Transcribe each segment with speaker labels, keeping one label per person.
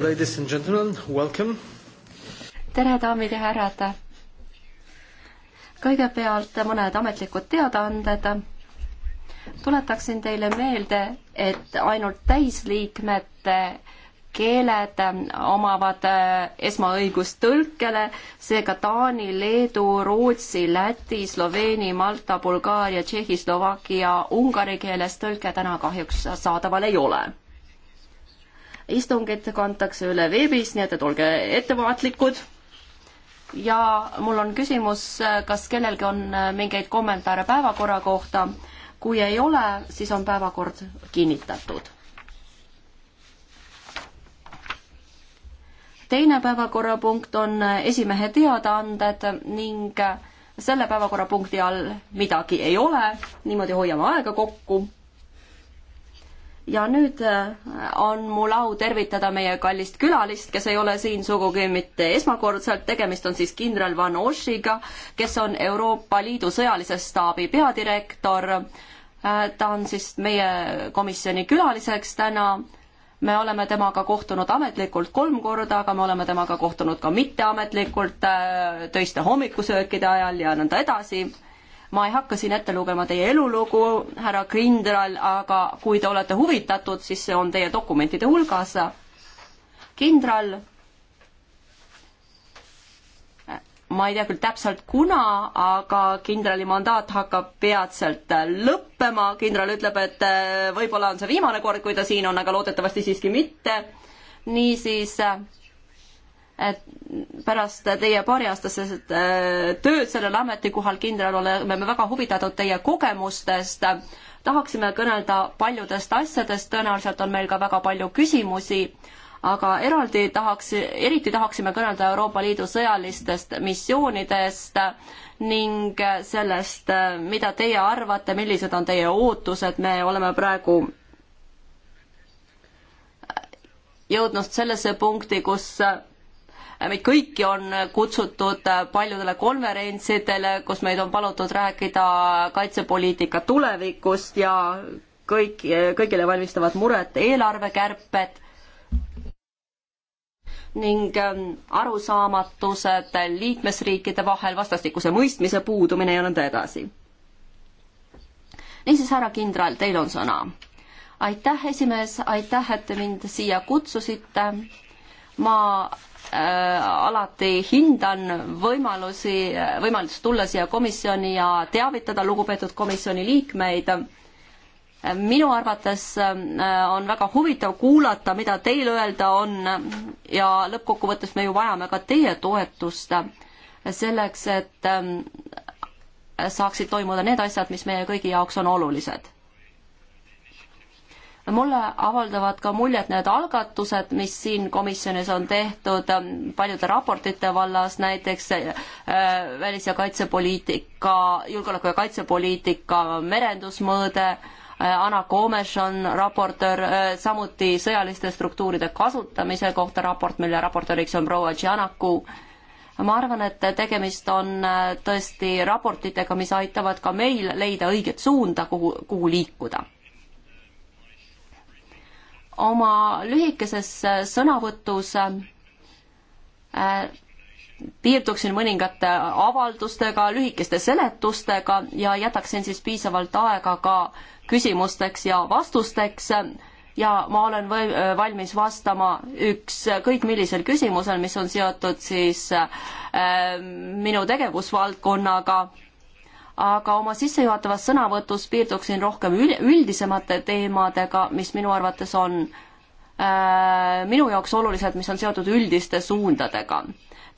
Speaker 1: Ladies and gentlemen, welcome!
Speaker 2: tere, daamid ja härrad! kõigepealt mõned ametlikud teadaanded. tuletaksin teile meelde, et ainult täisliikmete keeled omavad äh, esmaõigust tõlkele, seega Taani, Leedu, Rootsi, Läti, Sloveeni, Malta, Bulgaaria, Tšehhi, Slovakkia, ungari keeles tõlke täna kahjuks saadaval ei ole istungid kantakse üle veebis, nii et, et olge ettevaatlikud. ja mul on küsimus, kas kellelgi on äh, mingeid kommentaare päevakorra kohta? kui ei ole, siis on päevakord
Speaker 3: kinnitatud.
Speaker 2: teine päevakorrapunkt on äh, esimehe teadaanded ning äh, selle päevakorrapunkti all midagi ei ole, niimoodi hoiame aega kokku ja nüüd äh, on mul au tervitada meie kallist külalist, kes ei ole siin sugugi mitte esmakordselt, tegemist on siis kindral Van Oshiga, kes on Euroopa Liidu sõjalise staabi peadirektor. Äh, ta on siis meie komisjoni külaliseks täna. me oleme temaga kohtunud ametlikult kolm korda, aga me oleme temaga kohtunud ka mitteametlikult äh, töiste hommikusöökide ajal ja nõnda edasi ma ei hakka siin ette lugema teie elulugu, härra kindral, aga kui te olete huvitatud, siis see on teie dokumentide hulgas. kindral ma ei tea küll täpselt kuna, aga kindrali mandaat hakkab peatselt lõppema, kindral ütleb, et eh, võib-olla on see viimane kord, kui ta siin on, aga loodetavasti siiski mitte. niisiis et pärast teie paariaastasest äh, tööd sellel ametikohal kindral oleme me väga huvitatud teie kogemustest. tahaksime kõnelda paljudest asjadest, tõenäoliselt on meil ka väga palju küsimusi, aga eraldi tahaks, eriti tahaksime kõnelda Euroopa Liidu sõjalistest missioonidest ning sellest, mida teie arvate, millised on teie ootused, me oleme praegu jõudnud sellesse punkti, kus meid kõiki on kutsutud paljudele konverentsidele, kus meid on palutud rääkida kaitsepoliitika tulevikust ja kõik, kõigile valmistavad muret eelarvekärped ning ähm, arusaamatused liikmesriikide vahel, vastastikuse mõistmise puudumine ja nõnda edasi. niisiis, härra kindral, teil on sõna. aitäh, esimees, aitäh, et te mind siia kutsusite. ma Äh, alati hindan võimalusi, võimalust tulla siia komisjoni ja teavitada lugupeetud komisjoni liikmeid. minu arvates äh, on väga huvitav kuulata, mida teil öelda on ja lõppkokkuvõttes me ju vajame ka teie toetust selleks, et ähm, saaksid toimuda need asjad, mis meie kõigi jaoks on olulised mulle avaldavad ka muljet need algatused, mis siin komisjonis on tehtud ähm, paljude raportite vallas, näiteks äh, välis- ja kaitsepoliitika, julgeoleku- ja kaitsepoliitika merendusmõõde, äh, Anna Komes on raportöör, äh, samuti sõjaliste struktuuride kasutamise kohta raport, mille raportööriks on proua Tšanaku. ma arvan, et tegemist on tõesti raportitega, mis aitavad ka meil leida õiget suunda, kuhu, kuhu liikuda oma lühikeses äh, sõnavõtus äh, piirduksin mõningate avaldustega, lühikeste seletustega ja jätaksin siis piisavalt aega ka küsimusteks ja vastusteks ja ma olen või, äh, valmis vastama ükskõik millisel küsimusel, mis on seotud siis äh, minu tegevusvaldkonnaga äh, aga oma sissejuhatavas sõnavõtus piirduksin rohkem üldisemate teemadega, mis minu arvates on äh, minu jaoks olulised, mis on seotud üldiste suundadega.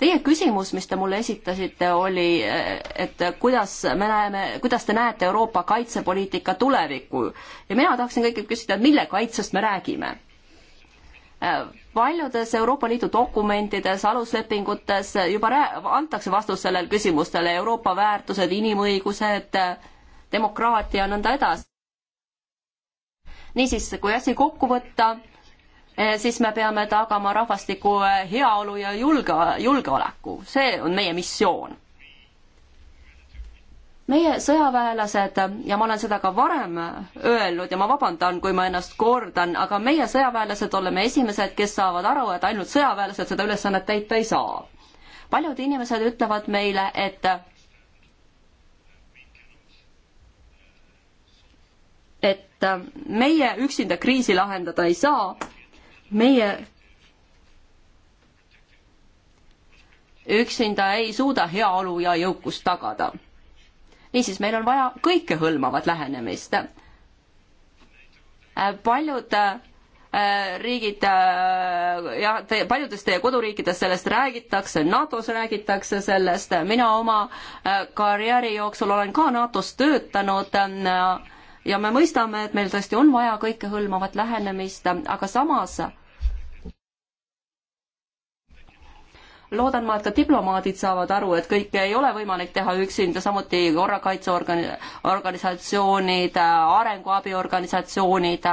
Speaker 2: Teie küsimus, mis te mulle esitasite, oli, et kuidas me näeme, kuidas te näete Euroopa kaitsepoliitika tulevikku ja mina tahaksin kõigepealt küsida, et mille kaitsest me räägime äh,? paljudes Euroopa Liidu dokumentides, aluslepingutes juba antakse vastus sellele küsimustele, Euroopa väärtused, inimõigused, demokraatia, nõnda edasi. niisiis, kui asi kokku võtta, eh, siis me peame tagama rahvastiku eh, heaolu ja julge, julgeoleku, see on meie missioon meie sõjaväelased ja ma olen seda ka varem öelnud ja ma vabandan, kui ma ennast kordan, aga meie sõjaväelased oleme esimesed, kes saavad aru, et ainult sõjaväelased seda ülesannet täita ei saa. paljud inimesed ütlevad meile, et et meie üksinda kriisi lahendada ei saa, meie üksinda ei suuda heaolu ja jõukust tagada niisiis, meil on vaja kõikehõlmavat lähenemist. Äh, paljud äh, riigid äh, ja te, paljudes teie koduriikides sellest räägitakse, NATO-s räägitakse sellest, mina oma karjääri jooksul olen ka NATO-s töötanud ja me mõistame, et meil tõesti on vaja kõikehõlmavat lähenemist, aga samas loodan ma, et ka diplomaadid saavad aru, et kõike ei ole võimalik teha üksinda, samuti korrakaitseorgani-, organisatsioonid, arenguabiorganisatsioonid,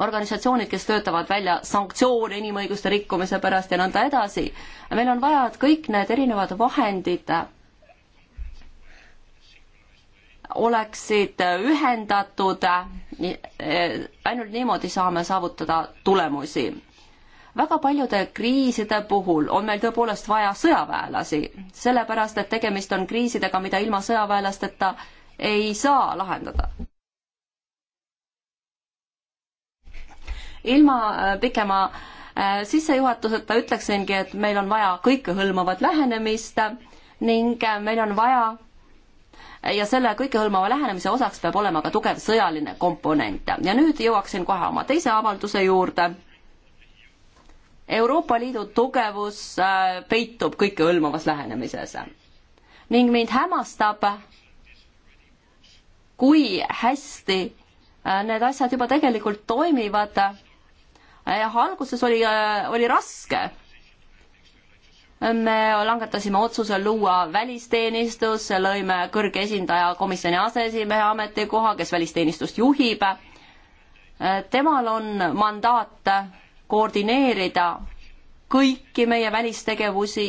Speaker 2: organisatsioonid, kes töötavad välja sanktsioone inimõiguste rikkumise pärast ja nõnda edasi. meil on vaja, et kõik need erinevad vahendid oleksid ühendatud, ainult niimoodi saame saavutada tulemusi väga paljude kriiside puhul on meil tõepoolest vaja sõjaväelasi, sellepärast et tegemist on kriisidega, mida ilma sõjaväelasteta ei saa lahendada. ilma äh, pikema äh, sissejuhatuseta ütleksingi, et meil on vaja kõikehõlmavat lähenemist ning äh, meil on vaja ja selle kõikehõlmava lähenemise osaks peab olema ka tugev sõjaline komponent. ja nüüd jõuaksin kohe oma teise avalduse juurde Euroopa Liidu tugevus äh, peitub kõikehõlmavas lähenemises. ning mind hämmastab, kui hästi äh, need asjad juba tegelikult toimivad. alguses oli, äh, oli raske me langetasime otsuse luua välisteenistus, lõime kõrge esindaja komisjoni aseesimehe ametikoha, kes välisteenistust juhib. temal on mandaat koordineerida kõiki meie välistegevusi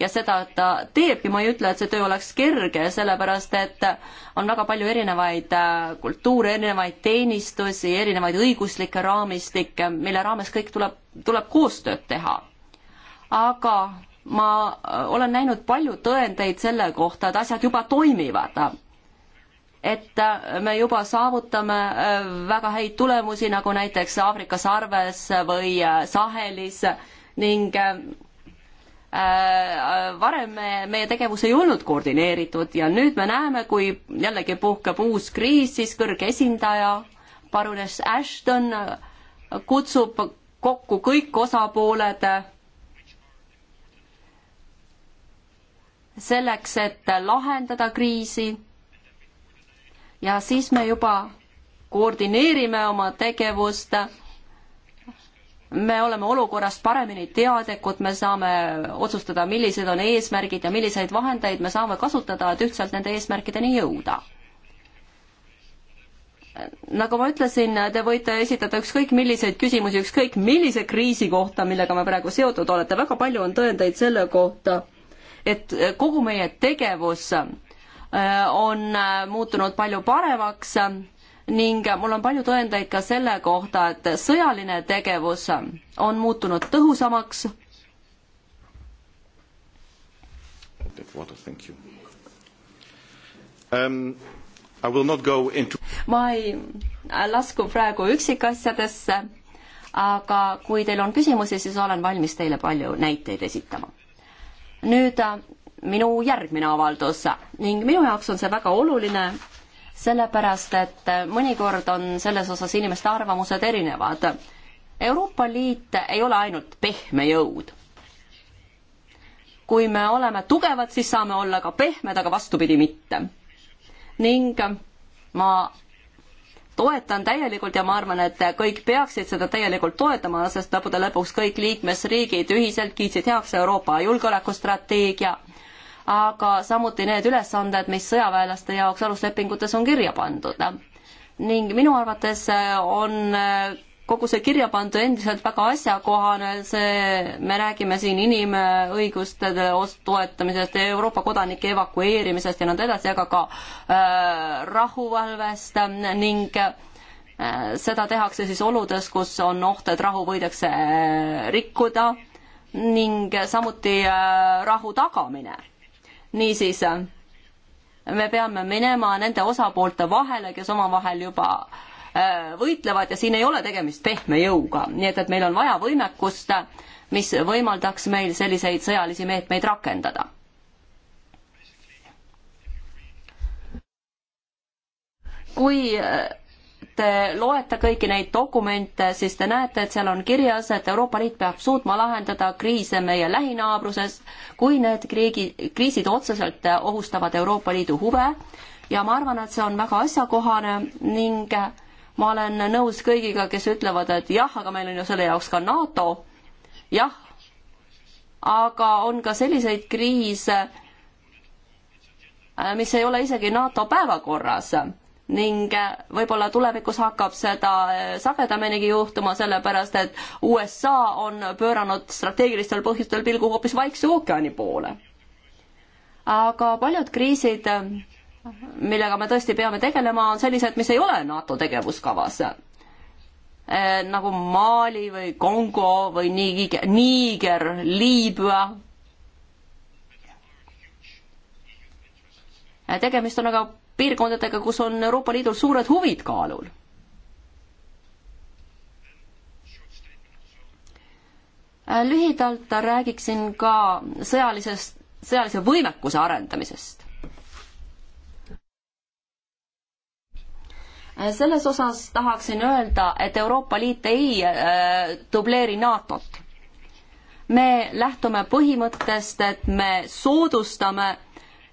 Speaker 2: ja seda ta teebki, ma ei ütle, et see töö oleks kerge, sellepärast et on väga palju erinevaid äh, kultuure, erinevaid teenistusi, erinevaid õiguslikke raamistikke, mille raames kõik tuleb, tuleb koostööd teha. aga ma äh, olen näinud palju tõendeid selle kohta, et asjad juba toimivad et me juba saavutame äh, väga häid tulemusi, nagu näiteks Aafrika sarves või äh, Sahelis ning äh, varem meie tegevus ei olnud koordineeritud ja nüüd me näeme, kui jällegi puhkeb uus kriis, siis kõrge esindaja, parunes Ashton kutsub kokku kõik osapooled selleks, et lahendada kriisi ja siis me juba koordineerime oma tegevust. me oleme olukorrast paremini teadlikud, me saame otsustada, millised on eesmärgid ja milliseid vahendeid me saame kasutada, et ühtselt nende eesmärkideni jõuda nagu ma ütlesin, te võite esitada ükskõik milliseid küsimusi ükskõik millise kriisi kohta, millega me praegu seotud olete, väga palju on tõendeid selle kohta, et kogu meie tegevus Äh, on äh, muutunud palju paremaks ning mul on palju tõendeid ka selle kohta, et sõjaline tegevus on muutunud tõhusamaks.
Speaker 4: Um, into...
Speaker 2: ma ei äh, lasku praegu üksikasjadesse, aga kui teil on küsimusi, siis olen valmis teile palju näiteid esitama. nüüd minu järgmine avaldus ning minu jaoks on see väga oluline, sellepärast et mõnikord on selles osas inimeste arvamused erinevad. Euroopa Liit ei ole ainult pehme jõud. kui me oleme tugevad, siis saame olla ka pehmed, aga vastupidi mitte. ning ma toetan täielikult ja ma arvan, et kõik peaksid seda täielikult toetama, sest lõppude lõpuks kõik liikmesriigid ühiselt kiitsid heaks Euroopa julgeolekustrateegia aga samuti need ülesanded, mis sõjaväelaste jaoks aluslepingutes on kirja pandud. ning minu arvates on kogu see kirja pandu endiselt väga asjakohane, see, me räägime siin inimõiguste toetamisest, Euroopa kodanike evakueerimisest ja nõnda edasi, aga ka äh, rahuvalvest ning äh, seda tehakse siis oludes, kus on oht, et rahu võidakse äh, rikkuda ning samuti äh, rahu tagamine niisiis me peame minema nende osapoolte vahele, kes omavahel juba äh, võitlevad ja siin ei ole tegemist pehme jõuga, nii et, et meil on vaja võimekust, mis võimaldaks meil selliseid sõjalisi meetmeid rakendada. kui äh, te eh, loete kõiki neid dokumente, siis te näete, et seal on kirjas, et Euroopa Liit peab suutma lahendada kriise meie lähinaabruses, kui need kriigi, kriisid otseselt eh, ohustavad Euroopa Liidu huve ja ma arvan, et see on väga asjakohane ning eh, ma olen nõus kõigiga, kes ütlevad, et jah, aga meil on ju selle jaoks ka NATO, jah, aga on ka selliseid kriise, mis ei ole isegi NATO päevakorras ning äh, võib-olla tulevikus hakkab seda äh, sagedaminigi juhtuma, sellepärast et USA on pööranud strateegilistel põhjustel pilgu hoopis Vaikse ookeani poole. aga paljud kriisid, äh, millega me tõesti peame tegelema, on sellised, mis ei ole NATO tegevuskavas nagu Mali või Kongo või Niiger, Niiger, Liibüa. tegemist on aga piirkondadega, kus on Euroopa Liidul suured huvid kaalul. lühidalt räägiksin ka sõjalisest, sõjalise võimekuse arendamisest. selles osas tahaksin öelda, et Euroopa Liit ei äh, dubleeri NATO-t. me lähtume põhimõttest, et me soodustame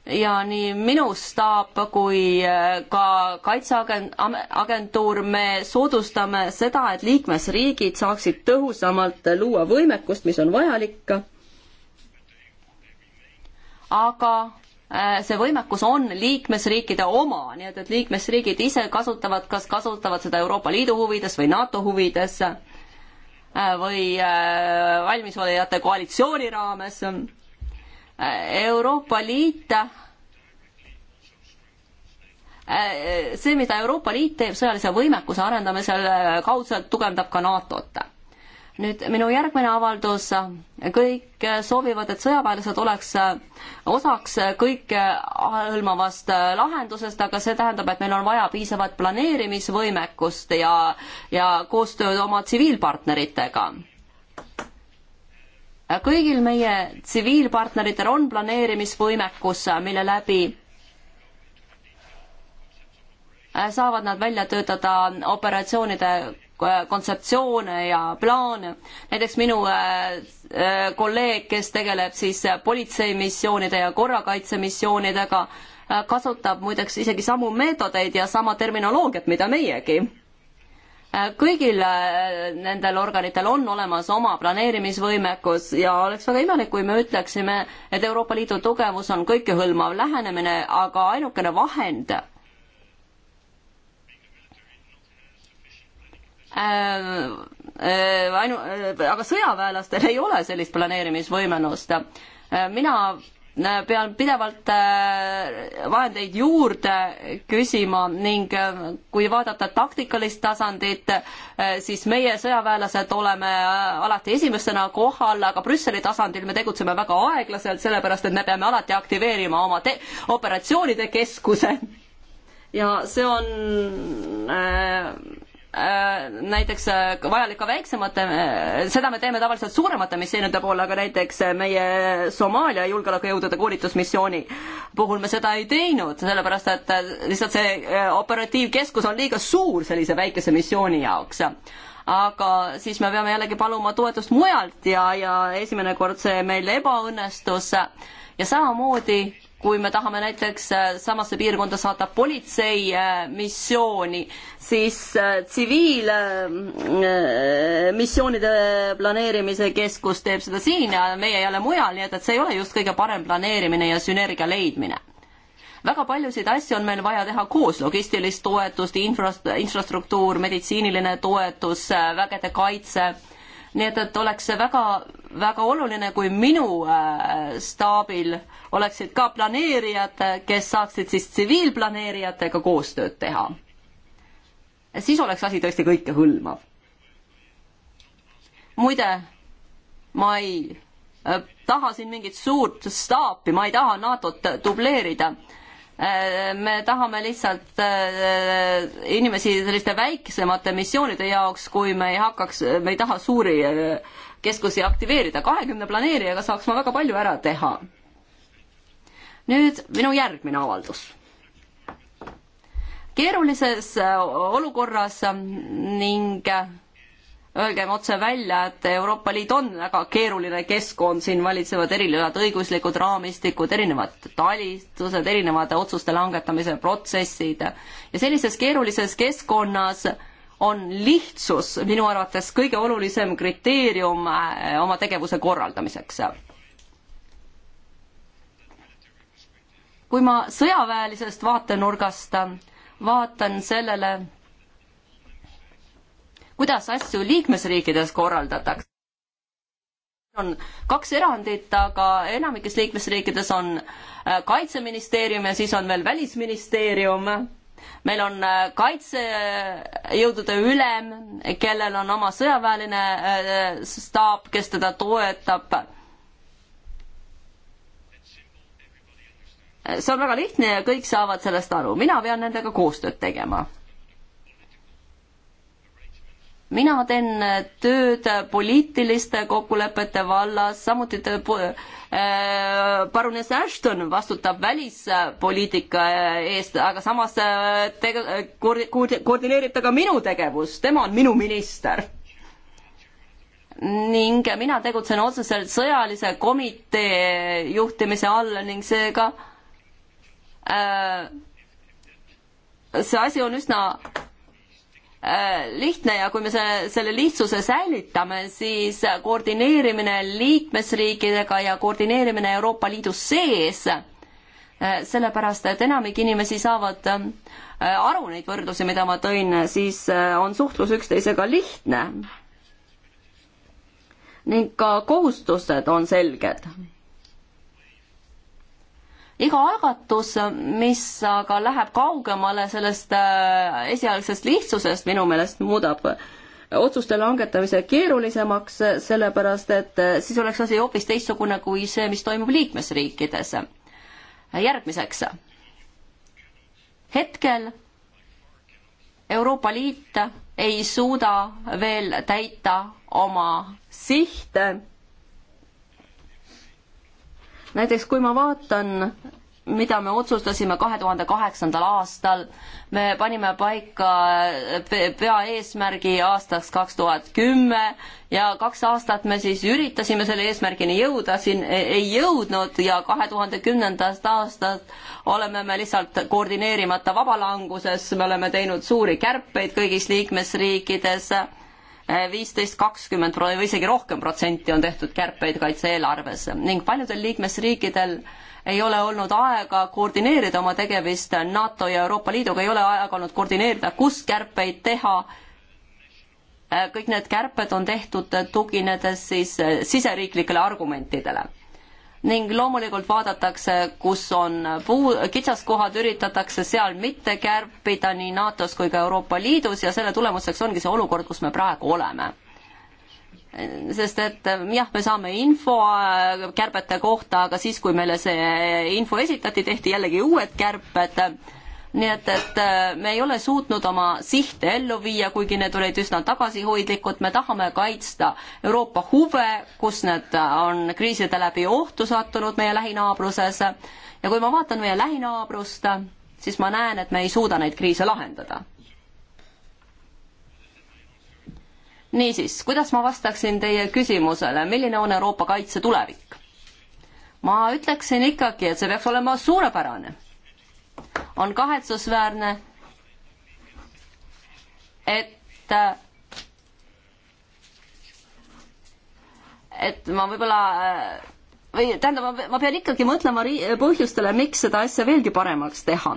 Speaker 2: ja nii minu staap kui äh, ka Kaitseagentuur, me soodustame seda, et liikmesriigid saaksid tõhusamalt luua võimekust, mis on vajalik. aga äh, see võimekus on liikmesriikide oma, nii et, et liikmesriigid ise kasutavad, kas kasutavad seda Euroopa Liidu huvides või NATO huvides äh, või valmisolevate koalitsiooni raames Euroopa Liit see, mida Euroopa Liit teeb sõjalise võimekuse arendamisel, kaudselt tugevdab ka NATO-t. nüüd minu järgmine avaldus, kõik soovivad, et sõjaväelased oleks osaks kõikehõlmavast lahendusest, aga see tähendab, et meil on vaja piisavat planeerimisvõimekust ja, ja koostööd oma tsiviilpartneritega kõigil meie tsiviilpartneritel on planeerimisvõimekus, mille läbi saavad nad välja töötada operatsioonide kontseptsioone ja plaane. näiteks minu äh, kolleeg, kes tegeleb siis politseimissioonide ja korrakaitsemissioonidega, äh, kasutab muideks isegi samu meetodeid ja sama terminoloogiat, mida meiegi Äh, kõigil äh, nendel organitel on olemas oma planeerimisvõimekus ja oleks väga imelik, kui me ütleksime, et Euroopa Liidu tugevus on kõikehõlmav lähenemine, aga ainukene vahend äh, äh, ainu- äh,, aga sõjaväelastel ei ole sellist planeerimisvõimelust. Äh, mina Äh, pean pidevalt äh, vahendeid juurde küsima ning äh, kui vaadata taktikalist tasandit, siis meie sõjaväelased oleme alati esimestena kohal, aga Brüsseli tasandil me tegutseme väga aeglaselt, sellepärast et me peame alati aktiveerima oma operatsioonide keskuse. ja see on äh, Äh, näiteks äh, vajalik ka väiksemate, äh, seda me teeme tavaliselt suuremate missioonide poole, aga näiteks meie Somaalia julgeolekujõudude koolitusmissiooni puhul me seda ei teinud, sellepärast et lihtsalt see operatiivkeskus on liiga suur sellise väikese missiooni jaoks aga siis me peame jällegi paluma toetust mujalt ja, ja esimene kord see meil ebaõnnestus ja samamoodi kui me tahame näiteks äh, samasse piirkonda saata politseimissiooni, äh, siis äh, tsiviilmissioonide planeerimise keskus teeb seda siin ja meie jälle mujal, nii et, et see ei ole just kõige parem planeerimine ja sünergia leidmine väga paljusid asju on meil vaja teha koos, logistilist toetust, infrast-, infrastruktuur, meditsiiniline toetus, vägede kaitse nii et, et oleks see väga, väga oluline, kui minu äh, staabil oleksid ka planeerijad, kes saaksid siis tsiviilplaneerijatega koostööd teha. siis oleks asi tõesti kõikehõlmav. muide, ma ei äh, taha siin mingit suurt staapi, ma ei taha NATO-t dubleerida Äh, me tahame lihtsalt äh, inimesi selliste väiksemate missioonide jaoks, kui me ei hakkaks, me ei taha suuri äh, keskusi aktiveerida. kahekümne planeerijaga saaks ma väga palju ära teha. nüüd minu järgmine avaldus keerulises olukorras ning öelgem otse välja, et Euroopa Liit on väga keeruline keskkond, siin valitsevad erinevad õiguslikud raamistikud, erinevad talitused, erinevad otsuste langetamise protsessid ja sellises keerulises keskkonnas on lihtsus minu arvates kõige olulisem kriteerium eh, oma tegevuse korraldamiseks. kui ma sõjaväelisest vaatenurgast vaatan sellele kuidas asju liikmesriikides korraldatakse. on kaks erandit, aga enamikes liikmesriikides on äh, kaitseministeerium ja siis on veel välisministeerium. meil on äh, kaitsejõudude ülem, kellel on oma sõjaväeline äh, staap, kes teda toetab see on väga lihtne ja kõik saavad sellest aru, mina pean nendega koostööd tegema mina teen äh, tööd äh, poliitiliste kokkulepete vallas, samuti äh, äh parunes Ashton vastutab välispoliitika eest, aga samas tege-, koordineerib ta ka minu tegevust, tema on minu minister ning mina tegutsen otseselt sõjalise komitee juhtimise all ning seega äh, see asi on üsna Äh, lihtne ja kui me selle, selle lihtsuse säilitame, siis koordineerimine liikmesriikidega ja koordineerimine Euroopa Liidu sees, äh, sellepärast et enamik inimesi saavad äh, aru neid võrdlusi, mida ma tõin, siis on suhtlus üksteisega lihtne. ning ka kohustused on selged iga algatus, mis aga läheb kaugemale sellest äh, esialgsest lihtsusest, minu meelest muudab otsuste langetamise keerulisemaks, sellepärast et äh, siis oleks asi hoopis teistsugune kui see, mis toimub liikmesriikides. järgmiseks. hetkel Euroopa Liit ei suuda veel täita oma sihte näiteks kui ma vaatan mida me otsustasime kahe tuhande kaheksandal aastal. me panime paika peaeesmärgi aastaks kaks tuhat kümme ja kaks aastat me siis üritasime selle eesmärgini jõuda, siin e-, ei jõudnud ja kahe tuhande kümnendast aastast oleme me lihtsalt koordineerimata vabalanguses, me oleme teinud suuri kärpeid kõigis liikmesriikides viisteist, kakskümmend või isegi rohkem protsenti on tehtud kärpeid kaitse-eelarves ning paljudel liikmesriikidel ei ole olnud aega koordineerida oma tegevust NATO ja Euroopa Liiduga, ei ole aega olnud koordineerida, kus kärpeid teha. kõik need kärped on tehtud tuginedes siis siseriiklikele argumentidele ning loomulikult vaadatakse, kus on puu, kitsaskohad, üritatakse seal mitte kärpida nii NATO-s kui ka Euroopa Liidus ja selle tulemuseks ongi see olukord, kus me praegu oleme sest et jah, me saame info äh, kärbete kohta, aga siis, kui meile see info esitati, tehti jällegi uued kärped nii et, et äh, me ei ole suutnud oma sihte ellu viia, kuigi need olid üsna tagasihoidlikud, me tahame kaitsta Euroopa huve, kus need äh, on kriiside läbi ohtu sattunud meie lähinaabruses ja kui ma vaatan meie lähinaabrust, siis ma näen, et me ei suuda neid kriise lahendada. niisiis, kuidas ma vastaksin teie küsimusele, milline on Euroopa kaitse tulevik? ma ütleksin ikkagi, et see peaks olema suurepärane on kahetsusväärne, et et ma võib-olla või tähendab, ma pean ikkagi mõtlema põhjustele, miks seda asja veelgi paremaks teha.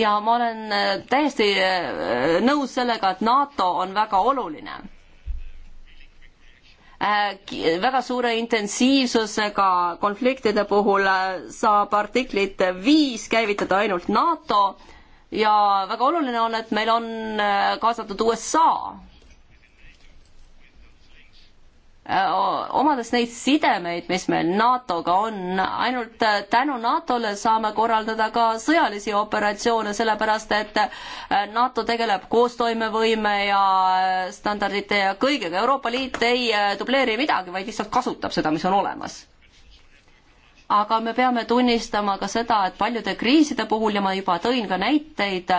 Speaker 2: ja ma olen täiesti äh, nõus sellega, et NATO on väga oluline Äh, väga suure intensiivsusega konfliktide puhul äh, saab artiklit viis käivitada ainult NATO ja väga oluline on, et meil on äh, kaasatud USA Äh, omades neid sidemeid, mis meil NATO-ga on, ainult äh, tänu NATO-le saame korraldada ka sõjalisi operatsioone, sellepärast et äh, NATO tegeleb koostoimevõime ja standardite ja kõigega. Euroopa Liit ei dubleeri midagi, vaid lihtsalt kasutab seda, mis on olemas. aga me peame tunnistama ka seda, et paljude kriiside puhul ja ma juba tõin ka näiteid,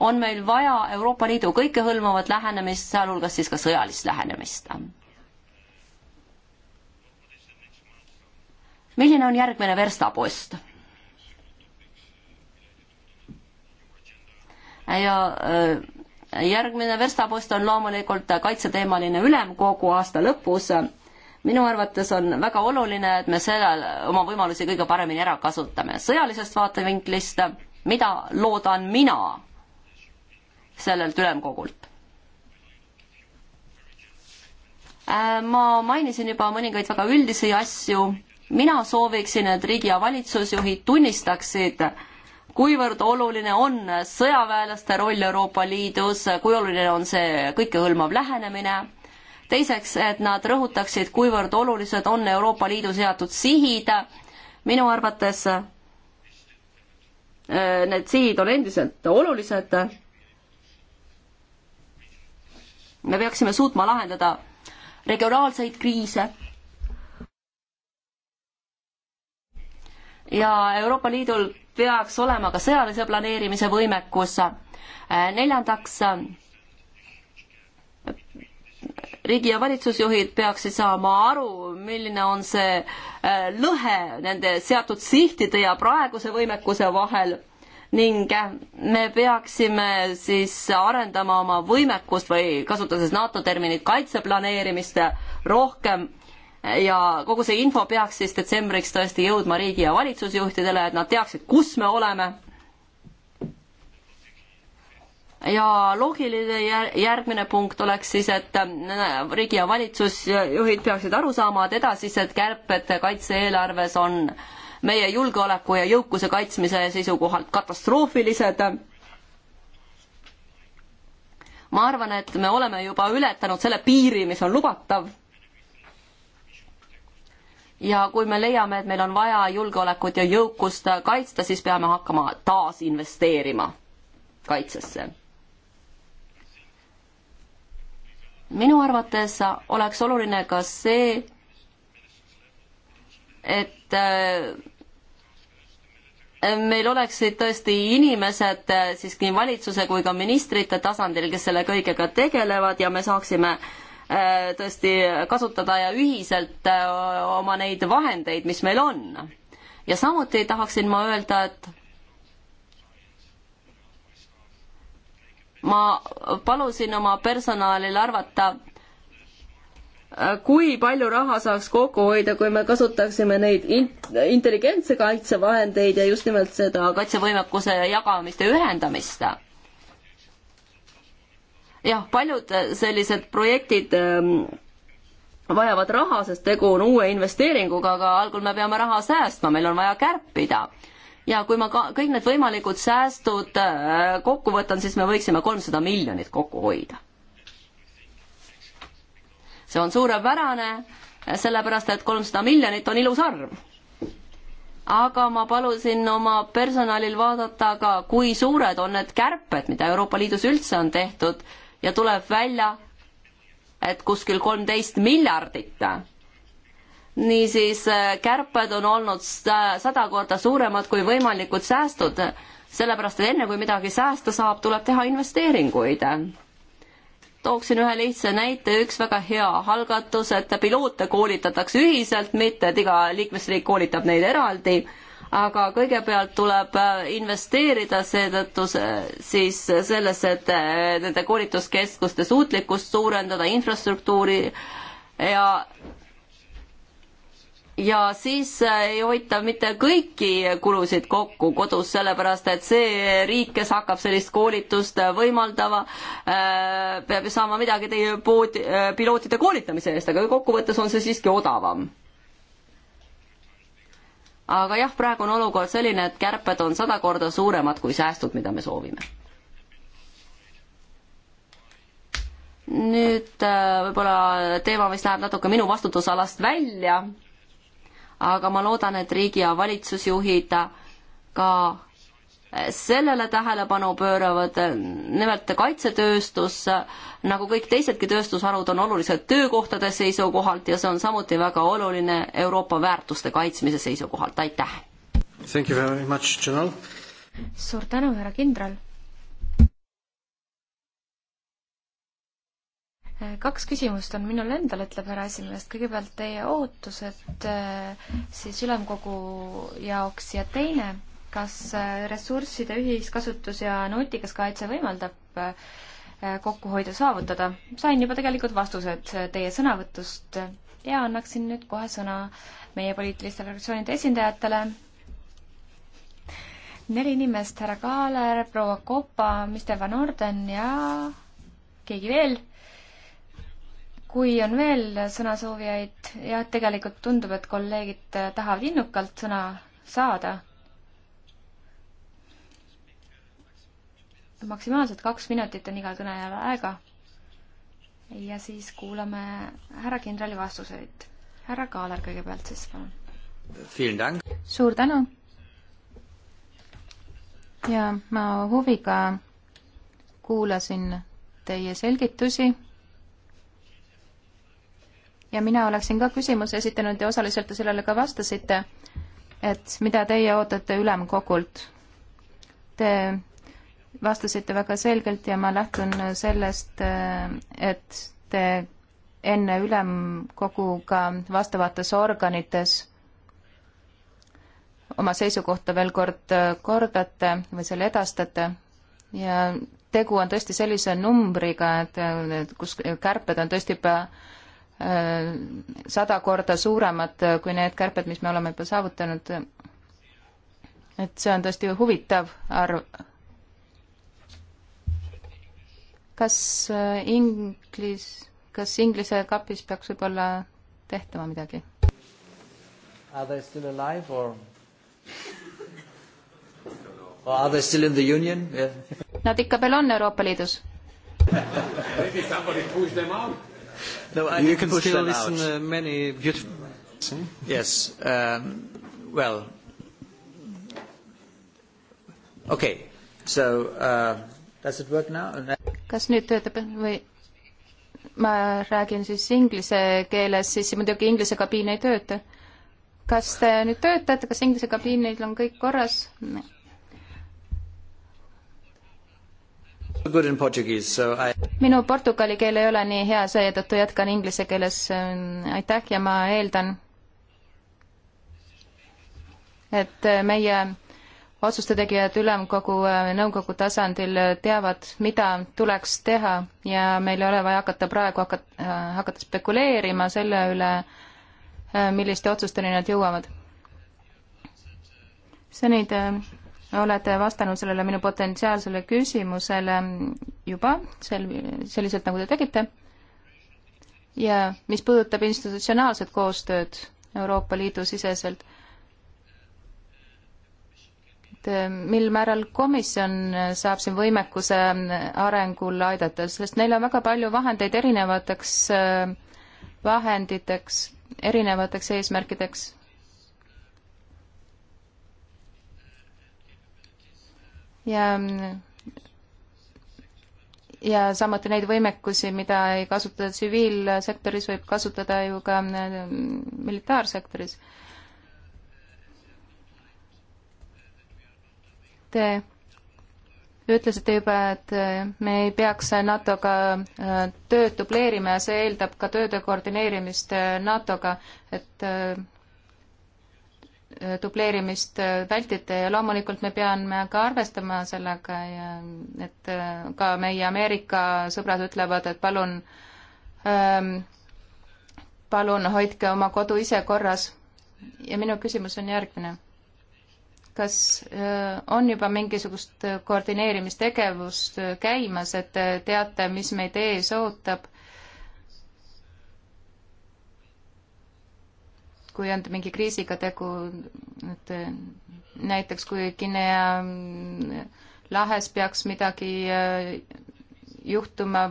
Speaker 2: on meil vaja Euroopa Liidu kõikehõlmavat lähenemist, sealhulgas siis ka sõjalist lähenemist milline on järgmine verstapost? ja äh, järgmine verstapost on loomulikult kaitseteemaline ülemkogu aasta lõpus. minu arvates on väga oluline, et me sellel oma võimalusi kõige paremini ära kasutame. sõjalisest vaatevinklist, mida loodan mina sellelt ülemkogult? Äh, ma mainisin juba mõningaid väga üldisi asju mina sooviksin, et riigi- ja valitsusjuhid tunnistaksid, kuivõrd oluline on sõjaväelaste roll Euroopa Liidus, kui oluline on see kõikehõlmav lähenemine, teiseks, et nad rõhutaksid, kuivõrd olulised on Euroopa Liidu seatud sihid, minu arvates äh, need sihid on endiselt olulised. me peaksime suutma lahendada regionaalseid kriise ja Euroopa Liidul peaks olema ka sõjalise planeerimise võimekus. Äh, neljandaks, riigi- ja valitsusjuhid peaksid saama aru, milline on see äh, lõhe nende seatud sihtide ja praeguse võimekuse vahel ning äh, me peaksime siis arendama oma võimekust või kasutades NATO terminit kaitseplaneerimist rohkem ja kogu see info peaks siis detsembriks tõesti jõudma riigi ja valitsusjuhtidele, et nad teaksid, kus me oleme. ja loogiline järgmine punkt oleks siis, et äh, riigi ja valitsusjuhid peaksid aru saama, et edasised kärped kaitse-eelarves on meie julgeoleku ja jõukuse kaitsmise seisukohalt katastroofilised ma arvan, et me oleme juba ületanud selle piiri, mis on lubatav ja kui me leiame, et meil on vaja julgeolekut ja jõukust kaitsta, siis peame hakkama taas investeerima kaitsesse. minu arvates oleks oluline ka see, et äh, meil oleksid tõesti inimesed äh, siis nii valitsuse kui ka ministrite tasandil, kes selle kõigega tegelevad ja me saaksime äh, Äh, tõesti kasutada ja ühiselt äh, oma neid vahendeid, mis meil on. ja samuti tahaksin ma öelda, et ma palusin oma personalil arvata, äh, kui palju raha saaks kokku hoida, kui me kasutaksime neid int-, intelligentse kaitsevahendeid ja just nimelt seda kaitsevõimekuse jagamist ja ühendamist jah, paljud äh, sellised projektid ähm, vajavad raha, sest tegu on uue investeeringuga, aga algul me peame raha säästma, meil on vaja kärpida. ja kui ma ka kõik need võimalikud säästud äh, kokku võtan, siis me võiksime kolmsada miljonit kokku hoida. see on suurepärane, äh, sellepärast et kolmsada miljonit on ilus arv aga ma palusin oma personalil vaadata ka, kui suured on need kärped, mida Euroopa Liidus üldse on tehtud ja tuleb välja, et kuskil kolmteist miljardit. niisiis äh, kärped on olnud sada korda suuremad kui võimalikud säästud, sellepärast et enne kui midagi säästa saab, tuleb teha investeeringuid tooksin ühe lihtsa näite, üks väga hea algatus, et piloote koolitatakse ühiselt, mitte et iga liikmesriik koolitab neid eraldi aga kõigepealt tuleb äh, investeerida seetõttu siis sellesse, et äh, nende koolituskeskuste suutlikkust suurendada, infrastruktuuri ja ja siis äh, ei hoita mitte kõiki kulusid kokku kodus, sellepärast et see riik, kes hakkab sellist koolitust võimaldama, peab ju saama midagi teie pood, pilootide koolitamise eest, aga kokkuvõttes on see siiski odavam aga jah, praegu on olukord selline, et kärped on sada korda suuremad kui säästud, mida me soovime. nüüd äh, võib-olla teema, mis läheb natuke minu vastutusalast välja, aga ma loodan, et riigi ja valitsusjuhid ka sellele tähelepanu pööravad, nimelt kaitsetööstus, nagu kõik teisedki tööstusharud, on olulised töökohtade seisukohalt ja see on samuti väga oluline Euroopa väärtuste kaitsmise seisukohalt, aitäh!
Speaker 1: suur tänu,
Speaker 3: härra kindral! kaks küsimust on minul endal, ütleb härra esimees. kõigepealt teie ootused äh, siis ülemkogu jaoks ja teine kas äh, ressursside ühiskasutus ja nutikas kaitse võimaldab äh, kokkuhoidu saavutada? sain juba tegelikult vastused äh, teie sõnavõtust ja annaksin nüüd kohe sõna meie poliitiliste fraktsioonide esindajatele. neli inimest, härra Kaaler, proua Kopa, Mr Van Orden ja keegi veel kui on veel sõnasoovijaid ja tegelikult tundub, et kolleegid tahavad innukalt sõna saada, maksimaalselt kaks minutit on igal kõnejal aega. ja siis kuulame härra kindrali vastuseid. härra Kaaler kõigepealt siis, palun. suur tänu.
Speaker 4: ja ma huviga kuulasin teie selgitusi. ja mina oleksin ka küsimuse esitanud ja osaliselt te sellele ka vastasite, et mida teie ootate ülemkogult. Te vastasite väga selgelt ja ma lähtun sellest, et te enne ülemkoguga vastavates organites oma seisukohta veel kord kordate või selle edastate ja tegu on tõesti sellise numbriga, et kus kärped on tõesti juba äh, sada korda suuremad kui need kärped, mis me oleme juba saavutanud. et see on tõesti huvitav arv kas äh, inglis, kas inglise kapis peaks võib-olla tehtama midagi?
Speaker 1: Are they still alive or? Or are they still in the union yeah.?
Speaker 4: Nad ikka veel on Euroopa Liidus
Speaker 1: Maybe somebody pushed them out. No, I you can push still listen out. Uh, many beautiful. Yes. Um, well. Okay.
Speaker 4: So uh, does it work now? kas nüüd töötab või ma räägin siis inglise keeles, siis muidugi inglise kabiin ei tööta. kas te nüüd töötate, kas inglise kabiinil on kõik korras? minu portugali keel ei ole nii hea, seetõttu jätkan inglise keeles. aitäh ja ma eeldan, et meie otsuste tegijad ülemkogu, äh, nõukogu tasandil teavad, mida tuleks teha ja meil ei ole vaja hakata praegu hakata, äh, hakata spekuleerima selle üle, äh, milliste otsusteni nad jõuavad. seni te olete vastanud sellele minu potentsiaalsele küsimusele juba sel-, selliselt, nagu te tegite, ja mis puudutab institutsionaalset koostööd Euroopa Liidu siseselt et eh, mil määral komisjon eh, saab siin võimekuse mm, arengul aidata, sest neil on väga palju vahendeid erinevateks eh, vahenditeks, erinevateks eesmärkideks. ja, mm, ja samuti neid võimekusi, mida ei kasuta tsiviilsektoris, võib kasutada ju ka mm, militaarsektoris Te ütlesite juba, et me ei peaks NATO-ga äh, tööd dubleerima ja see eeldab ka tööde koordineerimist äh, NATO-ga, et äh, dubleerimist vältida ja loomulikult me peame ka arvestama sellega ja et ka meie Ameerika sõbrad ütlevad, et palun ähm,, palun hoidke oma kodu ise korras. ja minu küsimus on järgmine kas äh, on juba mingisugust äh, koordineerimistegevust äh, käimas, et teate, mis meid ees ootab? kui on mingi kriisiga tegu, et näiteks kui Guinea lahes peaks midagi juhtuma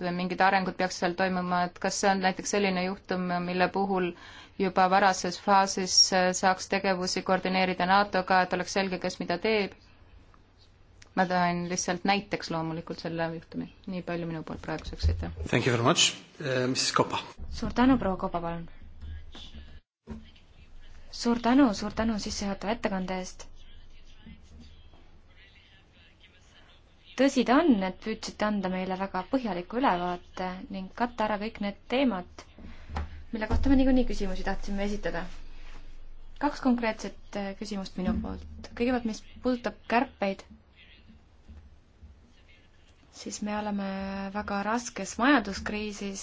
Speaker 4: või mingid arengud peaks seal toimuma, et kas see on näiteks selline juhtum, mille puhul äh, juba varases faasis äh, saaks tegevusi koordineerida NATO-ga, et oleks selge, kes mida teeb. ma tahan lihtsalt näiteks loomulikult selle juhtumi. nii palju minu poolt praeguseks, aitäh.
Speaker 1: Thank you very much uh,, äh, Mrs Kopa.
Speaker 3: suur tänu, proua Kopa, palun. suur tänu, suur tänu sissejuhatava ettekande eest tõsi ta on, et püüdsite anda meile väga põhjaliku ülevaate ning katta ära kõik need teemad, mille kohta me niikuinii küsimusi tahtsime esitada. kaks konkreetset äh, küsimust minu poolt. kõigepealt, mis puudutab kärpeid, siis me oleme väga raskes majanduskriisis,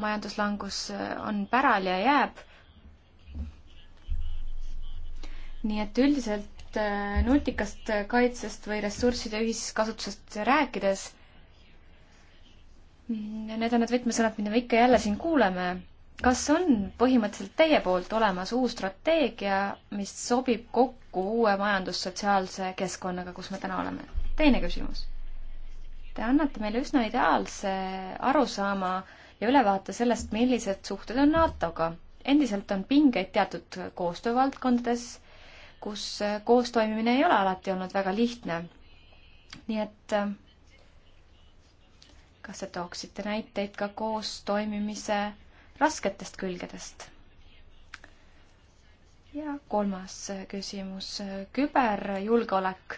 Speaker 3: majanduslangus äh, on päral ja jääb. nii et üldiselt äh, nutikast kaitsest või ressursside ühiskasutusest rääkides mm, Need on need võtmesõnad, mida me ikka jälle siin kuuleme kas on põhimõtteliselt teie poolt olemas uus strateegia, mis sobib kokku uue majandussotsiaalse keskkonnaga, kus me täna oleme? teine küsimus. Te annate meile üsna ideaalse arusaama ja ülevaate sellest, millised suhted on NATO-ga. endiselt on pingeid teatud koostöövaldkondades, kus koostoimimine ei ole alati olnud väga lihtne. nii et äh, kas te tooksite näiteid ka koostoimimise rasketest külgedest. ja kolmas küsimus, küberjulgeolek.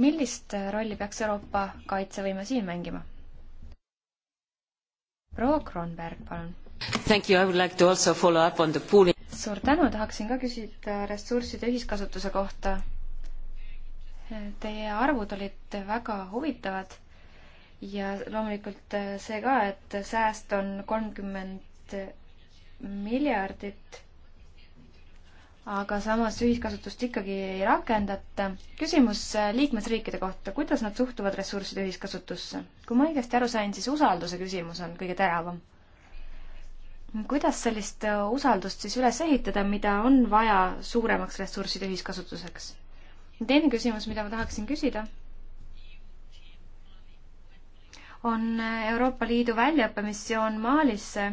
Speaker 3: millist rolli peaks Euroopa kaitsevõime siin mängima? proua Kronberg, palun. Thank you, I would like to also follow up on the pooling. suur tänu, tahaksin ka küsida ressursside ühiskasutuse kohta. Teie arvud olid väga huvitavad ja loomulikult see ka, et sääst on kolmkümmend viisteist miljardit, aga samas ühiskasutust ikkagi ei rakendata. küsimus äh, liikmesriikide kohta, kuidas nad suhtuvad ressursside ühiskasutusse? kui ma õigesti aru sain, siis usalduse küsimus on kõige teravam. kuidas sellist äh, usaldust siis üles ehitada, mida on vaja suuremaks ressursside ühiskasutuseks? teine küsimus, mida ma tahaksin küsida on äh, Euroopa Liidu väljaõppemissioon Maalisse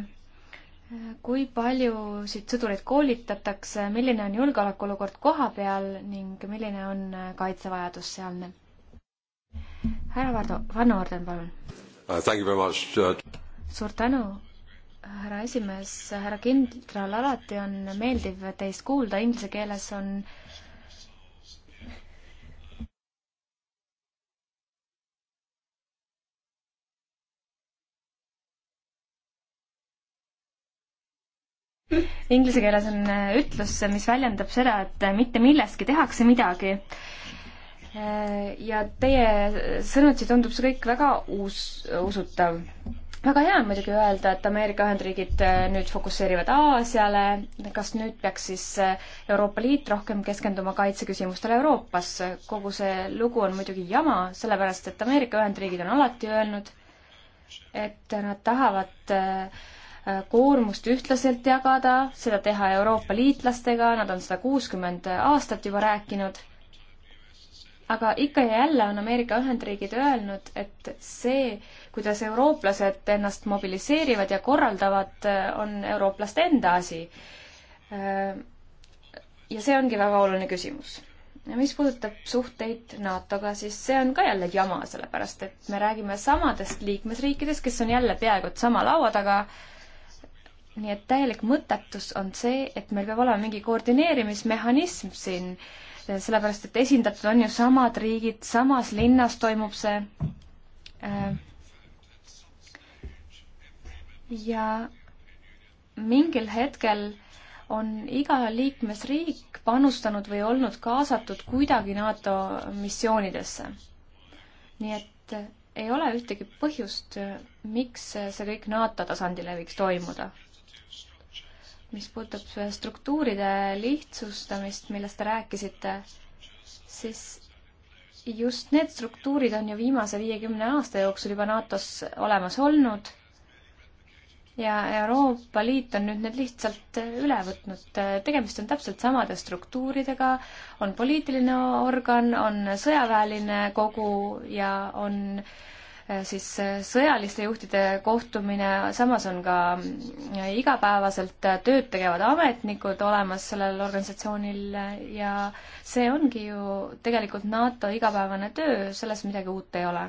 Speaker 3: kui paljusid sõdureid koolitatakse, milline on julgeolekuolukord koha peal ning milline on kaitsevajadus sealne? härra Vardo, Vanno Orden, palun
Speaker 1: uh, uh,.
Speaker 3: suur tänu, härra esimees, härra kindral, alati on meeldiv teist kuulda, inglise keeles on uh, Inglise keeles on äh, ütlus, mis väljendab seda, et äh, mitte millestki tehakse midagi. Äh, ja teie sõnutsi tundub see kõik väga uus, usutav. väga hea on muidugi öelda, et Ameerika Ühendriigid nüüd fokusseerivad Aasiale. kas nüüd peaks siis Euroopa Liit rohkem keskenduma kaitseküsimustele Euroopas? kogu see lugu on muidugi jama, sellepärast et Ameerika Ühendriigid on alati öelnud, et nad tahavad äh, Äh, koormust ühtlaselt jagada, seda teha Euroopa liitlastega, nad on seda kuuskümmend aastat juba rääkinud. aga ikka ja jälle on Ameerika Ühendriigid öelnud, et see, kuidas eurooplased ennast mobiliseerivad ja korraldavad, äh, on eurooplaste enda asi. Äh, ja see ongi väga oluline küsimus ja mis puudutab suhteid NATO-ga, siis see on ka jälle jama, sellepärast et me räägime samadest liikmesriikidest, kes on jälle peaaegu et sama laua taga äh, nii et täielik mõttetus on see, et meil peab olema mingi koordineerimismehhanism siin, sellepärast et esindatud on ju samad riigid, samas linnas toimub see äh,. ja mingil hetkel on iga liikmesriik panustanud või olnud kaasatud kuidagi NATO missioonidesse. nii et äh, ei ole ühtegi põhjust, miks see kõik NATO tasandil ei võiks toimuda mis puudutab struktuuride lihtsustamist, millest te rääkisite, siis just need struktuurid on ju viimase viiekümne aasta jooksul juba NATO-s olemas olnud ja Euroopa Liit on nüüd need lihtsalt üle võtnud. tegemist on täpselt samade struktuuridega, on poliitiline organ, on sõjaväeline kogu ja on äh, Äh, siis äh, sõjaliste juhtide kohtumine, samas on ka äh, igapäevaselt tööd tegevad ametnikud olemas sellel organisatsioonil ja see ongi ju tegelikult NATO igapäevane töö, selles midagi uut ei ole.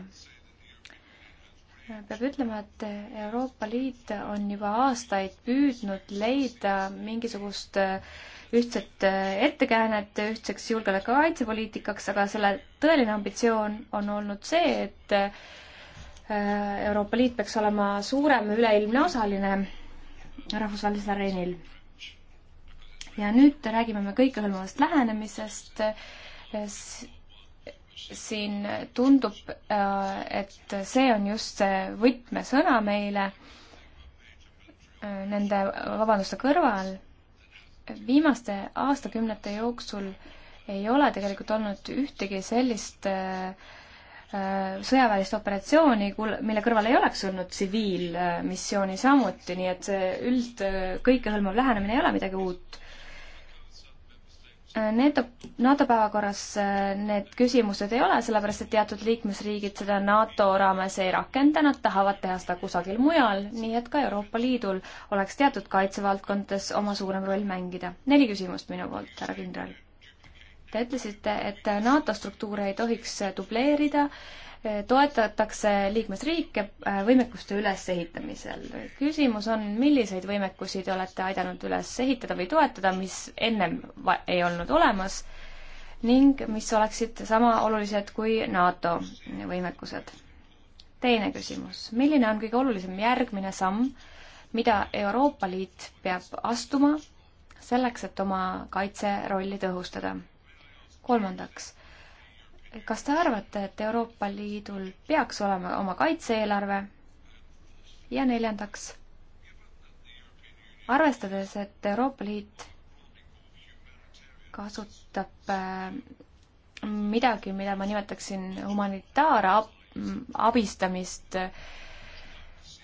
Speaker 3: peab ütlema, et Euroopa Liit on juba aastaid püüdnud leida mingisugust ühtset ettekäänet ühtseks julgeoleku- ja kaitsepoliitikaks, aga selle tõeline ambitsioon on olnud see, et Äh, Euroopa Liit peaks olema suurem üleilmne osaline rahvusvahelisel areenil. ja nüüd räägime me kõikehõlmavast lähenemisest. siin tundub, äh, et see on just see võtmesõna meile äh, nende vabanduste kõrval. viimaste aastakümnete jooksul ei ole tegelikult olnud ühtegi sellist äh, Äh, sõjaväelist operatsiooni, mille kõrval ei oleks olnud tsiviilmissiooni samuti, nii et see üld kõikehõlmav lähenemine ei ole midagi uut. Äh, NATO, NATO päevakorras äh, need küsimused ei ole, sellepärast et teatud liikmesriigid seda NATO raames ei rakenda, nad tahavad teha seda kusagil mujal, nii et ka Euroopa Liidul oleks teatud kaitsevaldkondades oma suurem roll mängida. neli küsimust minu poolt, härra kindral Te ütlesite, et NATO struktuure ei tohiks dubleerida, toetatakse liikmesriike äh, võimekuste ülesehitamisel. küsimus on, milliseid võimekusi te olete aidanud üles ehitada või toetada, mis ennem ei olnud olemas ning mis oleksid sama olulised kui NATO võimekused. teine küsimus, milline on kõige olulisem järgmine samm, mida Euroopa Liit peab astuma selleks, et oma kaitserolli tõhustada? kolmandaks, kas te arvate, et Euroopa Liidul peaks olema oma kaitse-eelarve? ja neljandaks, arvestades, et Euroopa Liit kasutab äh, midagi, mida ma nimetaksin humanitaarabistamist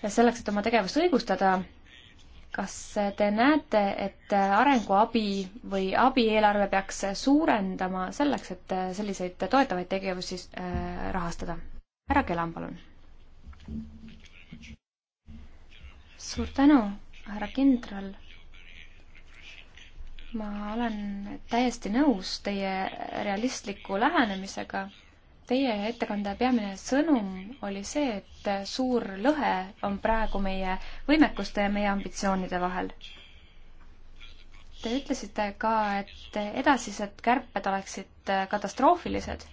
Speaker 3: selleks, et oma tegevust õigustada kas te näete, et arenguabi või abieelarve peaks suurendama selleks, et selliseid toetavaid tegevusi äh, rahastada? härra Kelam, palun. suur tänu, härra kindral. ma olen täiesti nõus teie realistliku lähenemisega Teie ettekande peamine sõnum oli see, et suur lõhe on praegu meie võimekuste ja meie ambitsioonide vahel. Te ütlesite ka, et edasised kärped oleksid katastroofilised.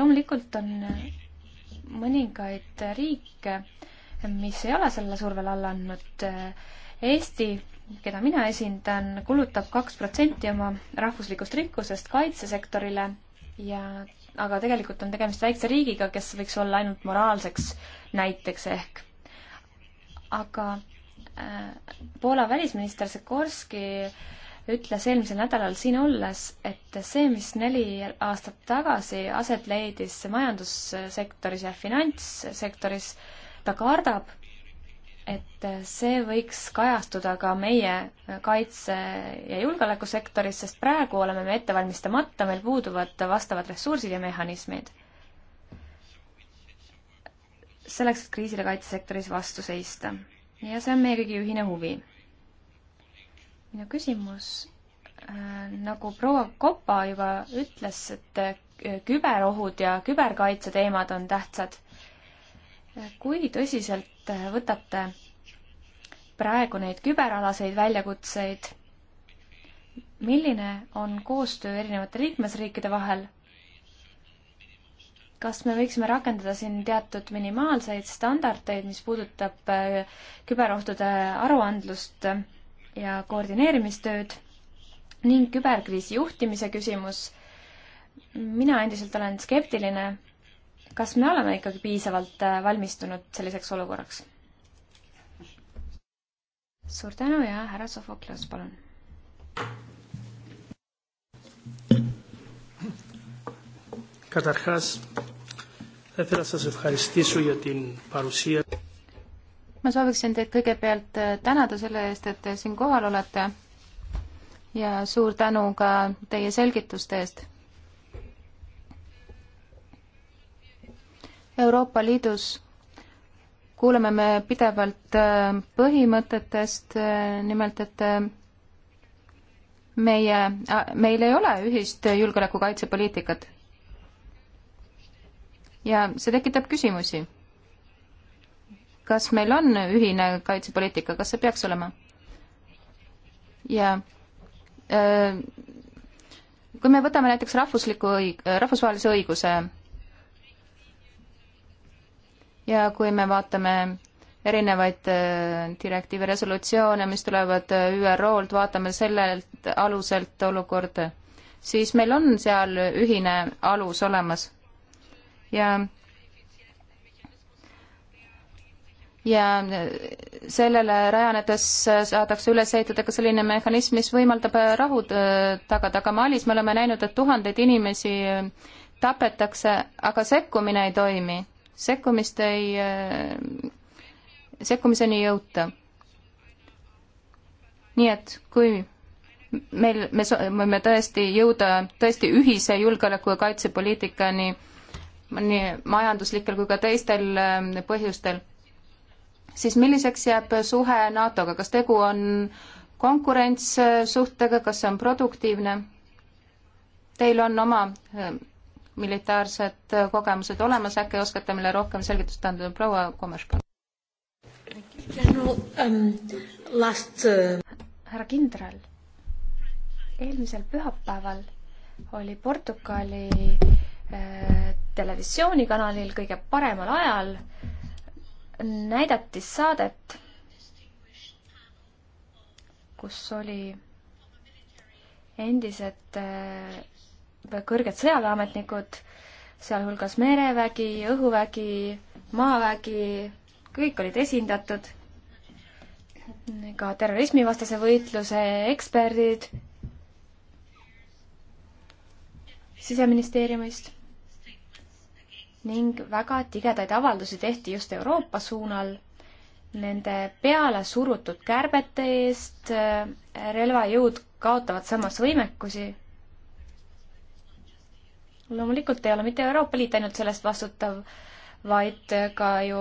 Speaker 3: loomulikult on mõningaid riike, mis ei ole selle survele alla andnud. Eesti, keda mina esindan, kulutab kaks protsenti oma rahvuslikust rikkusest kaitsesektorile ja aga tegelikult on tegemist väikse riigiga, kes võiks olla ainult moraalseks näiteks ehk. aga äh, Poola välisminister Sikorski ütles eelmisel nädalal siin olles, et see, mis neli aastat tagasi aset leidis majandussektoris ja finantssektoris, ta kardab, et see võiks kajastuda ka meie kaitse- ja julgeolekusektoris, sest praegu oleme me ette valmistamata, meil puuduvad vastavad ressursid ja mehhanismid. selleks, et kriisile kaitsesektoris vastu seista. ja see on meie kõigi ühine huvi. minu küsimus, äh, nagu proua Kopa juba ütles, et äh, küberohud ja küberkaitse teemad on tähtsad. kui tõsiselt võtate praegu neid küberalaseid väljakutseid, milline on koostöö erinevate liikmesriikide vahel? kas me võiksime rakendada siin teatud minimaalseid standardeid, mis puudutab äh, küberohtude aruandlust ja koordineerimistööd ning küberkriisi juhtimise küsimus. mina endiselt olen skeptiline kas me oleme ikkagi piisavalt äh, valmistunud selliseks olukorraks? suur tänu ja härra Sofoklos, palun.
Speaker 4: ma sooviksin teid kõigepealt äh, tänada selle eest, et te siin kohal olete ja suur tänu ka teie selgituste eest Euroopa Liidus kuuleme me pidevalt äh, põhimõtetest, äh, nimelt et äh, meie, meil ei ole ühist julgeoleku kaitsepoliitikat. ja see tekitab küsimusi. kas meil on ühine kaitsepoliitika, kas see peaks olema? ja kui me võtame näiteks rahvusliku õig-, rahvusvahelise õiguse ja kui me vaatame erinevaid äh, direktiive, resolutsioone, mis tulevad äh, ÜRO-lt, vaatame sellelt aluselt olukorda, siis meil on seal ühine alus olemas. ja ja äh, sellele rajanedes saadakse üles ehitada ka selline mehhanism, mis võimaldab rahu tagada, aga Malis me oleme näinud, et tuhandeid inimesi tapetakse, aga sekkumine ei toimi sekkumist ei, sekkumiseni ei jõuta. nii et kui meil, me võime tõesti jõuda tõesti ühise julgeoleku- ja kaitsepoliitikani nii majanduslikel kui ka teistel ähm, põhjustel, siis milliseks jääb suhe NATO-ga, kas tegu on konkurentssuhtega, kas see on produktiivne? Teil on oma ähm, militaarsed kogemused olemas, äkki oskate meile rohkem selgitust anda, proua Komes, palun.
Speaker 1: Um, uh,
Speaker 3: härra kindral, eelmisel pühapäeval oli Portugali äh, televisioonikanalil kõige paremal ajal näidati saadet, kus oli endised äh, kõrged sõjaväeametnikud, sealhulgas merevägi, õhuvägi, maavägi, kõik olid esindatud, ka terrorismivastase võitluse eksperdid siseministeeriumist ning väga tigedaid avaldusi tehti just Euroopa suunal nende peale surutud kärbete eest, relvajõud kaotavad samas võimekusi loomulikult ei ole mitte Euroopa Liit ainult sellest vastutav, vaid ka ju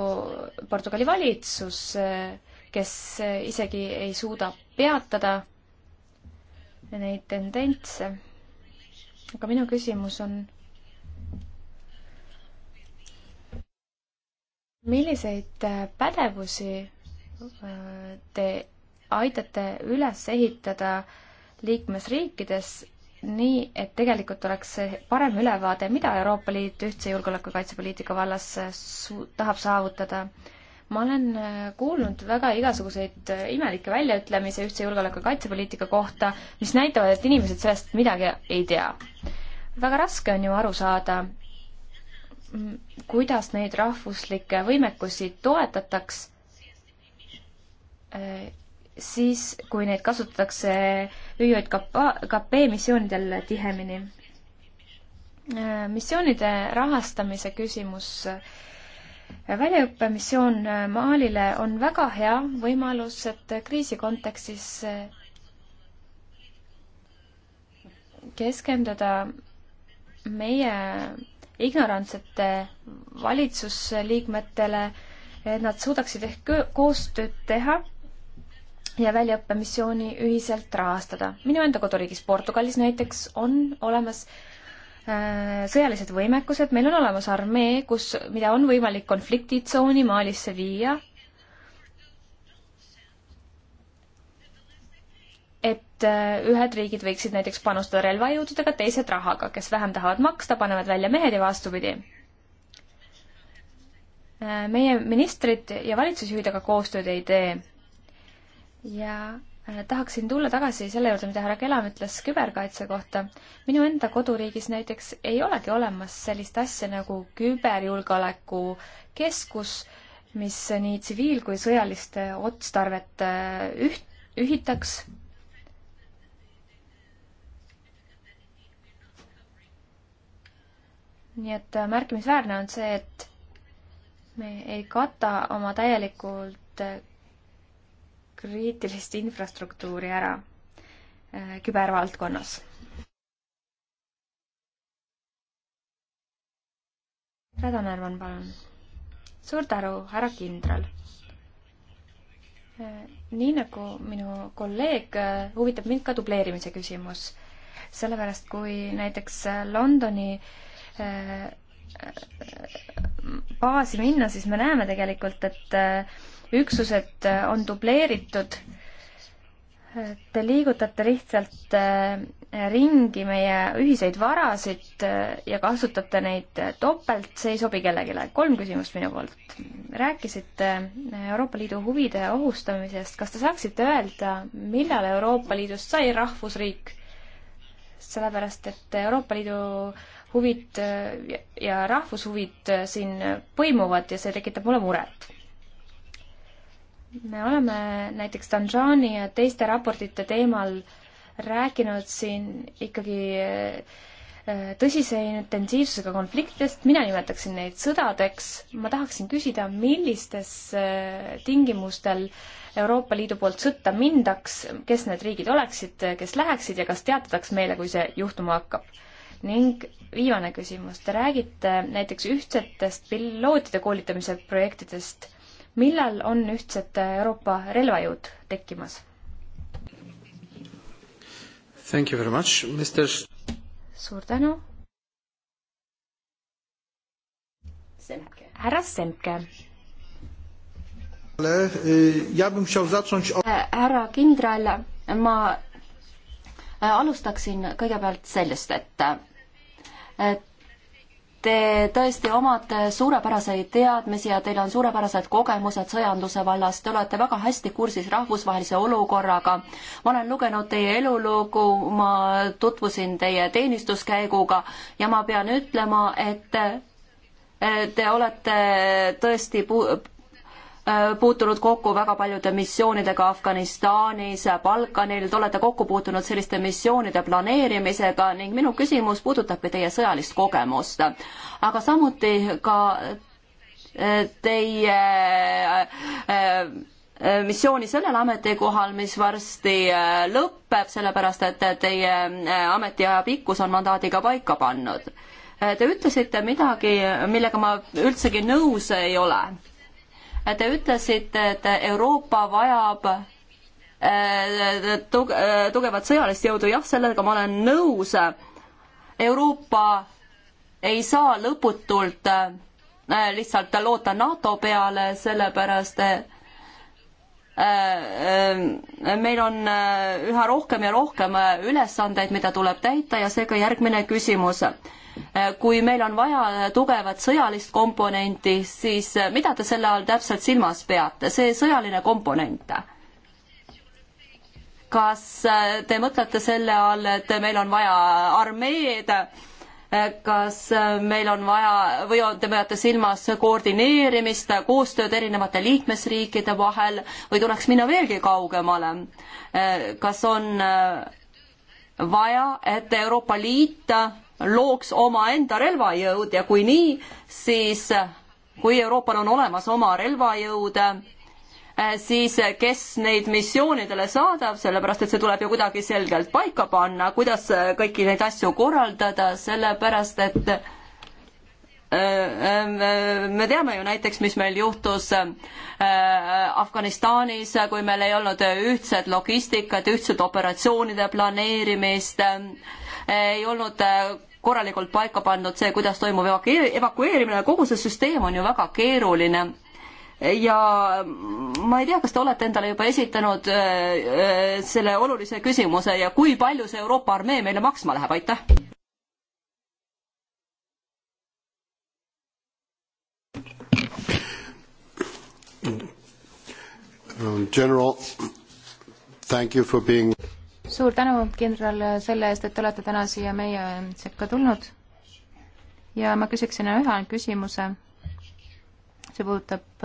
Speaker 3: Portugali valitsus, kes isegi ei suuda peatada neid tendentse. aga minu küsimus on, milliseid pädevusi äh, te aitate üles ehitada liikmesriikides nii, et tegelikult oleks parem ülevaade, mida Euroopa Liit ühtse julgeoleku- ja kaitsepoliitika vallas äh, su-, tahab saavutada. ma olen äh, kuulnud väga igasuguseid äh, imelikke väljaütlemisi ühtse julgeoleku- ja kaitsepoliitika kohta, mis näitavad, et inimesed sellest midagi ei tea. väga raske on ju aru saada, kuidas neid rahvuslikke võimekusi toetataks, siis kui neid kasutatakse äh, ÜJKP missioonidel tihemini. Äh, missioonide rahastamise küsimus. Äh, väljaõppemissioon äh, Malile on väga hea võimalus, et kriisi kontekstis keskenduda meie ignorantsete valitsusliikmetele, et nad suudaksid ehk koostööd teha ja väljaõppemissiooni ühiselt rahastada. minu enda koduriigis Portugalis näiteks on olemas äh, sõjalised võimekused, meil on olemas armee, kus, mida on võimalik konfliktitsooni Malisse viia, et äh, ühed riigid võiksid näiteks panustada relvajõududega, teised rahaga, kes vähem tahavad maksta, panevad välja mehed ja vastupidi äh,. meie ministrid ja valitsusjuhid aga koostööd ei tee ja äh, tahaksin tulla tagasi selle juurde, mida härra Kelam ütles küberkaitse kohta. minu enda koduriigis näiteks ei olegi olemas sellist asja nagu küberjulgeolekukeskus, mis nii tsiviil- kui sõjalist otstarvet äh, üht, ühitaks. nii et äh, märkimisväärne on see, et me ei kata oma täielikult kriitilist infrastruktuuri ära äh, kübervaldkonnas. Radonervan, palun. suur tänu, härra kindral. Äh, nii nagu minu kolleeg, äh, huvitab mind ka dubleerimise küsimus. sellepärast, kui näiteks Londoni baasi minna, siis me näeme tegelikult, et äh, üksused äh, on dubleeritud. Te liigutate lihtsalt äh, ringi meie ühiseid varasid ja kasutate neid topelt, see ei sobi kellelegi. kolm küsimust minu poolt. rääkisite Euroopa Liidu huvide ohustamisest, kas te saaksite öelda, millal Euroopa Liidust sai rahvusriik? sellepärast, et Euroopa Liidu huvid ja rahvushuvid äh, siin põimuvad ja see tekitab mulle muret. me oleme näiteks Tanžaani ja teiste raportite teemal rääkinud siin ikkagi äh, äh, tõsise intensiivsusega konfliktidest, mina nimetaksin neid sõdadeks, ma tahaksin küsida, millistes tingimustel Euroopa Liidu poolt sõtta mindaks, kes need riigid oleksid, kes läheksid ja kas teatataks meile, kui see juhtuma hakkab? ning viimane küsimus, te räägite näiteks ühtsetest pilootide koolitamise projektidest. millal on ühtset Euroopa relvajõud tekkimas?
Speaker 1: Thank you very much, Mr.
Speaker 3: suur tänu. härra Semke. Äh, härra kindral, ma äh, alustaksin
Speaker 2: kõigepealt sellest, et Te tõesti omate suurepäraseid teadmisi ja teil on suurepärased kogemused sõjanduse vallas, te olete väga hästi kursis rahvusvahelise olukorraga. ma olen lugenud teie elulugu, ma tutvusin teie teenistuskäiguga ja ma pean ütlema, et te olete tõesti pu-, Äh, puutunud kokku väga paljude missioonidega Afganistanis, Balkanil, te olete kokku puutunud selliste missioonide planeerimisega ning minu küsimus puudutabki teie sõjalist kogemust, aga samuti ka äh, teie äh, missiooni sellel ametikohal, mis varsti lõpeb, sellepärast et teie ametiaja pikkus on mandaadiga paika pannud. Te ütlesite midagi, millega ma üldsegi nõus ei ole Te ütlesite, et Euroopa vajab äh, äh, tugevat sõjalist jõudu, jah, sellega ma olen nõus. Euroopa ei saa lõputult äh, lihtsalt loota NATO peale, sellepärast meil on üha rohkem ja rohkem ülesandeid, mida tuleb täita ja seega järgmine küsimus. Äh, kui meil on vaja äh, tugevat sõjalist komponenti, siis äh, mida te selle all täpselt silmas peate, see sõjaline komponent? kas te mõtlete selle all, et meil on vaja armeed, kas meil on vaja või on, te peate silmas koordineerimist, koostööd erinevate liikmesriikide vahel või tuleks minna veelgi kaugemale? kas on vaja, et Euroopa Liit looks omaenda relvajõud ja kui nii, siis kui Euroopal on olemas oma relvajõud, eh, siis kes neid missioonidele saadab, sellepärast et see tuleb ju kuidagi selgelt paika panna, kuidas kõiki neid asju korraldada, sellepärast et eh, me teame ju näiteks, mis meil juhtus eh, Afganistanis, kui meil ei olnud ühtset logistikat, ühtset operatsioonide planeerimist, ei olnud korralikult paika pannud see, kuidas toimub evakueerimine, kogu see süsteem on ju väga keeruline ja ma ei tea, kas te olete endale juba esitanud äh, äh, selle olulise küsimuse ja kui palju see Euroopa armee meile maksma läheb, aitäh!
Speaker 4: General, thank you for being suur tänu, kindral, selle eest, et olete täna siia meie sekka tulnud. ja ma küsiksin ühe küsimuse. see puudutab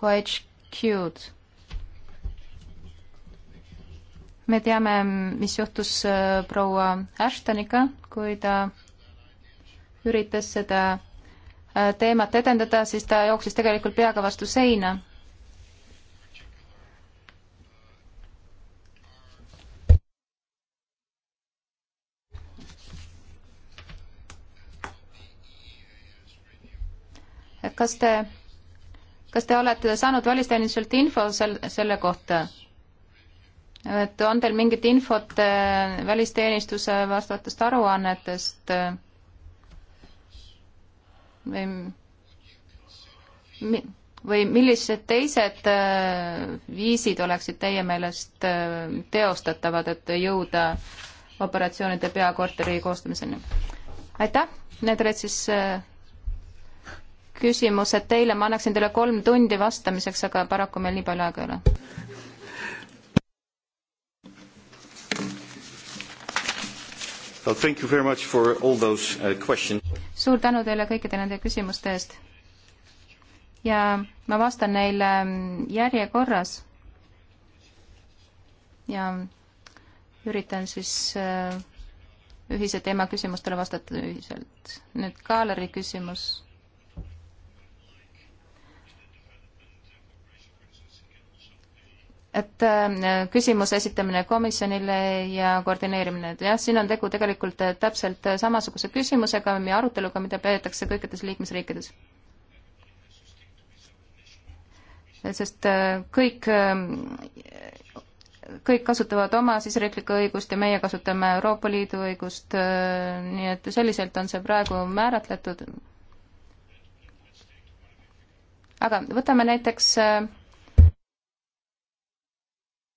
Speaker 4: KHQ-d. Äh, me teame, mis juhtus äh, proua Ashtoniga, kui ta üritas seda äh, teemat edendada, siis ta jooksis tegelikult peaga vastu seina kas te, kas te olete saanud välisteenistuselt info sel, selle kohta? et on teil mingit infot äh, välisteenistuse vastavatest aruannetest äh, või mi-, või millised teised äh, viisid oleksid teie meelest teostatavad, et jõuda operatsioonide peakorteri koostamiseni? aitäh, need olid siis küsimused teile, ma annaksin teile kolm tundi vastamiseks, aga paraku meil nii palju aega ei ole.
Speaker 1: Well, thank you very much for all those uh, questions.
Speaker 4: suur tänu teile kõikide nende küsimuste eest. ja ma vastan neile mm, järjekorras. ja üritan siis uh, ühise teema küsimustele vastata ühiselt. nüüd Kaaleri küsimus et äh, küsimuse esitamine komisjonile ja koordineerimine, et jah, siin on tegu tegelikult äh, täpselt äh, samasuguse küsimusega ja aruteluga, mida peetakse kõikides liikmesriikides. sest kõik, kõik kasutavad oma siseriiklikku õigust ja meie kasutame Euroopa Liidu õigust, nii et selliselt on see praegu määratletud. aga võtame näiteks äh,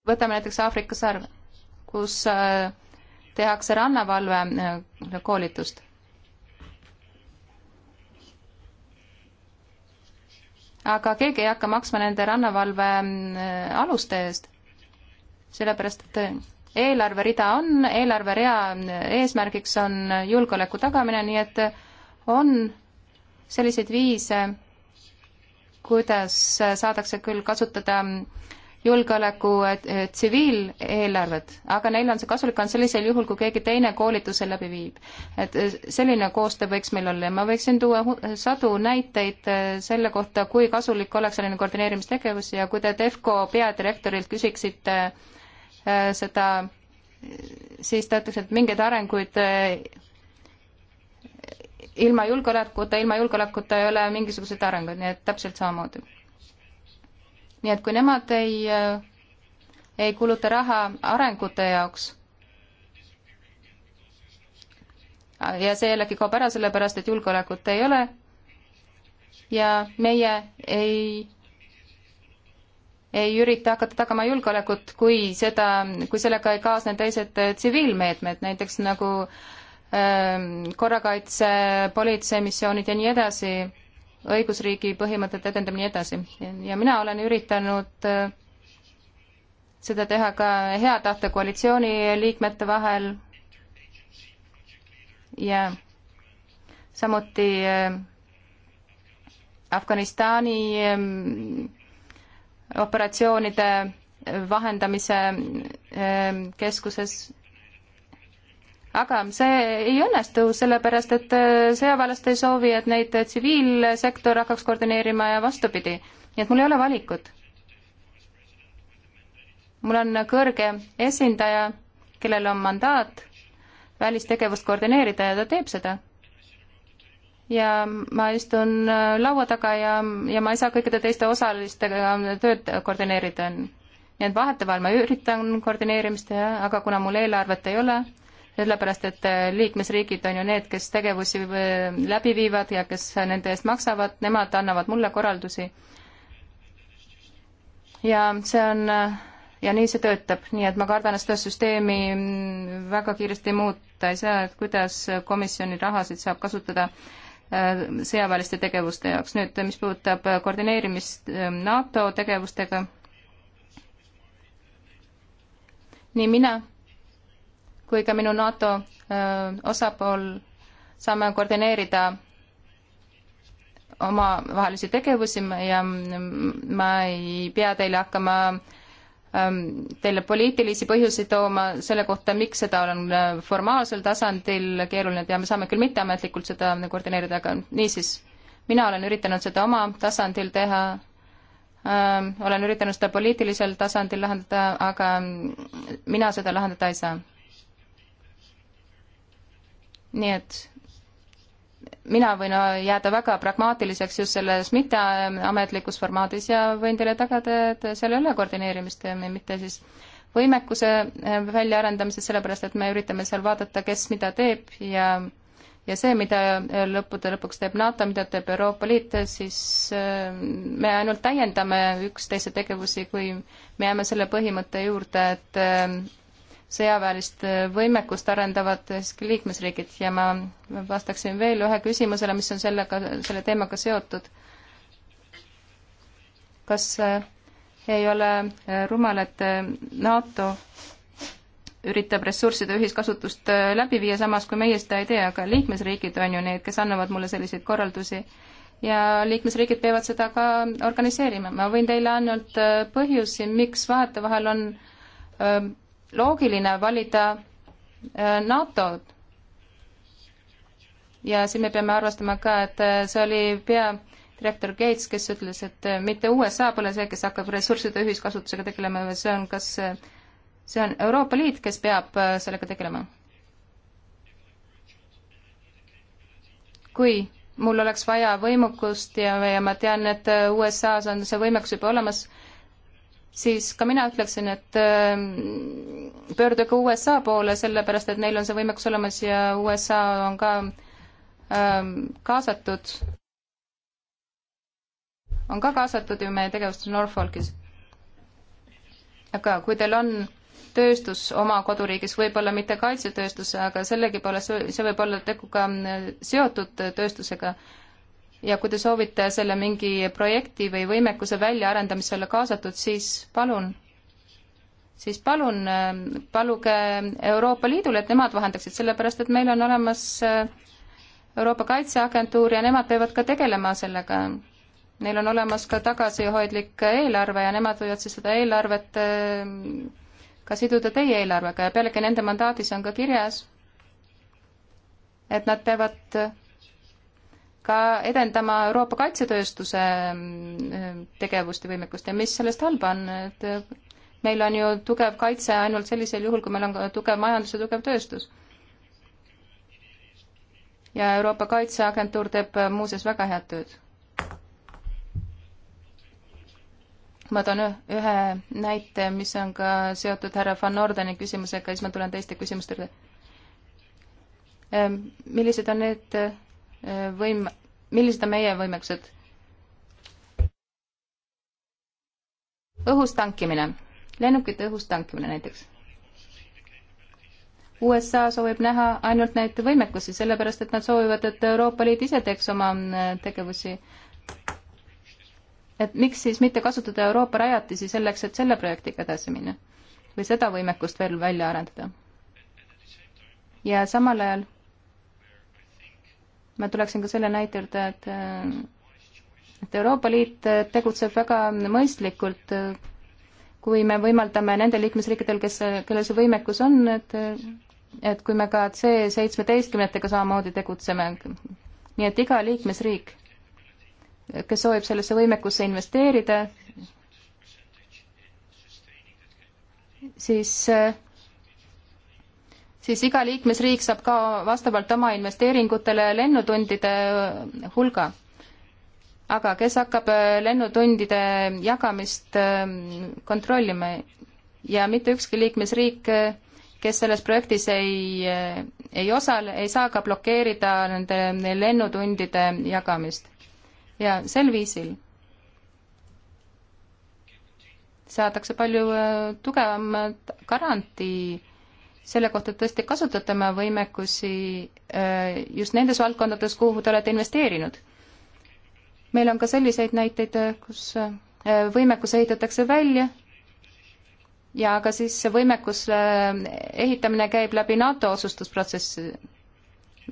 Speaker 4: võtame näiteks Aafrika sarve, kus äh, tehakse rannavalve äh, koolitust. aga keegi ei hakka maksma nende rannavalve äh, aluste eest, sellepärast et eelarverida on, eelarverea eesmärgiks on julgeoleku tagamine, nii et on selliseid viise, kuidas saadakse küll kasutada äh, julgeoleku tsiviileelarvet, aga neil on see kasulik, on sellisel juhul, kui keegi teine koolituse läbi viib. et eh, selline koostöö võiks meil olla ja ma võiksin tuua sadu näiteid eh, selle kohta, kui kasulik oleks selline koordineerimistegevus ja kui te DEFCO peadirektorilt küsiksite eh, seda, siis ta ütleks, et mingeid arenguid ilma julgeolekuta, ilma julgeolekuta ei ole mingisuguseid arenguid, nii et täpselt samamoodi nii et kui nemad ei, äh, ei kuluta raha arengute jaoks, ja see jällegi kaob ära, sellepärast et julgeolekut ei ole ja meie ei, ei ürita hakata tagama julgeolekut, kui seda, kui sellega ei kaasne teised äh, tsiviilmeetmed, näiteks nagu äh, korrakaitse, politseimissioonid ja nii edasi õigusriigi põhimõtete edendamine ja nii edasi. ja mina olen üritanud äh, seda teha ka hea tahte koalitsiooni liikmete vahel ja samuti äh, Afganistani äh, operatsioonide vahendamise keskuses aga see ei õnnestu, sellepärast et äh, sõjaväelast ei soovi, et neid äh, tsiviilsektor hakkaks koordineerima ja vastupidi. nii et mul ei ole valikut. mul on kõrge esindaja, kellel on mandaat välistegevust koordineerida ja ta teeb seda. ja ma istun äh, laua taga ja, ja ma ei saa kõikide teiste osalistega tööd koordineerida. nii et vahetevahel ma üritan koordineerimist teha, aga kuna mul eelarvet ei ole, sellepärast et äh, liikmesriigid on ju need, kes tegevusi äh, läbi viivad ja kes nende eest maksavad, nemad annavad mulle korraldusi. ja see on äh, ja nii see töötab, nii et ma kardan, et seda süsteemi mm, väga kiiresti muuta ei saa, et kuidas komisjoni rahasid saab kasutada sõjaväeliste tegevuste jaoks. nüüd, mis puudutab koordineerimist NATO tegevustega, nii mina kui ka minu NATO osapool saame koordineerida omavahelisi tegevusi ja ma ei pea teile hakkama teile poliitilisi põhjusi tooma selle kohta, miks seda on formaalsel tasandil keeruline teha, me saame küll mitteametlikult seda koordineerida, aga niisiis, mina olen üritanud seda oma tasandil teha, olen üritanud seda poliitilisel tasandil lahendada, aga mina seda lahendada ei saa nii et mina võin jääda väga pragmaatiliseks just selles mitteametlikus formaadis ja võin teile tagada, et seal ei ole koordineerimist, mitte siis võimekuse eh, väljaarendamises, sellepärast et me üritame seal vaadata, kes mida teeb ja ja see, mida lõppude lõpuks teeb NATO, mida teeb Euroopa Liit, siis eh, me ainult täiendame üksteise tegevusi, kui me jääme selle põhimõtte juurde, et eh, sõjaväelist võimekust arendavad liikmesriigid ja ma vastaksin veel ühe küsimusele, mis on sellega, selle teemaga seotud. kas äh, ei ole äh, rumal, et äh, NATO üritab ressursside ühiskasutust läbi viia, samas kui meie seda ei tee, aga liikmesriigid on ju need, kes annavad mulle selliseid korraldusi ja liikmesriigid peavad seda ka organiseerima. ma võin teile ainult põhjusi, miks vahetevahel on loogiline valida äh, NATO-d. ja siin me peame arvestama ka, et äh, see oli peadirektor Gates, kes ütles, et äh, mitte USA pole see, kes hakkab ressursside ühiskasutusega tegelema, see on kas, see on Euroopa Liit, kes peab sellega tegelema. kui mul oleks vaja võimukust ja, ja ma tean, et USA-s on see võimekus juba olemas siis ka mina ütleksin, et ähm, pöörduge USA poole, sellepärast et neil on see võimekus olemas ja USA on ka ähm, kaasatud, on ka kaasatud ju meie tegevusse Norfolkis. aga kui teil on tööstus oma koduriigis, võib-olla mitte kaitsetööstus, aga sellegipoolest see võib olla tegu ka äh, seotud tööstusega, ja kui te soovite selle mingi projekti või võimekuse väljaarendamisse olla kaasatud, siis palun, siis palun äh, paluge Euroopa Liidule, et nemad vahendaksid, sellepärast et meil on olemas äh, Euroopa Kaitseagentuur ja nemad peavad ka tegelema sellega. Neil on olemas ka tagasihoidlik eelarve ja nemad võivad siis seda eelarvet äh, ka siduda teie eelarvega ja pealegi nende mandaadis on ka kirjas, et nad peavad ka edendama Euroopa kaitsetööstuse mm, mm, tegevust ja võimekust ja mis sellest halba on, et äh, meil on ju tugev kaitse ainult sellisel juhul, kui meil on ka tugev majandus ja tugev tööstus. ja Euroopa Kaitseagentuur teeb äh, muuseas väga head tööd. ma toon ühe näite, mis on ka seotud härra Van Ordeni küsimusega, siis ma tulen teiste küsimuste juurde. Ähm, millised on need äh, võim-, millised on meie võimekused? õhus tankimine, lennukite õhus tankimine näiteks. USA soovib näha ainult neid võimekusi, sellepärast et nad soovivad, et Euroopa Liit ise teeks oma äh, tegevusi et miks siis mitte kasutada Euroopa rajatisi selleks, et selle projektiga edasi minna või seda võimekust veel välja arendada. ja samal ajal ma tuleksin ka selle näite juurde, et äh, et Euroopa Liit äh, tegutseb väga mõistlikult, äh, kui me võimaldame nendel liikmesriikidel, kes, kellel see võimekus on, et et kui me ka C-seitsmeteistkümnetega samamoodi tegutseme, nii et iga liikmesriik, kes soovib sellesse võimekusse investeerida, siis siis iga liikmesriik saab ka vastavalt oma investeeringutele lennutundide hulga. aga kes hakkab äh, lennutundide jagamist ähm, kontrollima ja mitte ükski liikmesriik, äh, kes selles projektis ei, äh, ei osale, ei saa ka blokeerida nende lennutundide jagamist. ja sel viisil saadakse palju tugevam garantii selle kohta tõesti kasutate oma võimekusi äh, just nendes valdkondades, kuhu te olete investeerinud. meil on ka selliseid näiteid, äh, kus äh, võimekus ehitatakse välja ja ka siis see võimekus ehitamine käib läbi NATO otsustusprotsessi.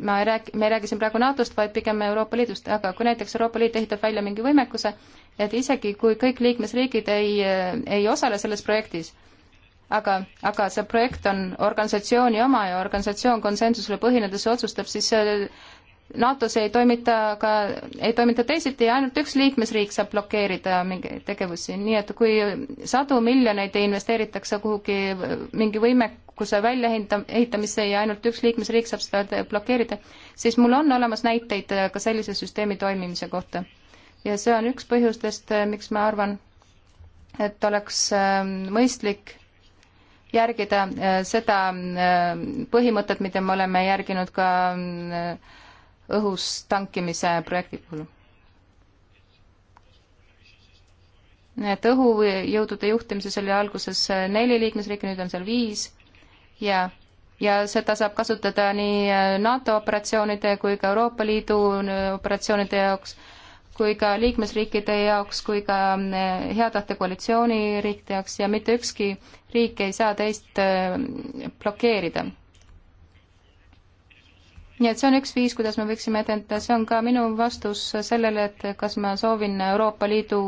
Speaker 4: ma ei räägi, me ei räägi siin praegu NATO-st, vaid pigem Euroopa Liidust, aga kui näiteks Euroopa Liit ehitab välja mingi võimekuse, et isegi kui kõik liikmesriigid ei, ei osale selles projektis, aga, aga see projekt on organisatsiooni oma ja organisatsioon konsensusele põhinedes otsustab, siis NATO-s ei toimita ka, ei toimita teisiti ja ainult üks liikmesriik saab blokeerida mingeid tegevusi, nii et kui sadu miljoneid investeeritakse kuhugi mingi võimekuse väljaehitamisse ja ainult üks liikmesriik saab seda blokeerida, siis mul on olemas näiteid ka sellise süsteemi toimimise kohta. ja see on üks põhjustest, miks ma arvan, et oleks ähm, mõistlik järgida äh, seda äh, põhimõtet, mida me oleme järginud ka äh, õhus tankimise projekti puhul. nii et õhujõudude juhtimises oli alguses neli liikmesriiki, nüüd on seal viis ja, ja seda saab kasutada nii NATO operatsioonide kui ka Euroopa Liidu operatsioonide jaoks kui ka liikmesriikide jaoks kui ka eh, hea tahte koalitsiooni riikide jaoks ja mitte ükski riik ei saa teist eh, blokeerida. nii et see on üks viis, kuidas me võiksime edendada, see on ka minu vastus sellele, et kas ma soovin Euroopa Liidu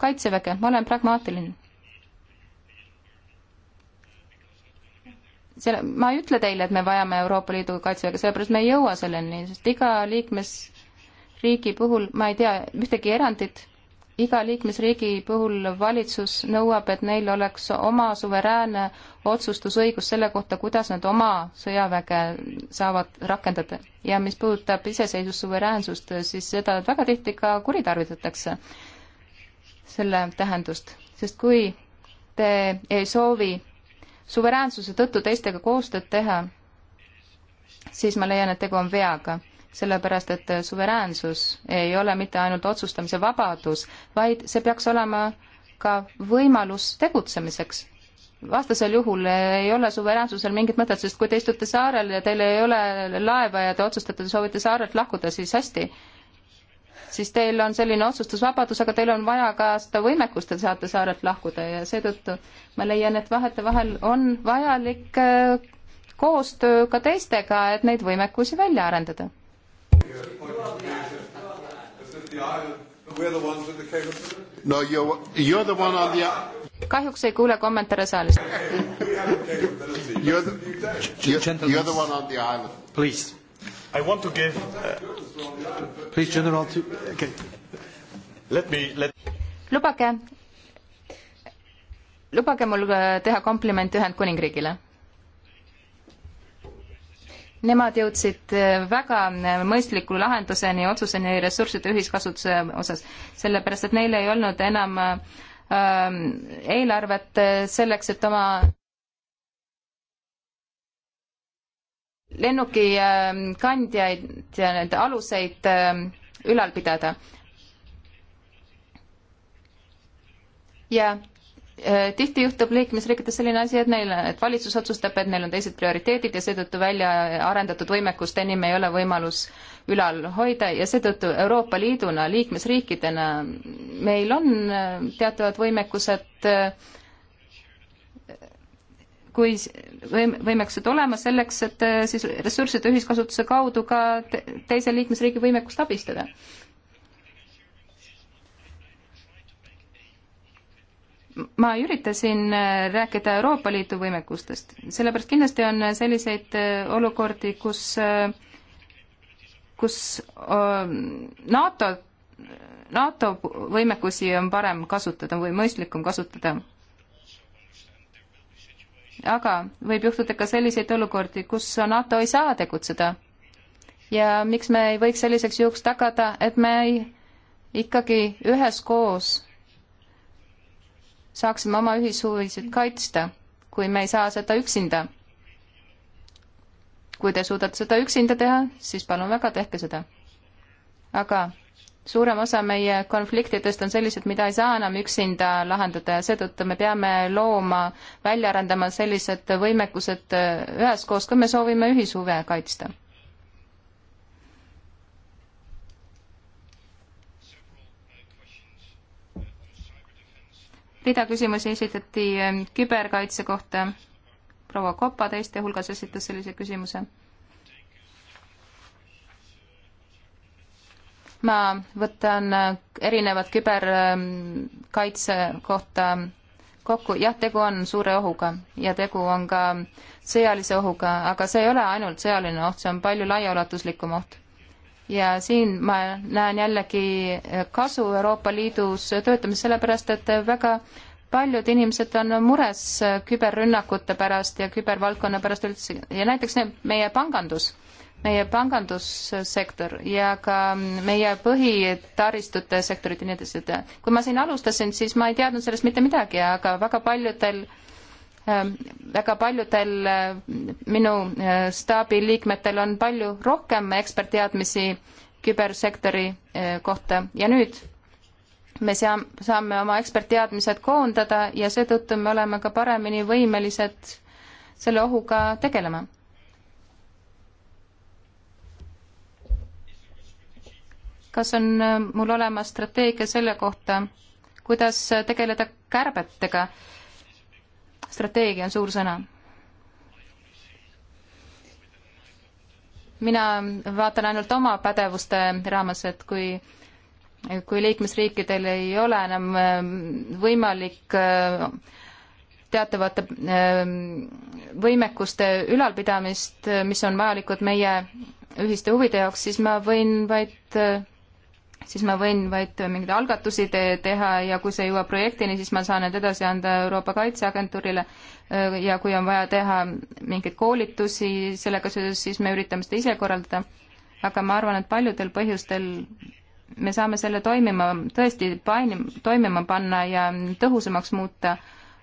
Speaker 4: kaitseväge, ma olen pragmaatiline. selle, ma ei ütle teile, et me vajame Euroopa Liidu kaitseväge, sellepärast me ei jõua selleni, sest iga liikmes liikmesriigi puhul, ma ei tea ühtegi erandit, iga liikmesriigi puhul valitsus nõuab, et neil oleks oma suveräänne otsustusõigus selle kohta, kuidas nad oma sõjaväge saavad rakendada. ja mis puudutab iseseisvust, suveräänsust, siis seda väga tihti ka kuritarvitatakse, selle tähendust, sest kui te ei soovi suveräänsuse tõttu teistega koostööd teha, siis ma leian, et tegu on veaga sellepärast et suveräänsus ei ole mitte ainult otsustamise vabadus, vaid see peaks olema ka võimalus tegutsemiseks. vastasel juhul ei ole suveräänsusel mingit mõtet, sest kui te istute saarel ja teil ei ole laeva ja te otsustate, te soovite saarelt lahkuda, siis hästi, siis teil on selline otsustusvabadus, aga teil on vaja ka seda võimekust, et saate saarelt lahkuda ja seetõttu ma leian, et vahetevahel on vajalik äh, koostöö ka teistega, et neid võimekusi välja arendada
Speaker 2: no you, you're the one on the
Speaker 4: kahjuks ei kuule kommentaare saalist.
Speaker 1: You're
Speaker 2: the,
Speaker 1: you're the one on the island. Please. I want to give uh,. Please general to, okay. Let me, let.
Speaker 4: lubage, lubage mul äh, teha kompliment Ühendkuningriigile nemad jõudsid eh, väga eh, mõistliku lahenduseni, otsuseni ressursside ühiskasutuse osas, sellepärast et neil ei olnud enam ähm, eelarvet eh, selleks, et oma lennuki ähm, kandjaid ja nende aluseid ähm, ülal pidada. ja Äh, tihti juhtub liikmesriikides selline asi, et neil, et valitsus otsustab, et neil on teised prioriteedid ja seetõttu välja arendatud võimekust enim ei ole võimalus ülal hoida ja seetõttu Euroopa Liiduna, liikmesriikidena meil on äh, teatavad võimekused äh, kui võimekused olemas selleks, et siis ressursside ühiskasutuse kaudu ka teise liikmesriigi võimekust abistada ma üritasin äh, rääkida Euroopa Liidu võimekustest, sellepärast kindlasti on selliseid äh, olukordi, kus, äh, kus NATO, NATO võimekusi on parem kasutada või mõistlikum kasutada. aga võib juhtuda ka selliseid olukordi, kus NATO ei saa tegutseda. ja miks me ei võiks selliseks juhuks tagada, et me ei, ikkagi üheskoos saaksime oma ühishuvisid kaitsta, kui me ei saa seda üksinda. kui te suudate seda üksinda teha, siis palun väga, tehke seda. aga suurem osa meie konfliktidest on sellised, mida ei saa enam üksinda lahendada ja seetõttu me peame looma, välja arendama sellised võimekused äh, üheskoos, kui me soovime ühishuve kaitsta. rida küsimusi esitati ehm, küberkaitse kohta. proua Kopa teiste hulgas esitas sellise küsimuse. ma võtan eh, erinevad küberkaitse ehm, kohta kokku, jah, tegu on suure ohuga ja tegu on ka sõjalise ohuga, aga see ei ole ainult sõjaline oht, see on palju laiaulatuslikum oht ja siin ma näen jällegi kasu Euroopa Liidus töötamisest, sellepärast et väga paljud inimesed on mures küberrünnakute pärast ja kübervaldkonna pärast üldse ja näiteks meie pangandus, meie pangandussektor ja ka meie põhitaristute sektorid ja nii edasi, et kui ma siin alustasin, siis ma ei teadnud sellest mitte midagi, aga väga paljudel äh, Ähm, väga paljudel äh, minu äh, staabi liikmetel on palju rohkem ekspertteadmisi kübersektori äh, kohta ja nüüd me saame oma ekspertteadmised koondada ja seetõttu me oleme ka paremini võimelised selle ohuga tegelema. kas on mul olemas strateegia selle kohta, kuidas tegeleda kärbetega äh, strateegia on suur sõna. mina vaatan ainult oma pädevuste raames, et kui kui liikmesriikidel ei ole enam ähm, võimalik äh, teatavate ähm, võimekuste ülalpidamist, mis on vajalikud meie ühiste huvide jaoks, siis ma võin vaid äh, siis ma võin vaid mingeid algatusi te teha ja kui see jõuab projektini, siis ma saan need edasi anda Euroopa Kaitseagentuurile ja kui on vaja teha mingeid koolitusi sellega seoses, siis me üritame seda ise korraldada. aga ma arvan, et paljudel põhjustel me saame selle toimima, tõesti painim-, toimima panna ja tõhusamaks muuta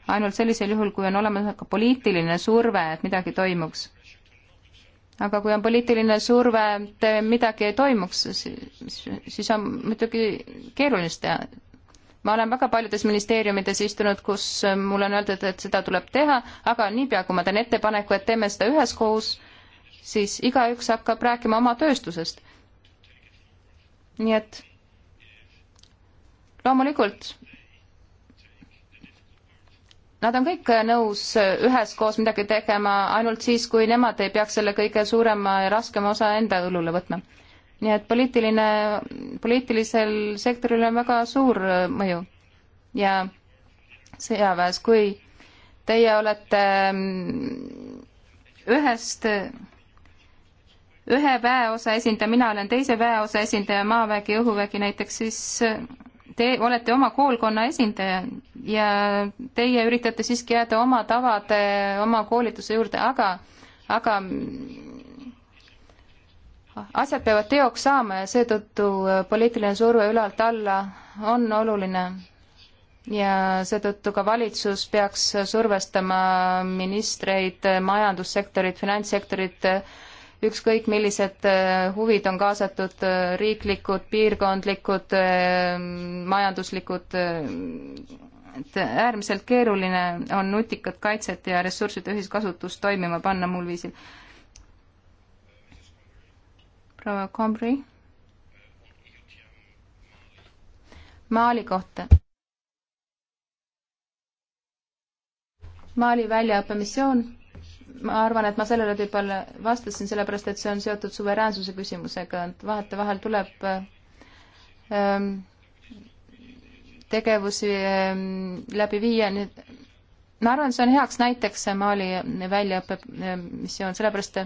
Speaker 4: ainult sellisel juhul, kui on olemas ka poliitiline surve, et midagi toimuks aga kui on poliitiline surve, et midagi ei toimuks, siis on muidugi keerulist teha. ma olen väga paljudes ministeeriumides istunud, kus mulle on öeldud, et seda tuleb teha, aga niipea, kui ma teen ettepaneku, et teeme seda üheskoos, siis igaüks hakkab rääkima oma tööstusest. nii et loomulikult nad on kõik äh, nõus äh, üheskoos midagi tegema ainult siis, kui nemad ei peaks selle kõige suurema ja raskema osa enda õlule võtma. nii et poliitiline, poliitilisel sektoril on väga suur äh, mõju ja sõjaväes, kui teie olete mm, ühest, ühe väeosa esindaja, mina olen teise väeosa esindaja, maavägi, õhuvägi näiteks, siis te olete oma koolkonna esindaja ja teie üritate siiski jääda oma tavade, oma koolituse juurde, aga, aga asjad peavad teoks saama ja seetõttu äh, poliitiline surve ülalt alla on oluline. ja seetõttu ka valitsus peaks survestama ministreid, majandussektorit, finantssektorit äh, ükskõik millised äh, huvid on kaasatud, äh, riiklikud, piirkondlikud, äh, majanduslikud, et äärmiselt keeruline on nutikat kaitset ja ressursside ühiskasutust toimima panna muul viisil. proua Kombri. Mali kohta. Mali väljaõppemissioon ma arvan, et ma sellele võib-olla vastasin, sellepärast et see on seotud suveräänsuse küsimusega, et vahetevahel tuleb ähm, tegevusi ähm, läbi viia, nii et ma arvan, et see on heaks näiteks see Mali väljaõppemissioon, ähm, sellepärast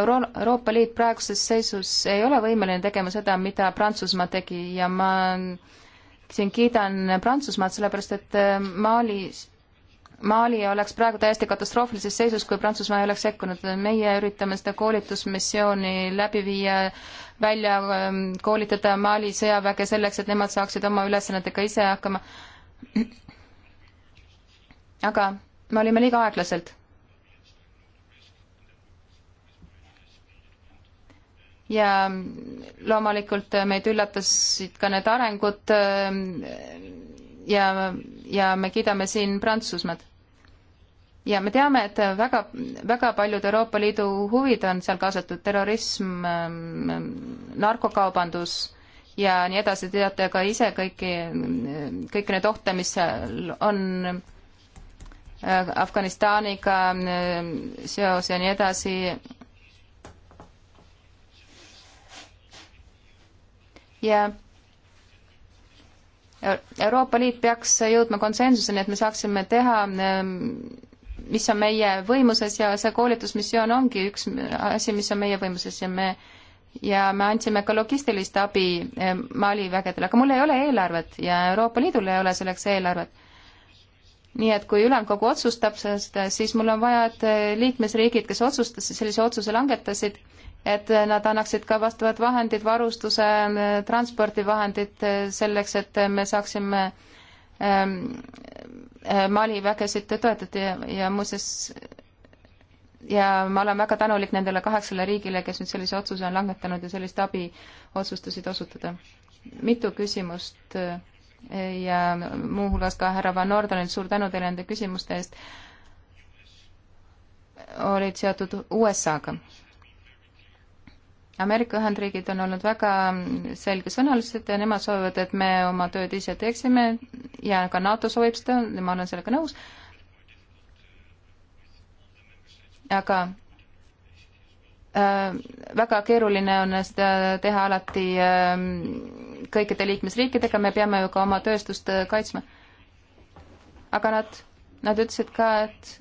Speaker 4: Euro-, Euroopa Liit praeguses seisus ei ole võimeline tegema seda, mida Prantsusmaa tegi ja ma siin kiidan Prantsusmaad, sellepärast et ähm, Malis Mali oleks praegu täiesti katastroofilises seisus, kui Prantsusmaa ei oleks sekkunud. meie üritame seda koolitusmissiooni läbi viia, välja ähm, koolitada Mali sõjaväge selleks, et nemad saaksid oma ülesannetega ise hakkama. aga me olime liiga aeglaselt. ja loomulikult meid üllatasid ka need arengud ähm, ja, ja me kiidame siin Prantsusmaad ja me teame, et väga, väga paljud Euroopa Liidu huvid on seal kaasatud, terrorism, ähm, ähm, narkokaubandus ja nii edasi, teate ka ise kõiki, kõiki neid ohte, mis seal on äh, Afganistaniga ähm, seos ja nii edasi. ja Euroopa Liit peaks jõudma konsensuseni, et me saaksime teha mis on meie võimuses ja see koolitusmissioon ongi üks asi, mis on meie võimuses ja me ja me andsime ka logistilist abi eh, Mali vägedele, aga mul ei ole eelarvet ja Euroopa Liidul ei ole selleks eelarvet. nii et kui ülemkogu otsustab sellest, eh, siis mul on vaja, et eh, liikmesriigid, kes otsustasid, sellise otsuse langetasid, et nad annaksid ka vastavad vahendid, varustuse, transpordivahendid selleks, et me saaksime ähm, Äh, Mali vägesid toetati ja, ja muuseas ja ma olen väga tänulik nendele kaheksale riigile, kes nüüd sellise otsuse on langetanud ja sellist abi otsustasid osutada. mitu küsimust äh, ja muuhulgas ka härra Van Ordenilt suur tänu teile nende küsimuste eest, olid seotud USA-ga. Ameerika Ühendriigid on olnud väga selgesõnalised ja nemad soovivad, et me oma tööd ise teeksime ja ka NATO soovib seda, ma olen sellega nõus. aga äh, väga keeruline on seda teha alati äh, kõikide liikmesriikidega, me peame ju ka oma tööstust äh, kaitsma. aga nad, nad ütlesid ka, et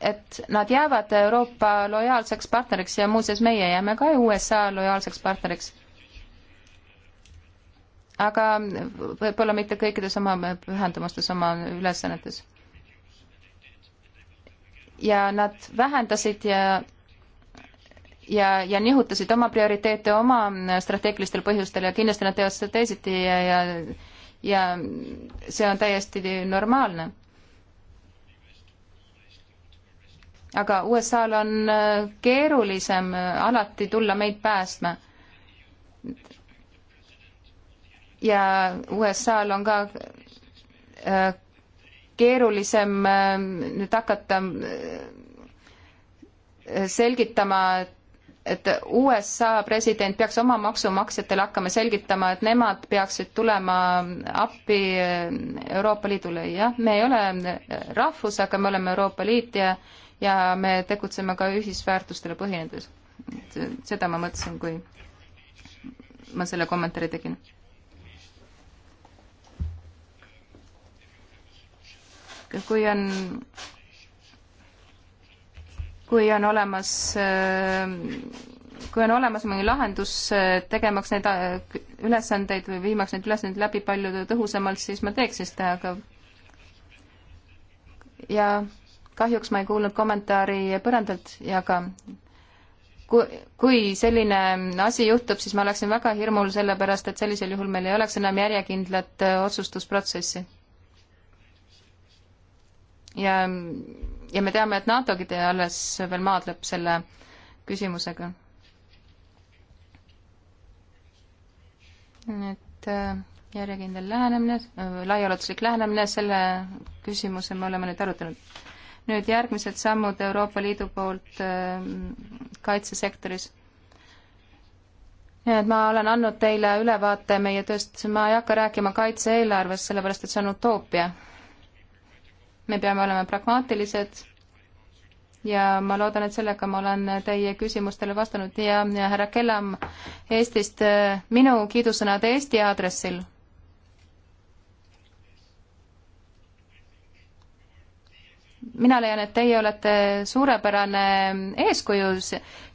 Speaker 4: et nad jäävad Euroopa lojaalseks partneriks ja muuseas meie jääme ka USA lojaalseks partneriks. aga võib-olla mitte kõikides oma pühendumustes, oma ülesannetes. ja nad vähendasid ja ja, ja nihutasid oma prioriteete oma strateegilistel põhjustel ja kindlasti nad teevad seda teisiti ja, ja ja see on täiesti normaalne aga USA-l on äh, keerulisem äh, alati tulla meid päästma. ja USA-l on ka äh, keerulisem nüüd hakata selgitama, et USA president peaks oma maksumaksjatele hakkama selgitama, et nemad peaksid tulema appi Euroopa Liidule, jah, me ei ole rahvus, aga me oleme Euroopa Liit ja ja me tegutseme ka ühisväärtustele põhinedes. et seda ma mõtlesin, kui ma selle kommentaari tegin. kui on, kui on olemas, kui on olemas mingi lahendus tegemaks neid ülesandeid või viimaks neid ülesandeid läbi palju tõhusamalt, siis ma teeksin seda, aga ja kahjuks ma ei kuulnud kommentaari põrandalt ja ka kui, kui selline asi juhtub, siis ma oleksin väga hirmul, sellepärast et sellisel juhul meil ei oleks enam järjekindlat äh, otsustusprotsessi. ja, ja me teame, et NATO-gi alles veel maadleb selle küsimusega. et äh, järjekindel lähenemine, äh, laiaulatuslik lähenemine, selle küsimuse me oleme nüüd arutanud nüüd järgmised sammud Euroopa Liidu poolt äh, kaitsesektoris. nii et ma olen andnud teile ülevaate meie tööst, ma ei hakka rääkima kaitse-eelarvest, sellepärast et see on utoopia. me peame olema pragmaatilised ja ma loodan, et sellega ma olen teie küsimustele vastanud ja, ja härra Kellam Eestist äh, minu kiidusõnad Eesti aadressil mina leian, et teie olete suurepärane eeskuju.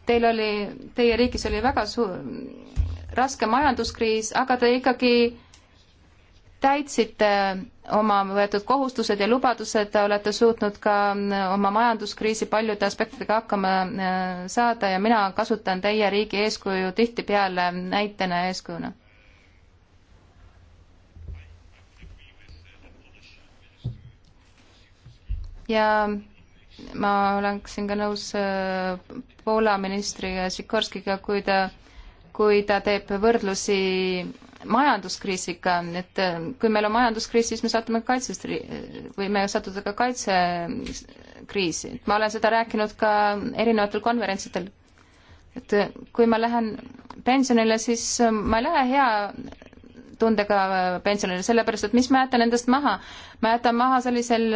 Speaker 4: Teil oli, teie riigis oli väga suur, raske majanduskriis, aga te ikkagi täitsite oma võetud kohustused ja lubadused, olete suutnud ka oma majanduskriisi paljude aspektidega hakkama äh, saada ja mina kasutan teie riigi eeskuju tihtipeale näitena ja eeskujuna. ja ma oleksin ka nõus äh, Poola ministri Sikorskiga, kui ta, kui ta teeb võrdlusi majanduskriisiga, et äh, kui meil on majanduskriis, siis me satume kaitsest või me satume ka kaitsekriisi. ma olen seda rääkinud ka erinevatel konverentsidel. et äh, kui ma lähen pensionile, siis ma ei lähe hea tundega äh, pensionärile, sellepärast et mis ma jätan endast maha? ma jätan maha sellisel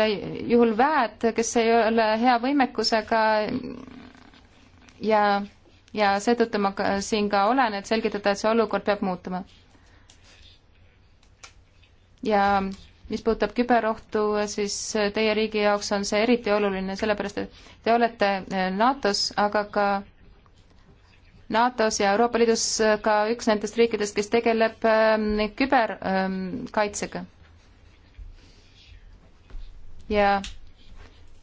Speaker 4: juhul väed, kes ei ole hea võimekusega ja, ja seetõttu ma siin ka olen, et selgitada, et see olukord peab muutuma. ja mis puudutab küberohtu, siis teie riigi jaoks on see eriti oluline, sellepärast et te olete äh, NATO-s, aga ka NATO-s ja Euroopa Liidus ka üks nendest riikidest, kes tegeleb ähm, küberkaitsega. ja,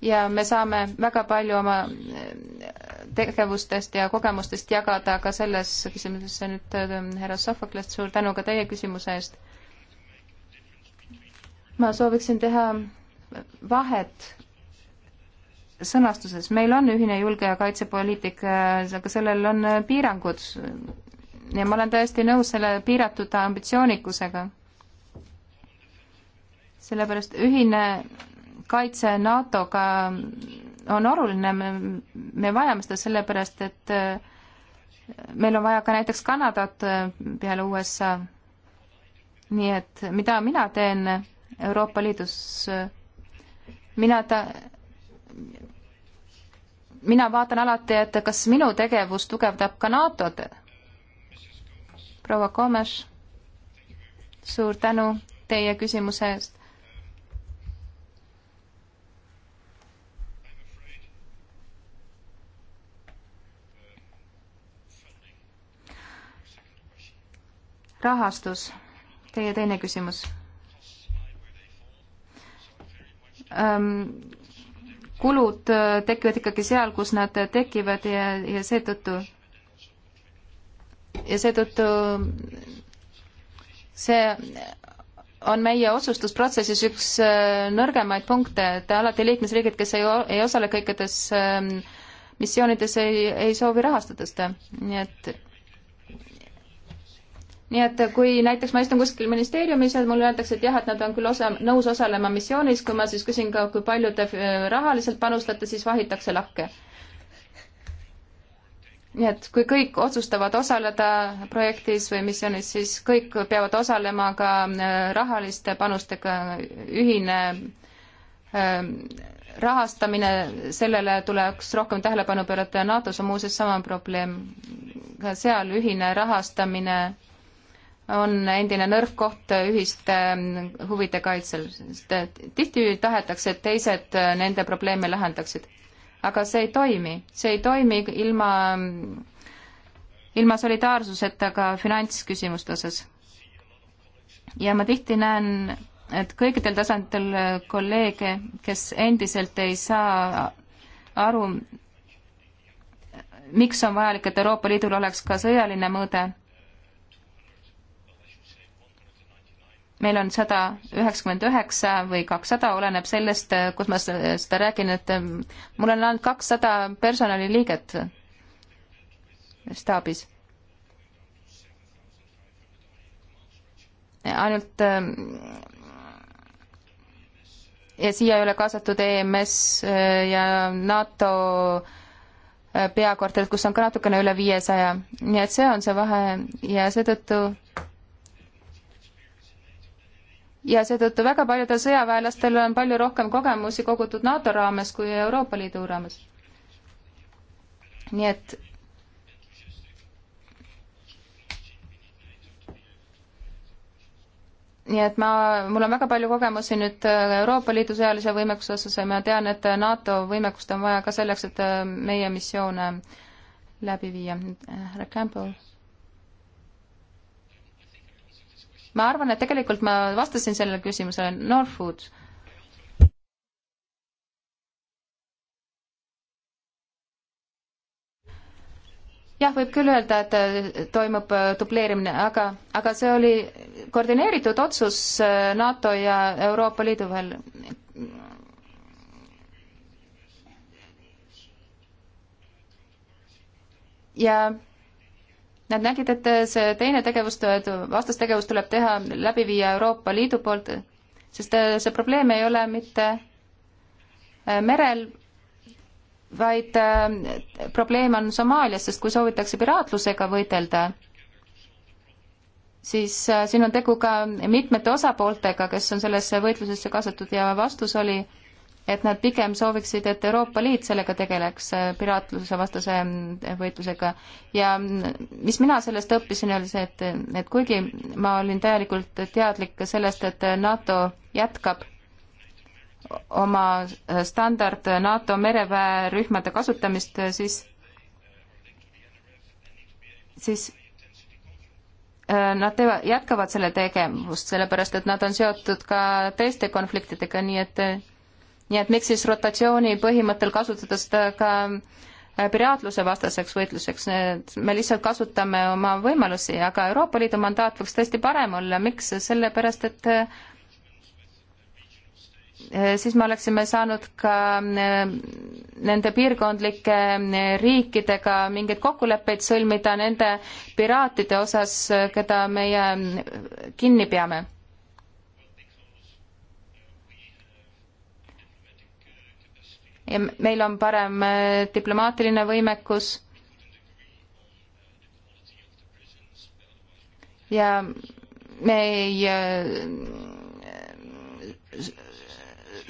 Speaker 4: ja me saame väga palju oma äh, tegevustest ja kogemustest jagada ka selles küsimuses, see nüüd ähm, härra Sofoklast, suur tänu ka teie küsimuse eest. ma sooviksin teha vahet sõnastuses. meil on ühine julge- ja kaitsepoliitika, äh, aga sellel on äh, piirangud ja ma olen täiesti nõus selle piiratud ambitsioonikusega. sellepärast ühine kaitse NATO-ga on oluline, me, me vajame seda sellepärast, et äh, meil on vaja ka näiteks Kanadat peale USA. nii et mida mina teen Euroopa Liidus, mina ta-, mina vaatan alati, et kas minu tegevus tugevdab ka NATO-d. proua Komes, suur tänu teie küsimuse eest. rahastus, teie teine küsimus ähm, kulud äh, tekivad ikkagi seal, kus nad tekivad ja, ja seetõttu, ja seetõttu see on meie otsustusprotsessis üks äh, nõrgemaid punkte, et alati liikmesriigid, kes ei, ei osale kõikides ähm, missioonides, ei, ei soovi rahastada seda, nii et nii et kui näiteks ma istun kuskil ministeeriumis ja mulle öeldakse, et jah, et nad on küll osa, nõus osalema missioonis, kui ma siis küsin ka, kui palju te äh, rahaliselt panustate, siis vahitakse lakke. nii et kui kõik otsustavad osaleda projektis või missioonis, siis kõik peavad osalema ka äh, rahaliste panustega ühine ähm, rahastamine, sellele tuleks rohkem tähelepanu pöörata ja NATO-s on muuseas sama probleem, ka seal ühine rahastamine on endine nõrk koht ühiste ähm, huvide kaitsel, sest äh, tihti tahetakse, et teised äh, nende probleeme lahendaksid. aga see ei toimi, see ei toimi ilma, ähm, ilma solidaarsuseta ka finantsküsimuste osas. ja ma tihti näen, et kõikidel tasanditel äh, kolleege, kes endiselt ei saa aru, miks on vajalik, et Euroopa Liidul oleks ka sõjaline mõõde meil on sada üheksakümmend üheksa või kakssada, oleneb sellest, äh, kus ma seda räägin, et ähm, mul on ainult kakssada personaliliiget staabis. ainult ähm, ja siia ei ole kaasatud EMS äh, ja NATO äh, peakorterid, kus on ka natukene üle viiesaja, nii et see on see vahe ja seetõttu ja seetõttu väga paljudel sõjaväelastel on palju rohkem kogemusi kogutud NATO raames kui Euroopa Liidu raames. nii et nii et ma, mul on väga palju kogemusi nüüd äh, Euroopa Liidu sõjalise võimekuse osas ja ma tean, et äh, NATO võimekust on vaja ka selleks, et äh, meie missioone läbi viia. härra Campbell ma arvan, et tegelikult ma vastasin sellele küsimusele, Norfood. jah, võib küll öelda, et äh, toimub äh, dubleerimine, aga, aga see oli koordineeritud otsus äh, NATO ja Euroopa Liidu vahel. ja Nad nägid, et see teine tegevus, vastastegevus tuleb teha, läbi viia Euroopa Liidu poolt, sest äh, see probleem ei ole mitte äh, merel, vaid äh, probleem on Somaalias, sest kui soovitakse piraatlusega võidelda, siis siin on tegu ka mitmete osapooltega, kes on sellesse võitlusesse kaasatud ja vastus oli, et nad pigem sooviksid, et Euroopa Liit sellega tegeleks, äh, piraatluse vastase äh, võitlusega. ja mis mina sellest õppisin, oli see, et, et kuigi ma olin täielikult teadlik ka sellest, et NATO jätkab oma standard NATO mereväerühmade kasutamist, siis, siis äh, nad teevad, jätkavad selle tegevust, sellepärast et nad on seotud ka teiste konfliktidega, nii et nii et miks siis rotatsiooni põhimõttel kasutada seda ka äh, piraatluse vastaseks võitluseks, et me lihtsalt kasutame oma võimalusi, aga Euroopa Liidu mandaat võiks tõesti parem olla, miks, sellepärast et äh, äh, siis me oleksime saanud ka nende piirkondlike riikidega mingeid kokkuleppeid sõlmida nende piraatide osas, keda meie kinni peame ja meil on parem äh, diplomaatiline võimekus ja me ei äh,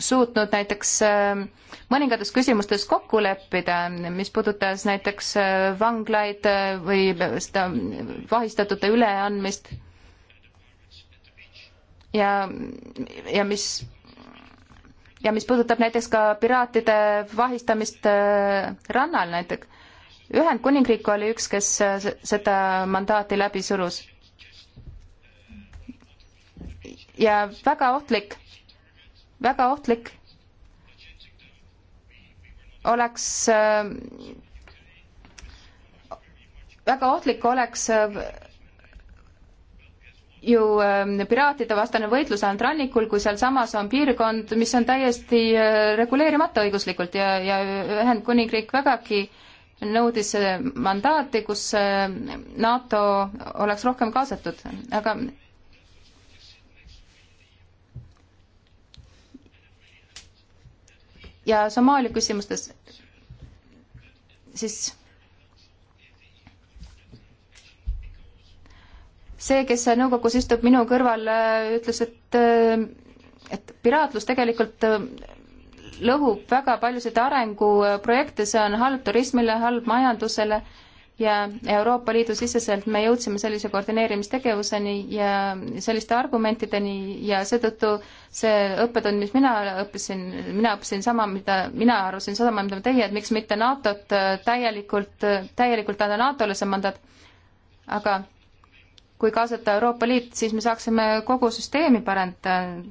Speaker 4: suutnud näiteks äh, mõningates küsimustes kokku leppida, mis puudutas näiteks vanglaid või seda vahistatute üleandmist. ja, ja mis ja mis puudutab näiteks ka piraatide vahistamist äh, rannal näiteks. Ühendkuningriik oli üks, kes äh, seda mandaati läbi surus. ja väga ohtlik, väga ohtlik oleks äh, väga ohtlik oleks ju ähm, piraatide vastane võitlus ainult rannikul, kui sealsamas on piirkond, mis on täiesti äh, reguleerimata õiguslikult ja, ja Ühendkuningriik vägagi nõudis äh, mandaati, kus äh, NATO oleks rohkem kaasatud, aga ja Somaalia küsimustes siis see, kes nõukogus istub minu kõrval, äh, ütles, et äh, et piraatlus tegelikult äh, lõhub väga paljusid arenguprojekte, see on halb turismile, halb majandusele ja Euroopa Liidu siseselt me jõudsime sellise koordineerimistegevuseni ja selliste argumentideni ja seetõttu see õppetund, mis mina õppisin, mina õppisin sama, mida mina arvasin, sama, mida teie, et miks mitte NATO-t täielikult, täielikult anda NATO-le see mandaat, aga kui kaasata Euroopa Liit, siis me saaksime kogu süsteemi parandada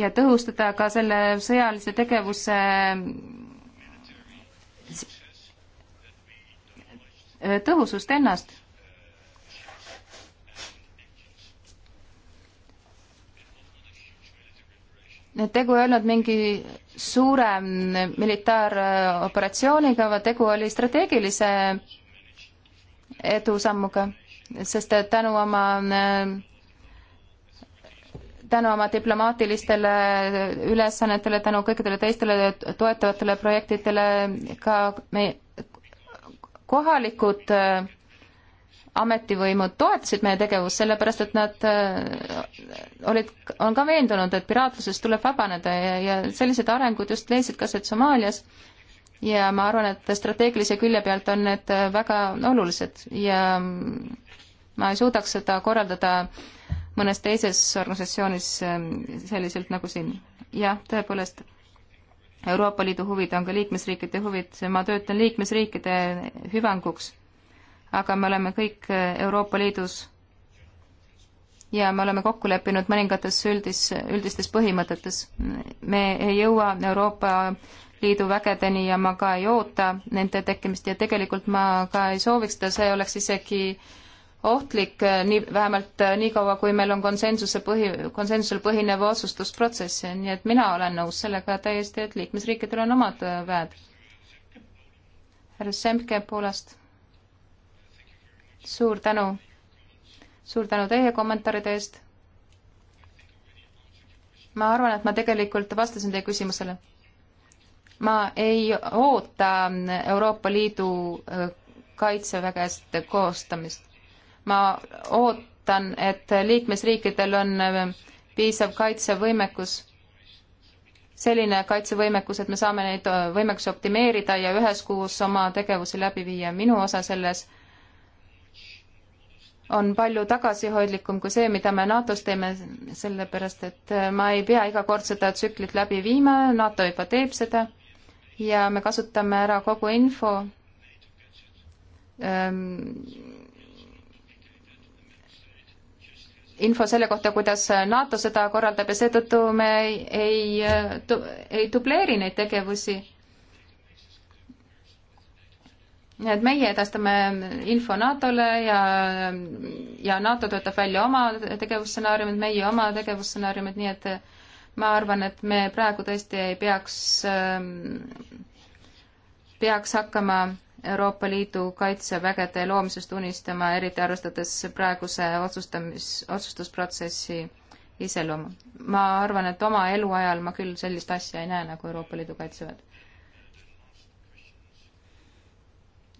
Speaker 4: ja tõhustada ka selle sõjalise tegevuse tõhusust ennast. tegu ei olnud mingi suure militaaroperatsiooniga, vaid tegu oli strateegilise edusammuga, sest tänu oma tänu oma diplomaatilistele ülesannetele, tänu kõikidele teistele toetavatele projektidele ka meie kohalikud ametivõimud toetasid meie tegevust, sellepärast et nad olid, on ka veendunud, et piraatlusest tuleb vabaneda ja, ja sellised arengud just leidsid ka, et Somaalias ja ma arvan, et strateegilise külje pealt on need väga olulised ja ma ei suudaks seda korraldada mõnes teises organisatsioonis ähm, selliselt nagu siin. jah, tõepoolest, Euroopa Liidu huvid on ka liikmesriikide huvid, ma töötan liikmesriikide hüvanguks, aga me oleme kõik äh, Euroopa Liidus ja me oleme kokku leppinud mõningates üldis, üldistes põhimõtetes. me ei jõua Euroopa Liidu vägedeni ja ma ka ei oota nende tekkimist ja tegelikult ma ka ei sooviks seda, see oleks isegi ohtlik, eh, nii, vähemalt eh, niikaua, kui meil on konsensuse põhi, konsensusel põhinev otsustusprotsess, nii et mina olen nõus sellega täiesti, et liikmesriikidel on omad eh, väed. härra Semke Poolast. suur tänu. suur tänu teie kommentaaride eest. ma arvan, et ma tegelikult vastasin teie küsimusele ma ei oota Euroopa Liidu äh, kaitsevägest koostamist. ma ootan, et liikmesriikidel on äh, piisav kaitsevõimekus, selline kaitsevõimekus, et me saame neid äh, võimekusi optimeerida ja üheskoos oma tegevusi läbi viia. minu osa selles on palju tagasihoidlikum kui see, mida me NATO-s teeme, sellepärast et ma ei pea iga kord seda tsüklit läbi viima, NATO juba teeb seda ja me kasutame ära kogu info ähm,, info selle kohta, kuidas NATO seda korraldab ja seetõttu me ei, ei, ei dubleeri neid tegevusi. et meie edastame info NATO-le ja, ja NATO töötab välja oma tegevusstsenaariumid, meie oma tegevusstsenaariumid, nii et äh, ma arvan, et me praegu tõesti ei peaks, ähm, peaks hakkama Euroopa Liidu kaitsevägede loomisest unistama, eriti arvestades praeguse otsustamis, otsustusprotsessi iseloomu. ma arvan, et oma eluajal ma küll sellist asja ei näe nagu Euroopa Liidu kaitseväed.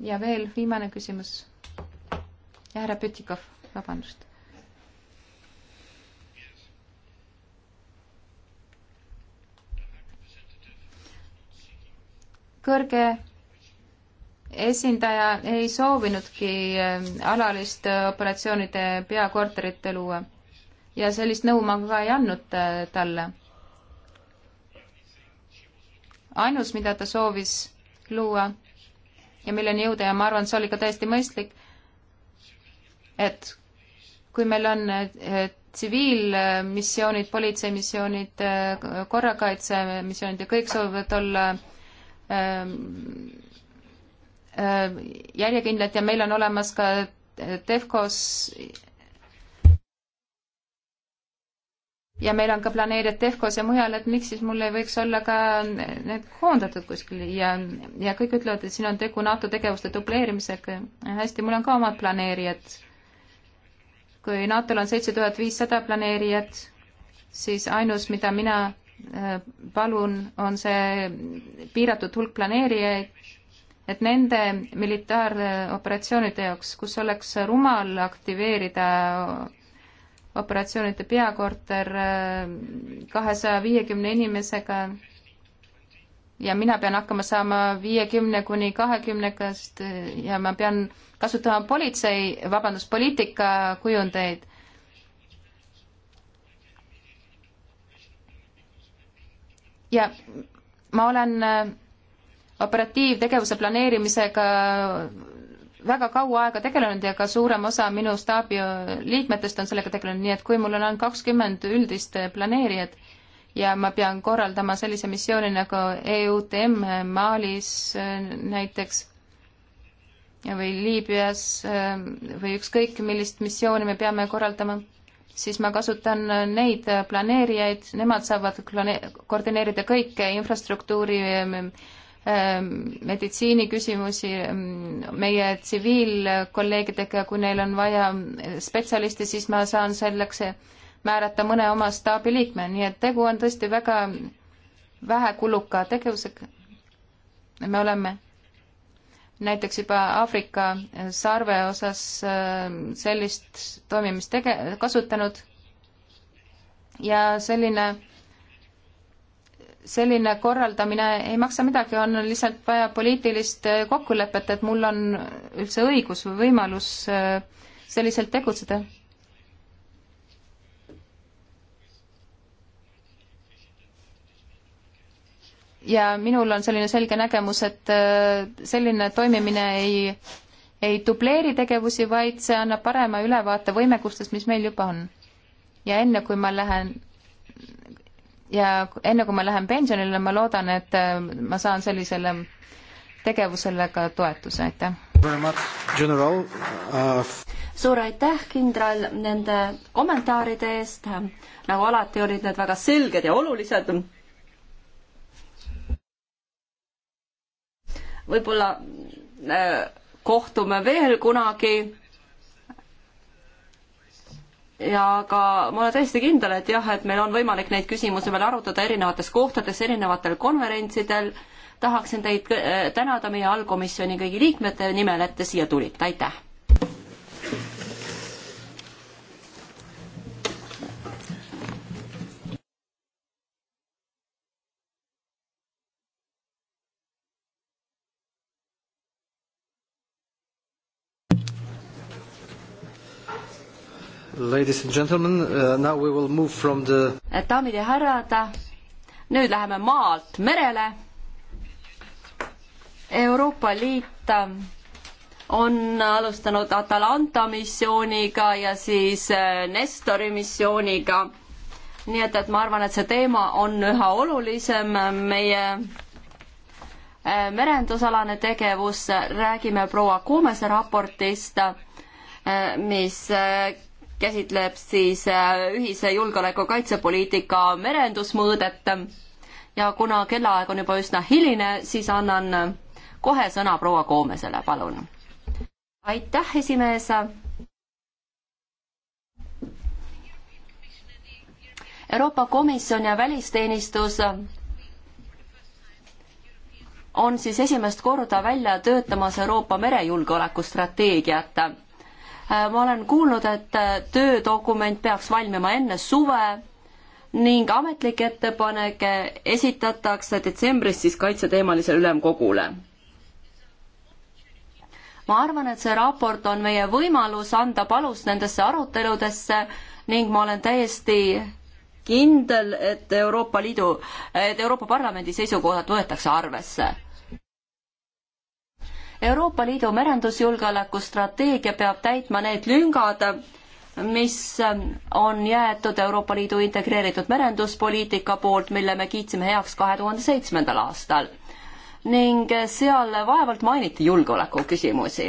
Speaker 4: ja veel viimane küsimus. härra Pütikov, vabandust kõrge esindaja ei soovinudki ähm, alalist äh, operatsioonide peakorterit luua ja sellist nõu ma ka ei andnud äh, talle. ainus, mida ta soovis luua ja milleni jõuda ja ma arvan, see oli ka täiesti mõistlik, et kui meil on äh, tsiviilmissioonid, politseimissioonid, korrakaitsemissioonid ja kõik soovivad olla Ähm, ähm, järjekindlad ja meil on olemas ka Defcos ja meil on ka planeerijad Defcos ja mujal, et miks siis mul ei võiks olla ka need koondatud kuskil ja, ja kõik ütlevad, et siin on tegu NATO tegevuste dubleerimisega. hästi, mul on ka omad planeerijad. kui NATO-l on seitse tuhat viissada planeerijat, siis ainus, mida mina Äh, palun, on see piiratud hulk planeerijaid, et nende militaaroperatsioonide jaoks, kus oleks rumal aktiveerida operatsioonide peakorter äh, kahesaja viiekümne inimesega ja mina pean hakkama saama viiekümne kuni kahekümnega, sest äh, ja ma pean kasutama politsei, vabandust, poliitikakujundeid ja ma olen äh, operatiivtegevuse planeerimisega väga kaua aega tegelenud ja ka suurem osa minu staabi liikmetest on sellega tegelenud, nii et kui mul on ainult kakskümmend üldist äh, planeerijat ja ma pean korraldama sellise missiooni nagu EUTM Malis äh, näiteks või Liibüas või ükskõik millist missiooni me peame korraldama siis ma kasutan neid planeerijaid, nemad saavad koordineerida kõike infrastruktuuri, ähm, ähm, meditsiiniküsimusi ähm, meie tsiviilkolleegidega, kui neil on vaja spetsialisti, siis ma saan selleks määrata mõne oma staabiliikme, nii et tegu on tõesti väga vähekuluka tegevusega. me oleme näiteks juba Aafrika sarve osas äh, sellist toimimist tege-, kasutanud ja selline, selline korraldamine ei maksa midagi, on lihtsalt vaja poliitilist äh, kokkulepet, et mul on üldse õigus või võimalus äh, selliselt tegutseda ja minul on selline selge nägemus, et äh, selline toimimine ei, ei dubleeri tegevusi, vaid see annab parema ülevaate võimekustest, mis meil juba on. ja enne, kui ma lähen ja enne, kui ma lähen pensionile, ma loodan, et äh, ma saan sellisele tegevusele ka
Speaker 2: toetuse, aitäh. Äh, suur aitäh, kindral, nende kommentaaride eest. nagu alati olid need väga selged ja olulised võib-olla äh, kohtume veel kunagi. ja ka ma olen täiesti kindel, et jah, et meil on võimalik neid küsimusi veel arutada erinevates kohtades, erinevatel konverentsidel. tahaksin teid äh, tänada meie allkomisjoni kõigi liikmete nimel, et te siia tulite, aitäh
Speaker 1: Ladies and gentlemen, uh, now we will move from the
Speaker 2: daamid ja härrad, nüüd läheme maalt merele. Euroopa Liit äh, on alustanud Atalanta missiooniga ja siis äh, Nestori missiooniga. nii et, et ma arvan, et see teema on üha olulisem meie äh, merendusalane tegevus, räägime proua Kuumese raportist, mis käsitleb siis äh, ühise julgeoleku kaitsepoliitika merendusmõõdet. ja kuna kellaaeg on juba üsna hiline, siis annan kohe sõna proua Koomesele, palun. aitäh, esimees. Euroopa Komisjon ja välisteenistus on siis esimest korda välja töötamas Euroopa merejulgeoleku strateegiat Äh, ma olen kuulnud, et äh, töödokument peaks valmima enne suve ning ametlik ettepanek äh, esitatakse detsembris siis kaitseteemalisele ülemkogule. ma arvan, et see raport on meie võimalus anda palus nendesse aruteludesse ning ma olen täiesti kindel, et Euroopa Liidu, et Euroopa Parlamendi seisukohad võetakse arvesse Euroopa Liidu merendusjulgeolekustrateegia peab täitma need lüngad, mis on jäetud Euroopa Liidu integreeritud merenduspoliitika poolt, mille me kiitsime heaks kahe tuhande seitsmendal aastal. ning seal vaevalt mainiti julgeoleku küsimusi.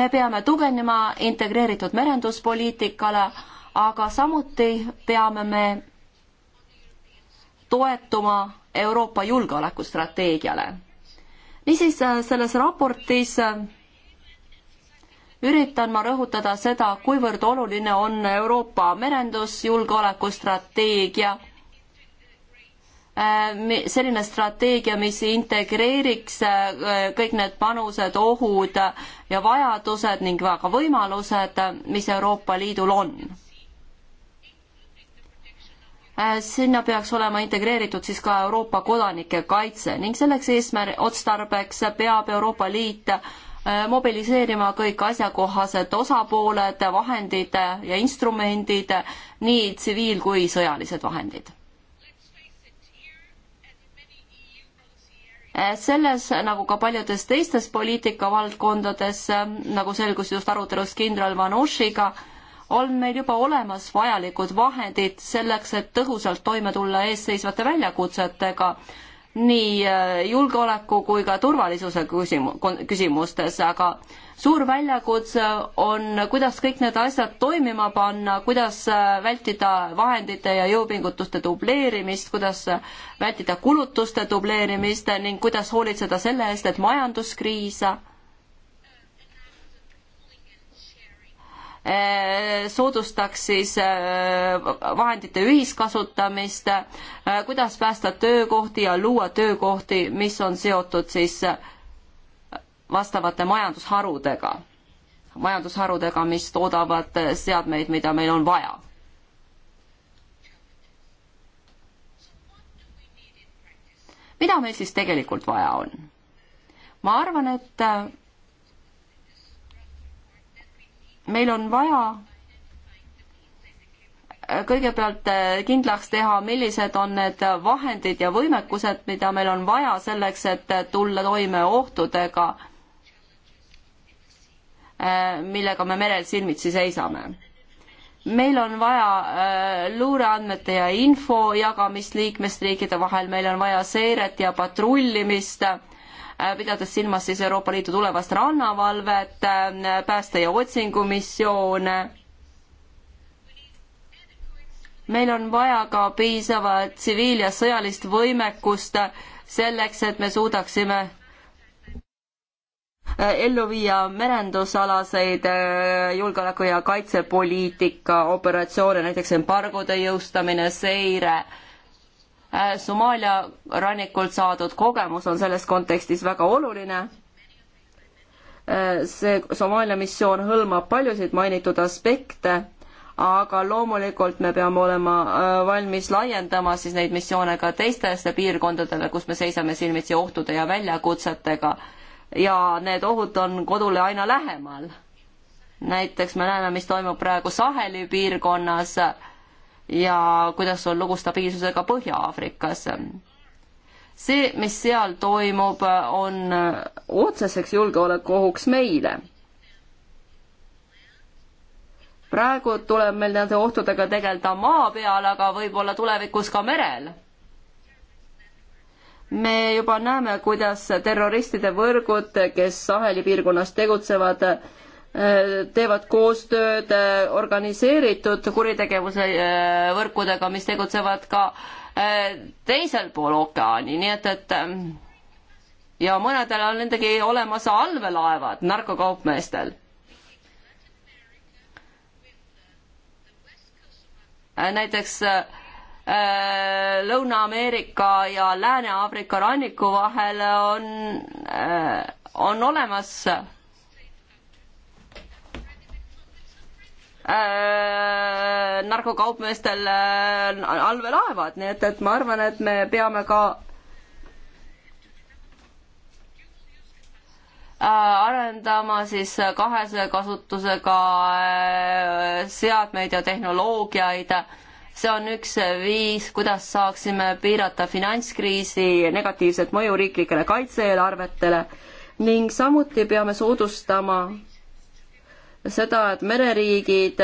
Speaker 2: me peame tugevnema integreeritud merenduspoliitikale, aga samuti peame me toetuma Euroopa julgeolekustrateegiale niisiis, äh, selles raportis äh, üritan ma rõhutada seda, kuivõrd oluline on Euroopa merendusjulgeolekustrateegia, äh, selline strateegia, mis integreeriks kõik need panused, ohud ja vajadused ning ka võimalused, mis Euroopa Liidul on Äh, sinna peaks olema integreeritud siis ka Euroopa kodanike kaitse ning selleks eesmärk, otstarbeks peab Euroopa Liit äh, mobiliseerima kõik asjakohased osapooled, vahendid ja instrumendid, nii tsiviil- kui sõjalised vahendid. Äh, selles, nagu ka paljudes teistes poliitikavaldkondades, nagu selgus just arutelust kindral Vanušiga, on meil juba olemas vajalikud vahendid selleks, et tõhusalt toime tulla eesseisvate väljakutsetega nii äh, julgeoleku kui ka turvalisuse küsimustes, aga suur väljakutse on, kuidas kõik need asjad toimima panna, kuidas äh, vältida vahendite ja jõupingutuste dubleerimist, kuidas äh, vältida kulutuste dubleerimist ning kuidas hoolitseda selle eest, et majanduskriis Äh, soodustaks siis äh, vahendite ühiskasutamist, äh, kuidas päästa töökohti ja luua töökohti, mis on seotud siis vastavate majandusharudega, majandusharudega, mis toodavad seadmeid, mida meil on vaja. mida meil siis tegelikult vaja on? ma arvan, et meil on vaja kõigepealt kindlaks teha, millised on need vahendid ja võimekused, mida meil on vaja selleks, et tulla toime ohtudega, millega me merel silmitsi seisame meil on vaja äh, luureandmete ja info jagamist liikmesriikide vahel, meil on vaja seiret ja patrullimist Äh, pidades silmas siis Euroopa Liidu tulevast rannavalvet, äh, pääste- ja otsingumissioone. meil on vaja ka piisavat tsiviil- ja sõjalist võimekust selleks, et me suudaksime äh, ellu viia merendusalaseid julgeoleku- ja kaitsepoliitika operatsioone, näiteks embargode jõustamine, seire Äh, Somaalia rannikult saadud kogemus on selles kontekstis väga oluline. Äh, see Somaalia missioon hõlmab paljusid mainitud aspekte, aga loomulikult me peame olema äh, valmis laiendama siis neid missioone ka teistesse piirkondadele, kus me seisame silmitsi ohtude ja väljakutsetega. ja need ohud on kodule aina lähemal. näiteks me näeme, mis toimub praegu Saheli piirkonnas ja kuidas on lugu stabiilsusega Põhja-Aafrikas. see, mis seal toimub, on otseseks julgeolekuohuks meile. praegu tuleb meil nende ohtudega tegeleda maa peal, aga võib-olla tulevikus ka merel. me juba näeme, kuidas terroristide võrgud, kes Saheli piirkonnas tegutsevad, teevad koostööd äh, organiseeritud kuritegevuse äh, võrkudega, mis tegutsevad ka äh, teisel pool ookeani, nii et, et ähm, ja mõnedel on nendegi olemas allveelaevad narkokaupmeestel. näiteks Lõuna-Ameerika ja Lääne-Aafrika ranniku vahel on, on olemas Äh, narkokaupmeestel äh, allveelaevad, nii et, et ma arvan, et me peame ka äh, arendama siis kahese kasutusega seadmeid ja tehnoloogiaid. see on üks viis, kuidas saaksime piirata finantskriisi negatiivset mõju riiklikele kaitse-eelarvetele ning samuti peame soodustama seda, et mereriigid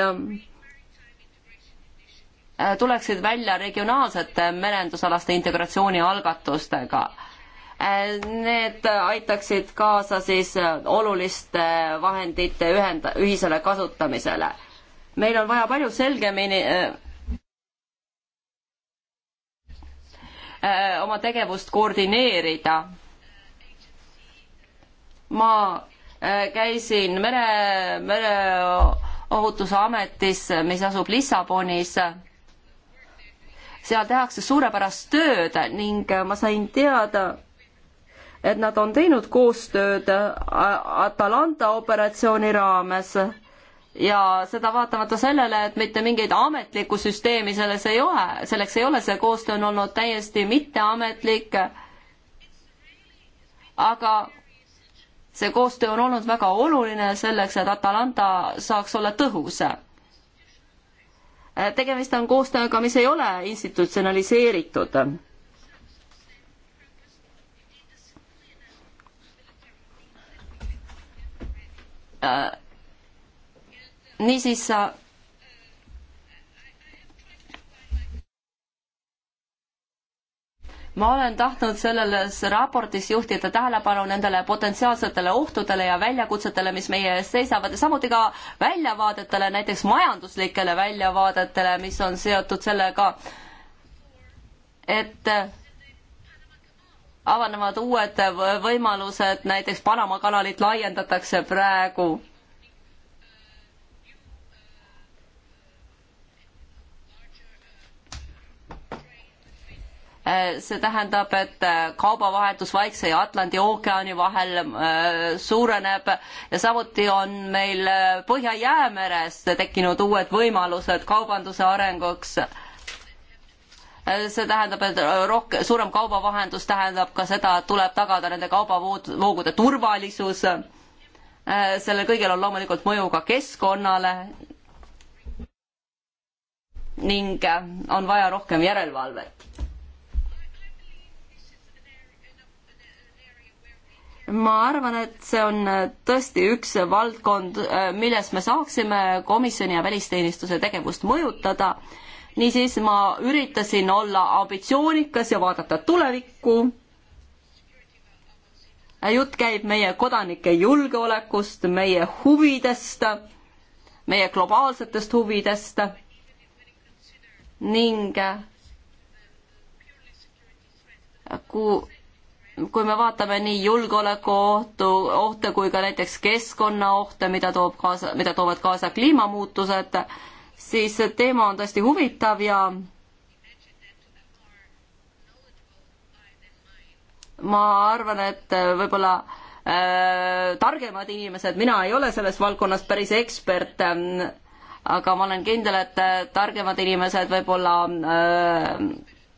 Speaker 2: äh, tuleksid välja regionaalsete merendusalaste integratsiooni algatustega. Äh, need aitaksid kaasa siis äh, oluliste vahendite ühenda-, ühisele kasutamisele. meil on vaja palju selgemini oma tegevust koordineerida. ma Äh, käisin mere, mereohutusametis, mis asub Lissabonis. seal tehakse suurepärast tööd ning ma sain teada, et nad on teinud koostööd Atalanta operatsiooni raames ja seda vaatamata sellele, et mitte mingeid ametlikku süsteemi selles ei ole, selleks ei ole, see koostöö on olnud täiesti mitteametlik. aga see koostöö on olnud väga oluline selleks, et Atalanta saaks olla tõhus. tegemist on koostööga, mis ei ole institutsionaliseeritud. niisiis sa ma olen tahtnud selles raportis juhtida tähelepanu nendele potentsiaalsetele ohtudele ja väljakutsetele, mis meie ees seisavad ja samuti ka väljavaadetele, näiteks majanduslikele väljavaadetele, mis on seotud sellega, et avanevad uued võimalused, näiteks Panama kanalit laiendatakse praegu Äh, see tähendab, et äh, kaubavahetus Vaikse ja Atlandi ookeani vahel äh, suureneb ja samuti on meil Põhja-Jäämeres tekkinud uued võimalused kaubanduse arenguks. see tähendab, et rohkem, suurem kaubavahendus tähendab ka seda, et tuleb tagada nende kaubavoogude turvalisus. sellel kõigel on loomulikult mõju ka keskkonnale ning on vaja rohkem järelevalvet ma arvan, et see on tõesti üks valdkond, milles me saaksime komisjoni ja välisteenistuse tegevust mõjutada. niisiis ma üritasin olla ambitsioonikas ja vaadata tulevikku. jutt käib meie kodanike julgeolekust, meie huvidest, meie globaalsetest huvidest ning kui kui me vaatame nii julgeolekuohtu, ohte kui ka näiteks keskkonnaohte, mida toob kaasa, mida toovad kaasa kliimamuutused, siis teema on tõesti huvitav ja ma arvan, et võib-olla äh, targemad inimesed, mina ei ole selles valdkonnas päris ekspert äh,, aga ma olen kindel, et äh, targemad inimesed võib-olla äh,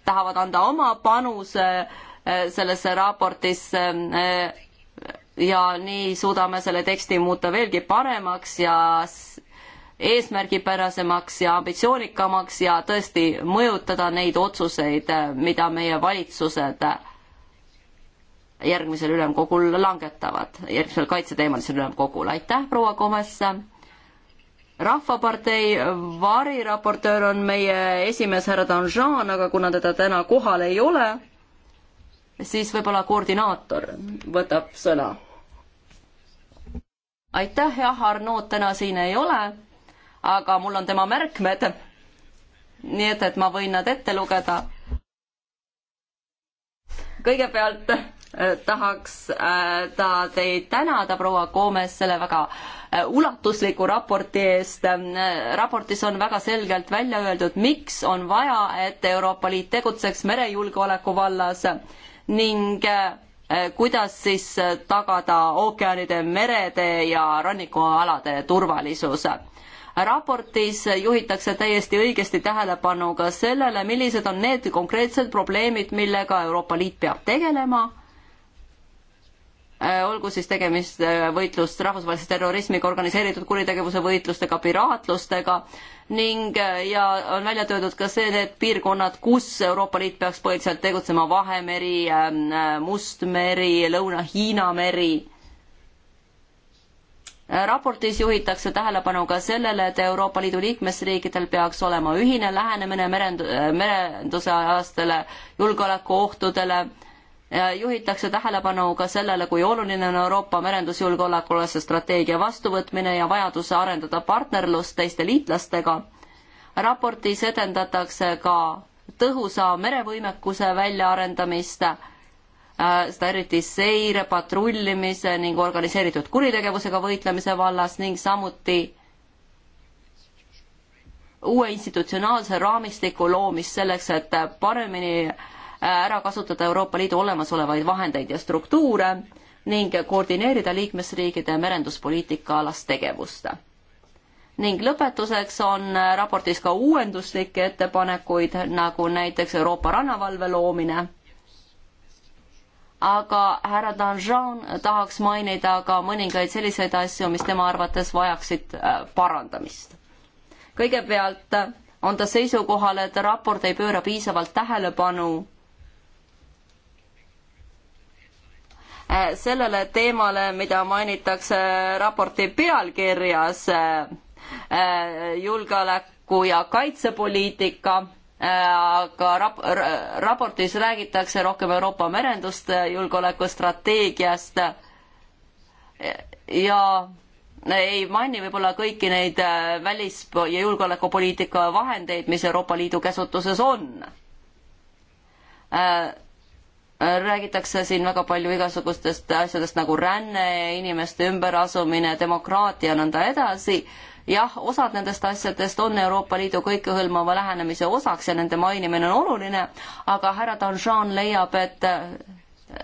Speaker 2: tahavad anda oma panuse äh, Äh, sellesse raportisse äh, ja nii suudame selle teksti muuta veelgi paremaks ja eesmärgipärasemaks ja ambitsioonikamaks ja tõesti mõjutada neid otsuseid, äh, mida meie valitsused järgmisel ülemkogul langetavad, järgmisel kaitseteemalisel ülemkogul. aitäh, proua Komes. rahvapartei variraportöör on meie esimees härra Danjean, aga kuna teda täna kohal ei ole, siis võib-olla koordinaator võtab sõna. aitäh, jah, Arnold täna siin ei ole, aga mul on tema märkmed. nii et, et ma võin nad ette lugeda. kõigepealt äh, tahaks äh, ta teid tänada, proua Koomes, selle väga äh, ulatusliku raporti eest. raportis on väga selgelt välja öeldud, miks on vaja, et Euroopa Liit tegutseks merejulgeoleku vallas ning eh, kuidas siis tagada ookeanide, merede ja rannikualade turvalisus. raportis juhitakse täiesti õigesti tähelepanu ka sellele, millised on need konkreetsed probleemid, millega Euroopa Liit peab tegelema eh, olgu siis tegemist eh, võitlust rahvusvahelise terrorismiga, organiseeritud kuritegevuse võitlustega, piraatlustega ning, äh, ja on välja töötud ka see, need piirkonnad, kus Euroopa Liit peaks põhiliselt tegutsema, Vahemeri, ähm, äh, Must meri, Lõuna-Hiina meri äh, raportis juhitakse tähelepanu ka sellele, et Euroopa Liidu liikmesriikidel peaks olema ühine lähenemine merend-, merenduse alastele julgeolekuohtudele juhitakse tähelepanu ka sellele, kui oluline on Euroopa merendusjulgeolekule see strateegia vastuvõtmine ja vajaduse arendada partnerlust teiste liitlastega. raportis edendatakse ka tõhusa merevõimekuse väljaarendamist, äh, seda eriti seire, patrullimise ning organiseeritud kuritegevusega võitlemise vallas ning samuti uue institutsionaalse raamistiku loomist selleks, et paremini ära kasutada Euroopa Liidu olemasolevaid vahendeid ja struktuure ning koordineerida liikmesriikide merenduspoliitika alast tegevust. ning lõpetuseks on raportis ka uuenduslikke ettepanekuid, nagu näiteks Euroopa rannavalve loomine, aga härra Danjean tahaks mainida ka mõningaid selliseid asju, mis tema arvates vajaksid äh, parandamist. kõigepealt on ta seisukohal, et raport ei pööra piisavalt tähelepanu Äh, sellele teemale, mida mainitakse raporti pealkirjas, äh, äh, julgeoleku ja kaitsepoliitika, aga rap-, raportis räägitakse rohkem Euroopa merendust, julgeolekustrateegiast ja ei maini võib-olla kõiki neid välis- ja julgeolekupoliitika vahendeid, mis Euroopa Liidu käsutuses on räägitakse siin väga palju igasugustest asjadest nagu ränne, inimeste ümberasumine, demokraatia, nõnda edasi. jah, osad nendest asjadest on Euroopa Liidu kõikehõlmava lähenemise osaks ja nende mainimine on oluline, aga härra Danjean leiab, et äh,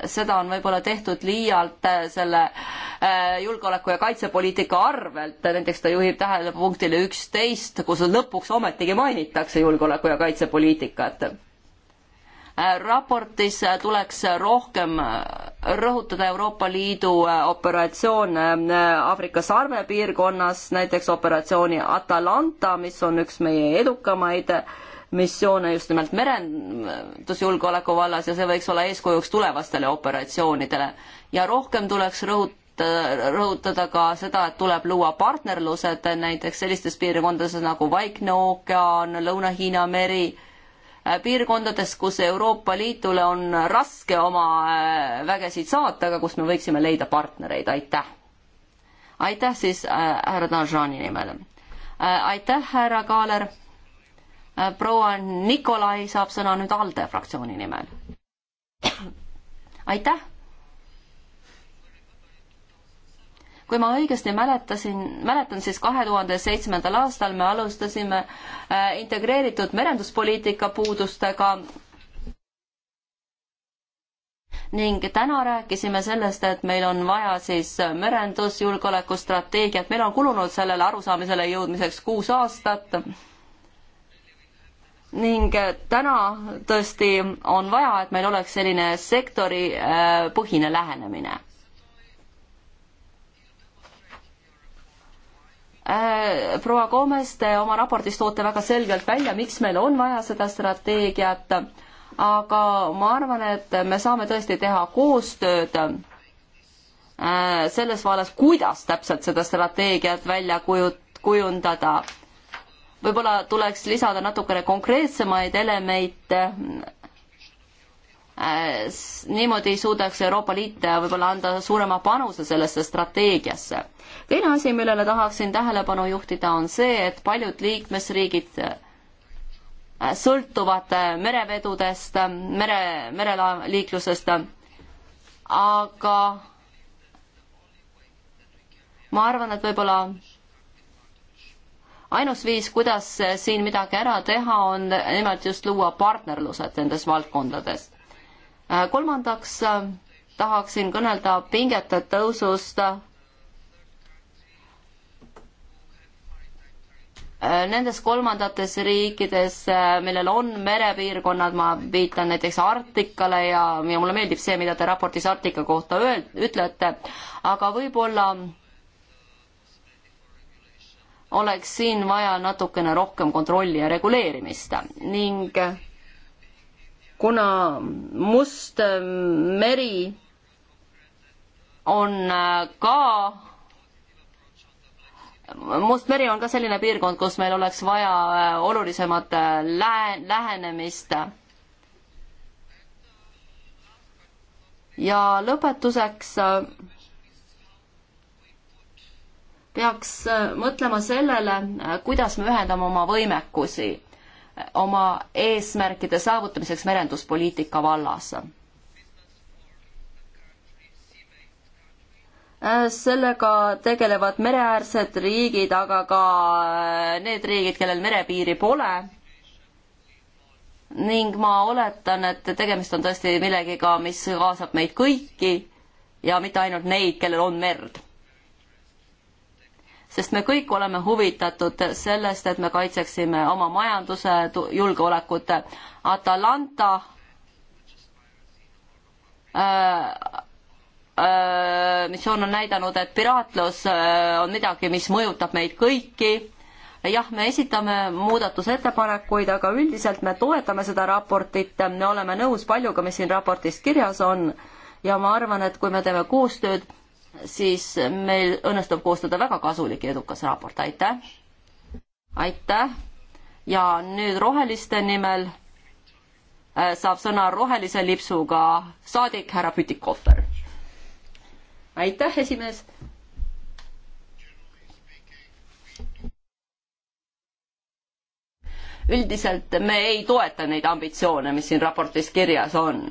Speaker 2: seda on võib-olla tehtud liialt äh, selle äh, julgeoleku ja kaitsepoliitika arvelt, näiteks ta juhib tähelepanu punktile üksteist, kus lõpuks ometigi mainitakse julgeoleku ja kaitsepoliitikat raportis tuleks rohkem rõhutada Euroopa Liidu operatsioone äh, Aafrika sarvepiirkonnas, näiteks operatsiooni Atalanta, mis on üks meie edukamaid missioone just nimelt merendusjulgeoleku vallas ja see võiks olla eeskujuks tulevastele operatsioonidele. ja rohkem tuleks rõhutada, rõhutada ka seda, et tuleb luua partnerlused näiteks sellistes piirkondades nagu Vaikne ookean, Lõuna-Hiina meri Äh, piirkondades, kus Euroopa Liidule on raske oma äh, vägesid saata, aga kus me võiksime leida partnereid, aitäh! aitäh siis äh, härra Danjani nimel. aitäh, härra Kaaler. proua Nikolai saab sõna nüüd ALDE fraktsiooni nimel. aitäh. kui ma õigesti mäletasin, mäletan, siis kahe tuhande seitsmendal aastal me alustasime äh, integreeritud merenduspoliitika puudustega ning täna rääkisime sellest, et meil on vaja siis merendusjulgeolekustrateegiat, meil on kulunud sellele arusaamisele jõudmiseks kuus aastat. ning täna tõesti on vaja, et meil oleks selline sektoripõhine äh, lähenemine Äh, proua Gomes, te oma raportis toote väga selgelt välja, miks meil on vaja seda strateegiat, aga ma arvan, et me saame tõesti teha koostööd äh, selles vallas, kuidas täpselt seda strateegiat välja kuju-, kujundada. võib-olla tuleks lisada natukene konkreetsemaid elemente Äh, niimoodi suudaks Euroopa Liit äh, võib-olla anda suurema panuse sellesse strateegiasse. teine asi, millele tahaksin tähelepanu juhtida, on see, et paljud liikmesriigid äh, sõltuvad merevedudest, mere, mereliiklusest, aga ma arvan, et võib-olla ainus viis, kuidas siin midagi ära teha, on nimelt just luua partnerlused nendes valdkondades Äh, kolmandaks äh, tahaksin kõnelda pingete tõusust äh, nendes kolmandates riikides, millel on merepiirkonnad, ma viitan näiteks Arktikale ja, ja mulle meeldib see, mida te raportis Arktika kohta öel-, ütlete, aga võib-olla oleks siin vaja natukene rohkem kontrolli ja reguleerimist ning kuna Must ähm, meri on äh, ka Mustmeri on ka selline piirkond, kus meil oleks vaja äh, olulisemat äh, lähe-, lähenemist. ja lõpetuseks peaks mõtlema sellele, kuidas me ühendame oma võimekusi oma eesmärkide saavutamiseks merenduspoliitika vallas. sellega tegelevad mereäärsed riigid, aga ka äh, need riigid, kellel merepiiri pole. ning ma oletan, et tegemist on tõesti millegiga, mis kaasab meid kõiki ja mitte ainult neid, kellel on merd sest me kõik oleme huvitatud sellest, et me kaitseksime oma majanduse julgeolekut. Atalanta äh, äh, missioon on näidanud, et piraatlus äh, on midagi, mis mõjutab meid kõiki. jah, me esitame muudatusettepanekuid, aga üldiselt me toetame seda raportit, me oleme nõus paljuga, mis siin raportis kirjas on ja ma arvan, et kui me teeme koostööd siis meil õnnestub koostada väga kasulik ja edukas raport, aitäh! aitäh! ja nüüd roheliste nimel äh, saab sõna rohelise lipsuga saadik härra Pütikohver. aitäh, esimees! üldiselt me ei toeta neid ambitsioone, mis siin raportis kirjas on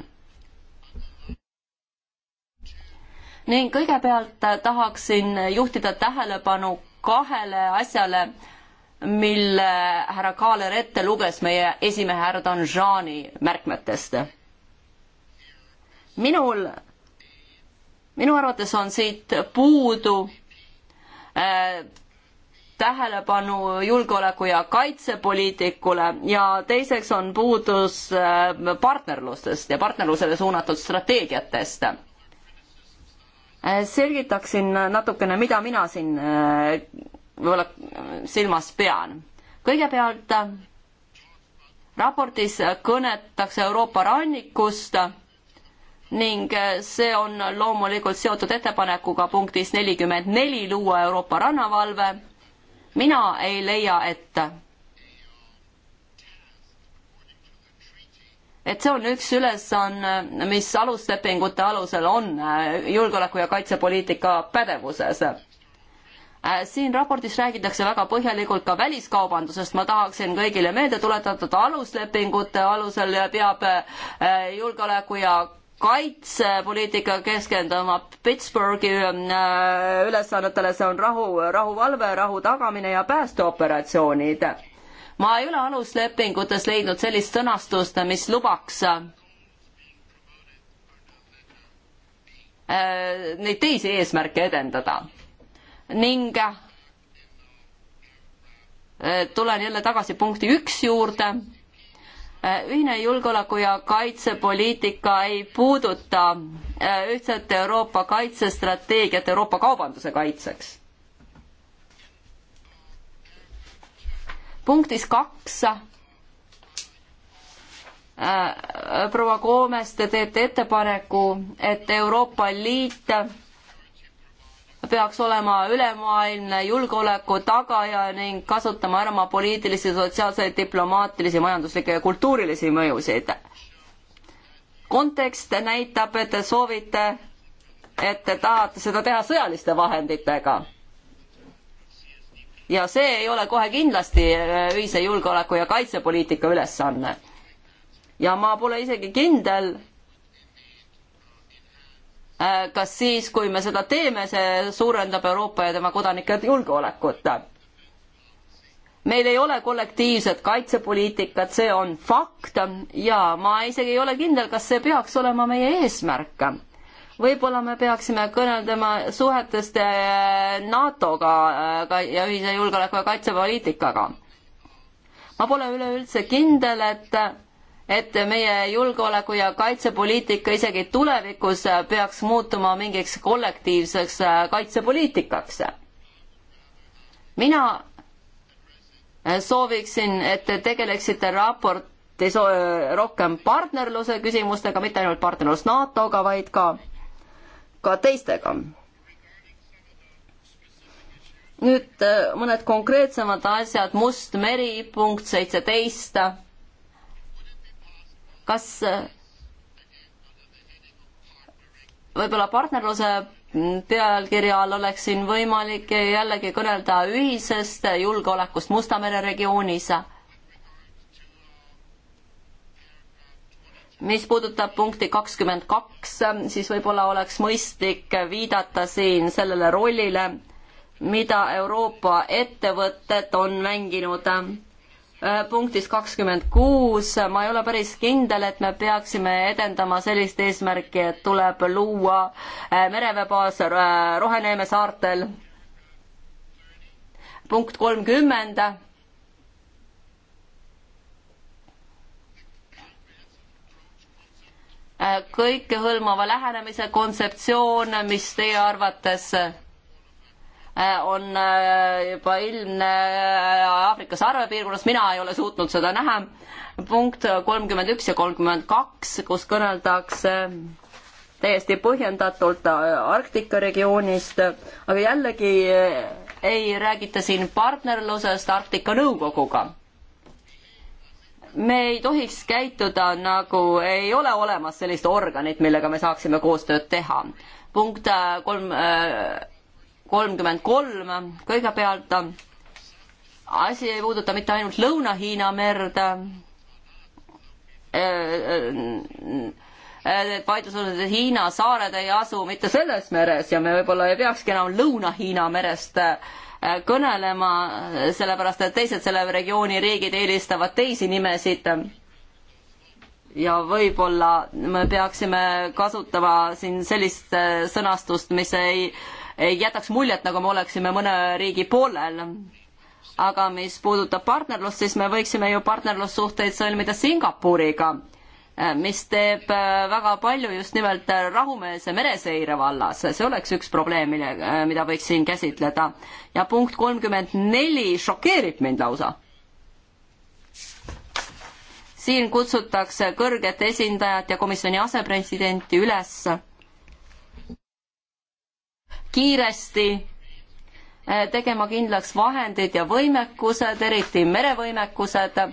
Speaker 2: ning kõigepealt tahaksin juhtida tähelepanu kahele asjale, mille härra Kaaler ette luges meie esimehe härra Danjani märkmetest. minul, minu arvates on siit puudu äh, tähelepanu julgeoleku ja kaitsepoliitikule ja teiseks on puudus äh, partnerlustest ja partnerlusele suunatud strateegiatest Äh, selgitaksin natukene, mida mina siin äh, võib-olla silmas pean. kõigepealt äh, raportis kõnetakse Euroopa rannikust ning see on loomulikult seotud ettepanekuga punktis nelikümmend neli luua Euroopa rannavalve. mina ei leia, et et see on üks ülesanne, mis aluslepingute alusel on äh, julgeoleku- ja kaitsepoliitika pädevuses. Äh, siin raportis räägitakse väga põhjalikult ka väliskaubandusest, ma tahaksin kõigile meelde tuletada, et aluslepingute alusel peab äh, julgeoleku ja kaitsepoliitika keskenduma Pittsburghi ülesannetele, see on rahu, rahuvalve, rahu tagamine ja päästeoperatsioonid ma ei ole aluslepingutes leidnud sellist sõnastust, mis lubaks äh, neid teisi eesmärke edendada. ning äh, tulen jälle tagasi punkti üks juurde. Äh, ühine julgeoleku ja kaitsepoliitika ei puuduta ühtset Euroopa kaitsestrateegiat Euroopa kaubanduse kaitseks punktis kaks äh, proua Koomes, te teete ettepaneku, et Euroopa Liit peaks olema ülemaailmne julgeoleku tagaja ning kasutama ära oma poliitilisi, sotsiaalseid, diplomaatilisi, majanduslikke ja kultuurilisi mõjusid. kontekst näitab, et te soovite, et te tahate seda teha sõjaliste vahenditega ja see ei ole kohe kindlasti äh, ühise julgeoleku ja kaitsepoliitika ülesanne. ja ma pole isegi kindel, äh, kas siis, kui me seda teeme, see suurendab Euroopa ja tema kodanike julgeolekut. meil ei ole kollektiivset kaitsepoliitikat, see on fakt ja ma isegi ei ole kindel, kas see peaks olema meie eesmärk võib-olla me peaksime kõneldama suhetest äh, NATO-ga äh, ja ühise julgeoleku ja kaitsepoliitikaga. ma pole üleüldse kindel, et et meie julgeoleku ja kaitsepoliitika isegi tulevikus peaks muutuma mingiks kollektiivseks äh, kaitsepoliitikaks. mina sooviksin, et te tegeleksite raportis rohkem partnerluse küsimustega, mitte ainult partnerlus NATO-ga, vaid ka ka teistega. nüüd äh, mõned konkreetsemad asjad, Must meri punkt seitseteist. kas äh, võib-olla partnerluse pealkirja all oleks siin võimalik jällegi kõnelda ühisest julgeolekust Musta mere regioonis mis puudutab punkti kakskümmend kaks, siis võib-olla oleks mõistlik viidata siin sellele rollile, mida Euroopa ettevõtted on mänginud. Äh, punktis kakskümmend kuus, ma ei ole päris kindel, et me peaksime edendama sellist eesmärki, et tuleb luua äh, mereväebaas äh, Roheneeme saartel. punkt kolmkümmend Äh, kõikehõlmava lähenemise kontseptsioon, mis teie arvates äh, on äh, juba ilmne Aafrikas arvepiirkonnas, mina ei ole suutnud seda näha. punkt kolmkümmend üks ja kolmkümmend kaks, kus kõneldakse täiesti põhjendatult Arktika regioonist, aga jällegi ei räägita siin partnerlusest Arktika Nõukoguga me ei tohiks käituda nagu ei ole olemas sellist organit, millega me saaksime koostööd teha. punkt äh, kolm, äh, kolmkümmend kolm, kõigepealt äh, asi ei puuduta mitte ainult Lõuna-Hiina merd, vaidlus on, et Hiina saared ei asu mitte selles meres ja me võib-olla ei peakski enam Lõuna-Hiina merest äh, Äh, kõnelema, äh, sellepärast et teised selle regiooni riigid eelistavad teisi nimesid. ja võib-olla me peaksime kasutama siin sellist äh, sõnastust, mis ei, ei jätaks muljet, nagu me oleksime mõne riigi poolel aga mis puudutab partnerlust, siis me võiksime ju partnerlussuhteid sõlmida Singapuriga Äh, mis teeb äh, väga palju just nimelt äh, rahumeelse mereseire vallas, see oleks üks probleem, mille, mida võiks siin käsitleda. ja punkt kolmkümmend neli šokeerib mind lausa. siin kutsutakse kõrget esindajat ja komisjoni asepresidenti üles kiiresti tegema kindlaks vahendid ja võimekused, eriti merevõimekused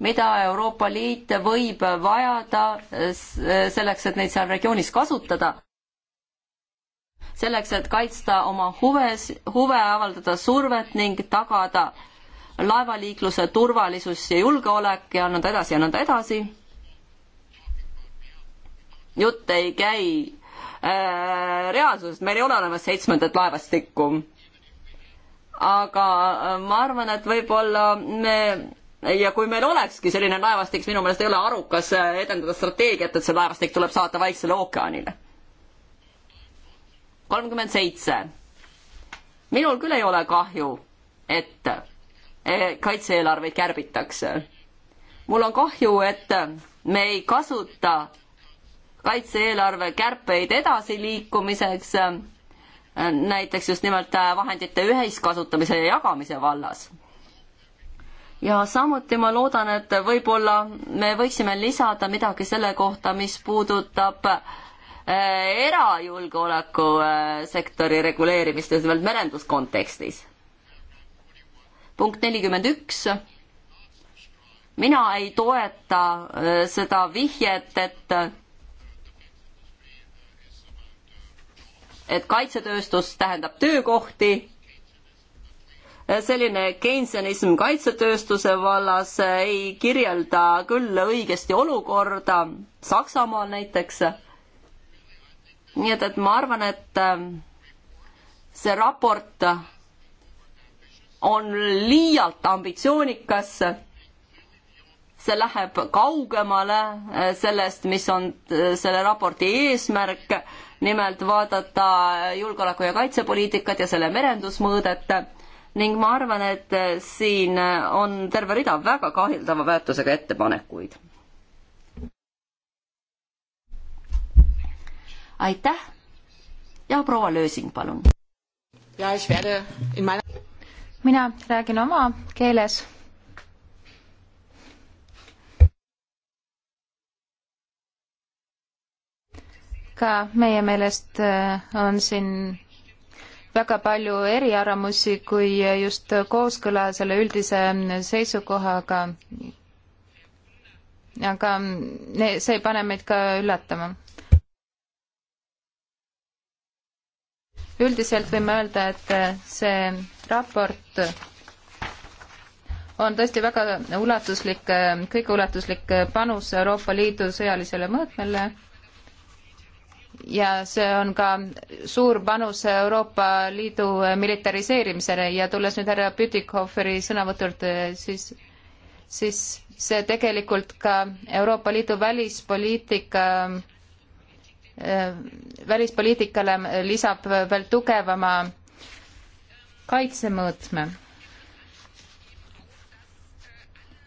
Speaker 2: mida Euroopa Liit võib vajada eh, eh, selleks, et neid seal regioonis kasutada selleks, et kaitsta oma huves, huve, avaldada survet ning tagada laevaliikluse turvalisus ja julgeolek ja nõnda edasi ja nõnda edasi. jutt ei käi äh, reaalsusest, meil ei ole olemas seitsmendat laevastikku. aga ma arvan, et võib-olla me ja kui meil olekski selline laevastik, siis minu meelest ei ole arukas äh, edendada strateegiat, et see laevastik tuleb saata Vaiksele ookeanile. kolmkümmend seitse. minul küll ei ole kahju, et äh, kaitse-eelarveid kärbitakse. mul on kahju, et äh, me ei kasuta kaitse-eelarve kärpeid edasiliikumiseks, näiteks just nimelt vahendite ühiskasutamise ja jagamise vallas ja samuti ma loodan, et võib-olla me võiksime lisada midagi selle kohta, mis puudutab eh, erajulgeolekusektori eh, reguleerimist just nimelt merenduskontekstis. punkt nelikümmend üks. mina ei toeta eh, seda vihjet, et et kaitsetööstus tähendab töökohti selline Keynesianism kaitsetööstuse vallas ei kirjelda küll õigesti olukorda, Saksamaal näiteks. nii et, et ma arvan, et ähm, see raport on liialt ambitsioonikas, see läheb kaugemale äh, sellest, mis on äh, selle raporti eesmärk, nimelt vaadata äh, julgeoleku- ja kaitsepoliitikat ja selle merendusmõõdet ning ma arvan, et äh, siin äh, on terve rida väga kaheldava väärtusega ettepanekuid. aitäh ja proua Lösing, palun.
Speaker 4: mina räägin oma keeles ka meie meelest äh, on siin väga palju eriarvamusi kui just kooskõla selle üldise seisukohaga. aga see ei pane meid ka üllatama. üldiselt võime öelda, et see raport on tõesti väga ulatuslik, kõige ulatuslik panus Euroopa Liidu sõjalisele mõõtmele ja see on ka suur panus Euroopa Liidu militariseerimisele ja tulles nüüd härra Pütikhoferi sõnavõtult, eh, siis, siis see tegelikult ka Euroopa Liidu välispoliitika eh, välispoliitikale lisab veel tugevama kaitsemõõtme.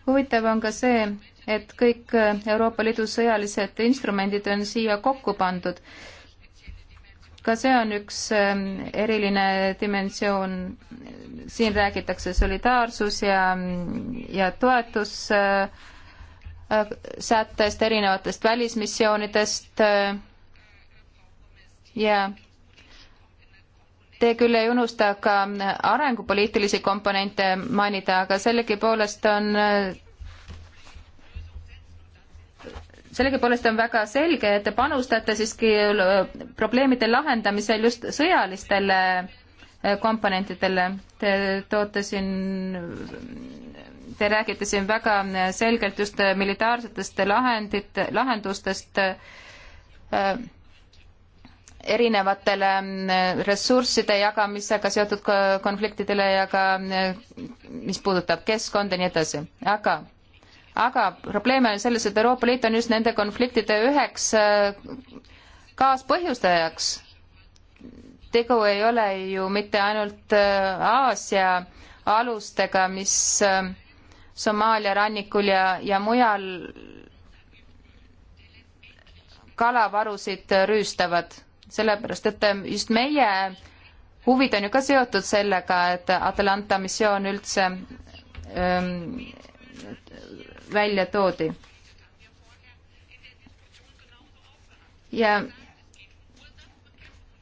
Speaker 4: huvitav on ka see, et kõik Euroopa Liidu sõjalised instrumendid on siia kokku pandud. ka see on üks ähm, eriline dimensioon, siin räägitakse solidaarsus ja, ja toetus äh, sättest, erinevatest välismissioonidest äh, ja Te küll ei unusta ka arengupoliitilisi komponente mainida, aga sellegipoolest on äh, sellegipoolest on väga selge, et te panustate siiski äh, probleemide lahendamisel just sõjalistele äh, komponentidele. Te toote siin, te räägite siin väga äh, selgelt just militaarsetest lahendit, lahendustest erinevatele ressursside jagamisega seotud konfliktidele ja ka mis puudutab keskkonda ja nii edasi, aga aga probleem on selles, et Euroopa Liit on just nende konfliktide üheks äh, kaaspõhjustajaks. tegu ei ole ju mitte ainult äh, Aasia alustega, mis äh, Somaalia rannikul ja, ja mujal kalavarusid rüüstavad, sellepärast et ähm, just meie huvid on ju ka seotud sellega, et Atalanta missioon üldse öö, ähm, välja toodi. ja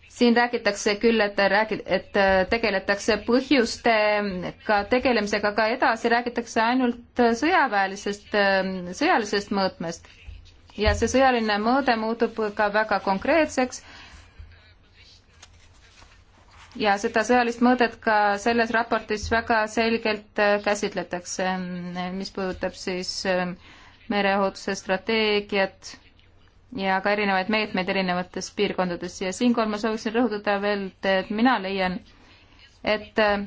Speaker 4: siin räägitakse küll, et räägi-, et tegeletakse põhjustega tegelemisega, aga edasi räägitakse ainult sõjaväelisest, sõjalisest mõõtmest. ja see sõjaline mõõde muutub ka väga konkreetseks ja seda sõjalist mõõdet ka selles raportis väga selgelt äh, käsitletakse, ähm, mis puudutab siis ähm, mereohutuse strateegiat ja ka erinevaid meetmeid erinevates piirkondades ja siinkohal ma sooviksin rõhutada veel, et mina leian, et äh,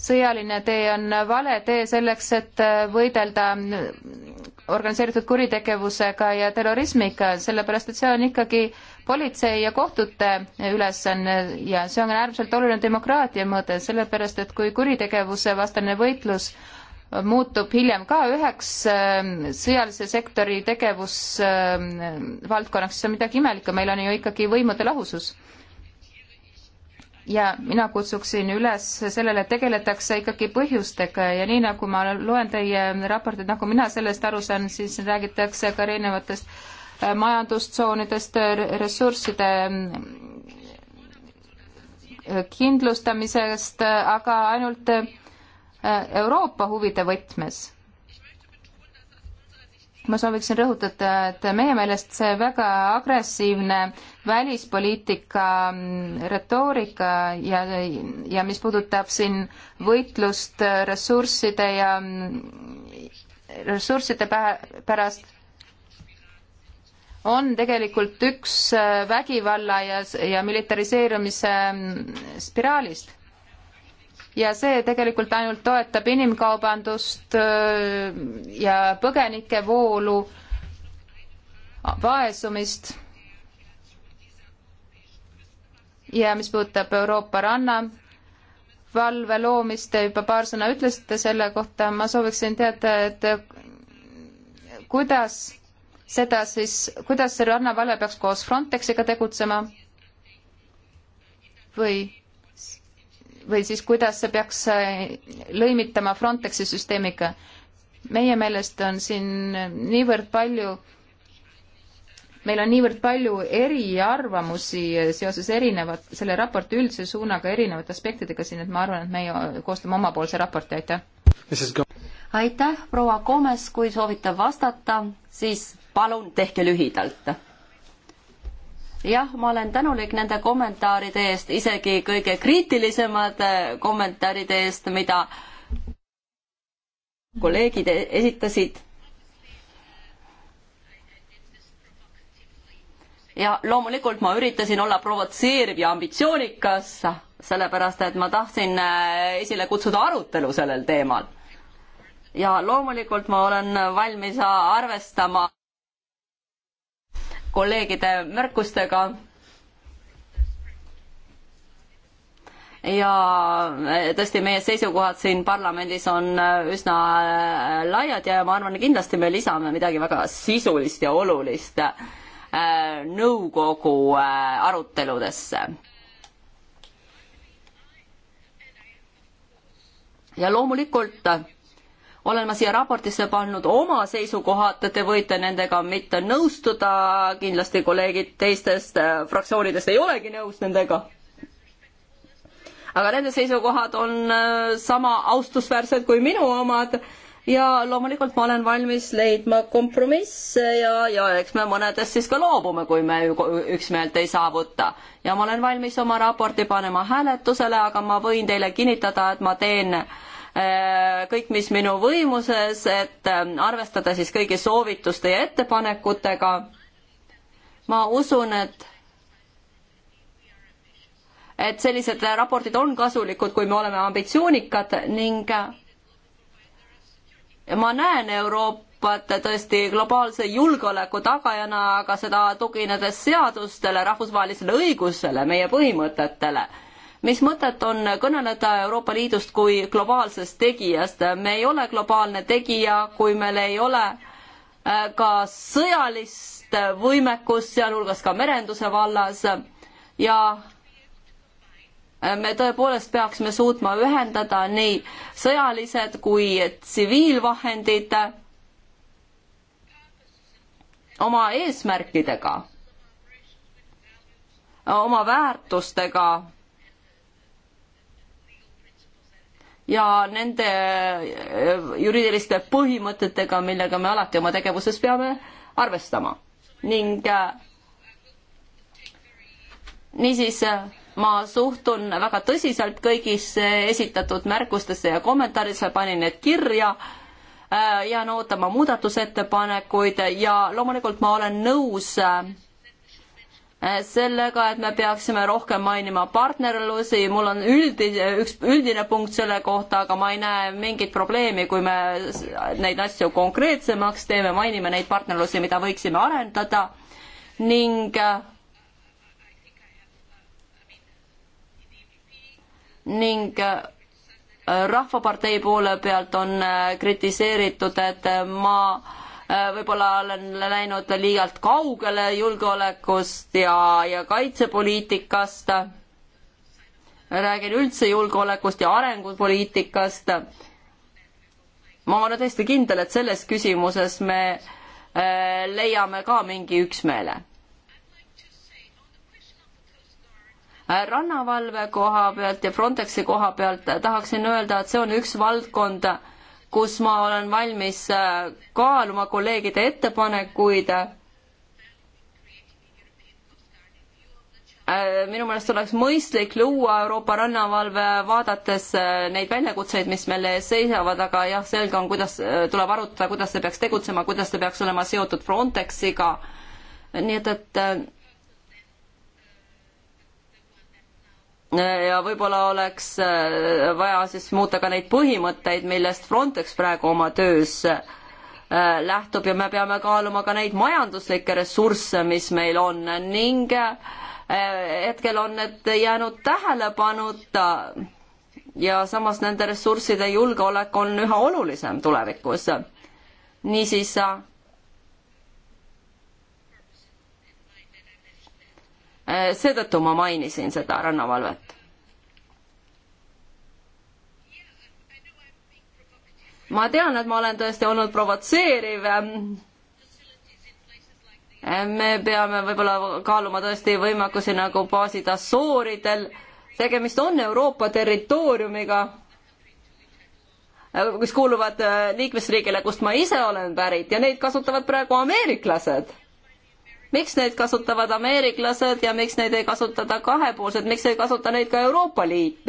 Speaker 4: sõjaline tee on vale tee selleks, et äh, võidelda organiseeritud kuritegevusega ja terrorismiga, sellepärast et see on ikkagi äh, politsei ja kohtute ülesanne ja see on äärmiselt oluline demokraatia mõõde, sellepärast et kui kuritegevuse vastane võitlus muutub hiljem ka üheks ähm, sõjalise sektori tegevusvaldkonnaks, ähm, siis on midagi imelikku, meil on ju ikkagi võimude lahusus. ja mina kutsuksin üles sellele, et tegeletakse ikkagi põhjustega ja nii, nagu ma loen teie raportit, nagu mina sellest aru saan, siis räägitakse ka erinevatest äh, majandustsoonidest, ressursside äh, kindlustamisest, aga ainult äh, Euroopa huvide võtmes. ma sooviksin rõhutada, et meie meelest see väga agressiivne välispoliitika mm, retoorika ja, ja mis puudutab siin võitlust ressursside ja mm, ressursside pärast on tegelikult üks äh, vägivalla ja, ja militariseerumise mm, spiraalist. ja see tegelikult ainult toetab inimkaubandust äh, ja põgenike voolu, vaesumist ja mis puudutab Euroopa rannavalve loomist, te juba paar sõna ütlesite selle kohta, ma sooviksin teada, et kuidas seda siis, kuidas see rannavalve peaks koos Frontexiga tegutsema või, või siis kuidas see peaks eh, lõimitama Frontexi süsteemiga. meie meelest on siin niivõrd palju meil on niivõrd palju eriarvamusi seoses erinevat, selle raporti üldise suunaga
Speaker 2: erinevate aspektidega siin, et ma arvan, et meie koostame omapoolse raporti, aitäh! aitäh, proua Gomes, kui soovite vastata, siis palun tehke lühidalt. jah, ma olen tänulik nende kommentaaride eest, isegi kõige kriitilisemad eh, kommentaaride eest, mida kolleegid e-, esitasid. ja loomulikult ma üritasin olla provotseeriv ja ambitsioonikas, sellepärast et ma tahtsin eh, esile kutsuda arutelu sellel teemal. ja loomulikult ma olen valmis äh, arvestama kolleegide märkustega ja e, tõesti, meie seisukohad siin parlamendis on e, üsna e, laiad ja ma arvan, kindlasti me lisame midagi väga sisulist ja olulist nõukogu aruteludesse. ja loomulikult olen ma siia raportisse pannud oma seisukohad, te võite nendega mitte nõustuda, kindlasti kolleegid teistest äh, fraktsioonidest ei olegi nõus nendega. aga nende seisukohad on äh, sama austusväärsed kui minu omad ja loomulikult ma olen valmis leidma kompromisse ja, ja eks me mõnedest siis ka loobume, kui me üksmeelt ei saavuta. ja ma olen valmis oma raporti panema hääletusele, aga ma võin teile kinnitada, et ma teen äh, Äh, kõik, mis minu võimuses, et ähm, arvestada siis kõigi soovituste ja ettepanekutega. ma usun, et et sellised raportid on kasulikud, kui me oleme ambitsioonikad ning äh, ma näen Euroopat tõesti globaalse julgeoleku tagajana, aga seda tuginedes seadustele, rahvusvahelisele õigusele, meie põhimõtetele mis mõtet on kõneleda Euroopa Liidust kui globaalsest tegijast, me ei ole globaalne tegija, kui meil ei ole äh, ka sõjalist võimekust, sealhulgas ka merenduse vallas ja äh, me tõepoolest peaksime suutma ühendada nii sõjalised kui tsiviilvahendid oma eesmärkidega, oma väärtustega ja nende eh, juriidiliste põhimõtetega, millega me alati oma tegevuses peame arvestama. ning eh, niisiis eh, ma suhtun väga tõsiselt kõigisse esitatud märkustesse ja kommentaaridesse, panin need kirja, jään ootama muudatusettepanekuid ja loomulikult ma olen nõus Äh, sellega, et me peaksime rohkem mainima partnerlusi, mul on üldi-, üks üldine punkt selle kohta, aga ma ei näe mingit probleemi, kui me neid asju konkreetsemaks teeme, mainime neid partnerlusi, mida võiksime arendada ning ning äh, Rahvapartei poole pealt on äh, kritiseeritud, et ma Äh, võib-olla olen läinud liialt kaugele julgeolekust ja, ja kaitsepoliitikast. räägin üldse julgeolekust ja arengupoliitikast. ma olen täiesti kindel, et selles küsimuses me äh, leiame ka mingi üksmeele äh, rannavalve koha pealt ja Frontexi koha pealt tahaksin öelda, et see on üks valdkond, kus ma olen valmis äh, kaaluma kolleegide ettepanekuid. Äh, minu meelest oleks mõistlik luua Euroopa rannavalve, vaadates äh, neid väljakutseid, mis meil ees seisavad, aga jah, selge on, kuidas tuleb arutada, kuidas see peaks tegutsema, kuidas see peaks olema seotud Frontexiga. nii et, et ja võib-olla oleks äh, vaja siis muuta ka neid põhimõtteid, millest Frontex praegu oma töös äh, lähtub ja me peame kaaluma ka neid majanduslikke ressursse, mis meil on ning äh, hetkel on need jäänud tähelepanuta ja samas nende ressursside julgeolek on üha olulisem tulevikus. niisiis Eh, seetõttu ma mainisin seda rannavalvet. ma tean, et ma olen tõesti olnud provotseeriv. Eh, me peame võib-olla kaaluma tõesti võimekusi nagu baasid Assuuridel. tegemist on Euroopa territooriumiga, eh, mis kuuluvad liikmesriigile, kust ma ise olen pärit ja neid kasutavad praegu ameeriklased miks neid kasutavad ameeriklased ja miks neid ei kasutata kahepoolselt, miks ei kasuta neid ka Euroopa Liit?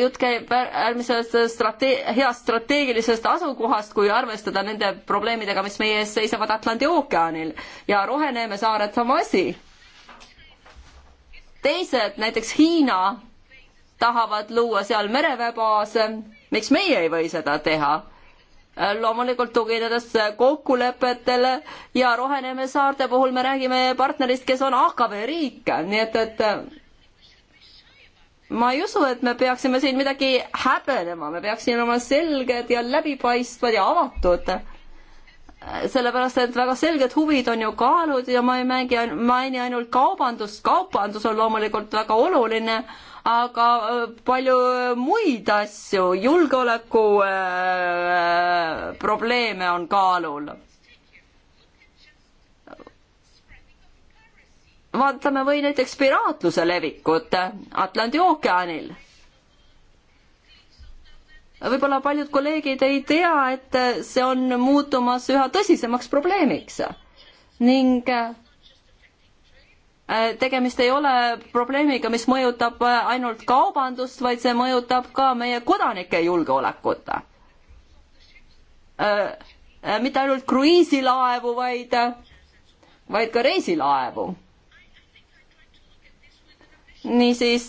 Speaker 2: jutt käib äärmiselt strate-, heast strateegilisest asukohast, kui arvestada nende probleemidega, mis meie ees seisavad Atlandi ookeanil ja Roheneeme saared sama asi. teised, näiteks Hiina, tahavad luua seal mereväebaase, miks meie ei või seda teha? Äh, loomulikult tuginedes äh, kokkulepetele ja Roheneme saarte puhul me räägime partnerist, kes on AKV riik, nii et, et äh, ma ei usu, et me peaksime siin midagi häbenema, me peaksime olema selged ja läbipaistvad ja avatud. sellepärast, et väga selged huvid on ju kaalud ja ma ei mängi, maini ainult kaubandust, kaubandus on loomulikult väga oluline aga äh, palju äh, muid asju, julgeoleku äh, äh, probleeme on kaalul. vaatame või näiteks piraatluse levikut Atlandi ookeanil võib-olla paljud kolleegid ei tea, et see on muutumas üha tõsisemaks probleemiks ning Äh, tegemist ei ole probleemiga, mis mõjutab äh, ainult kaubandust, vaid see mõjutab ka meie kodanike julgeolekut. Äh, mitte ainult kruiisilaevu, vaid, vaid ka reisilaevu. niisiis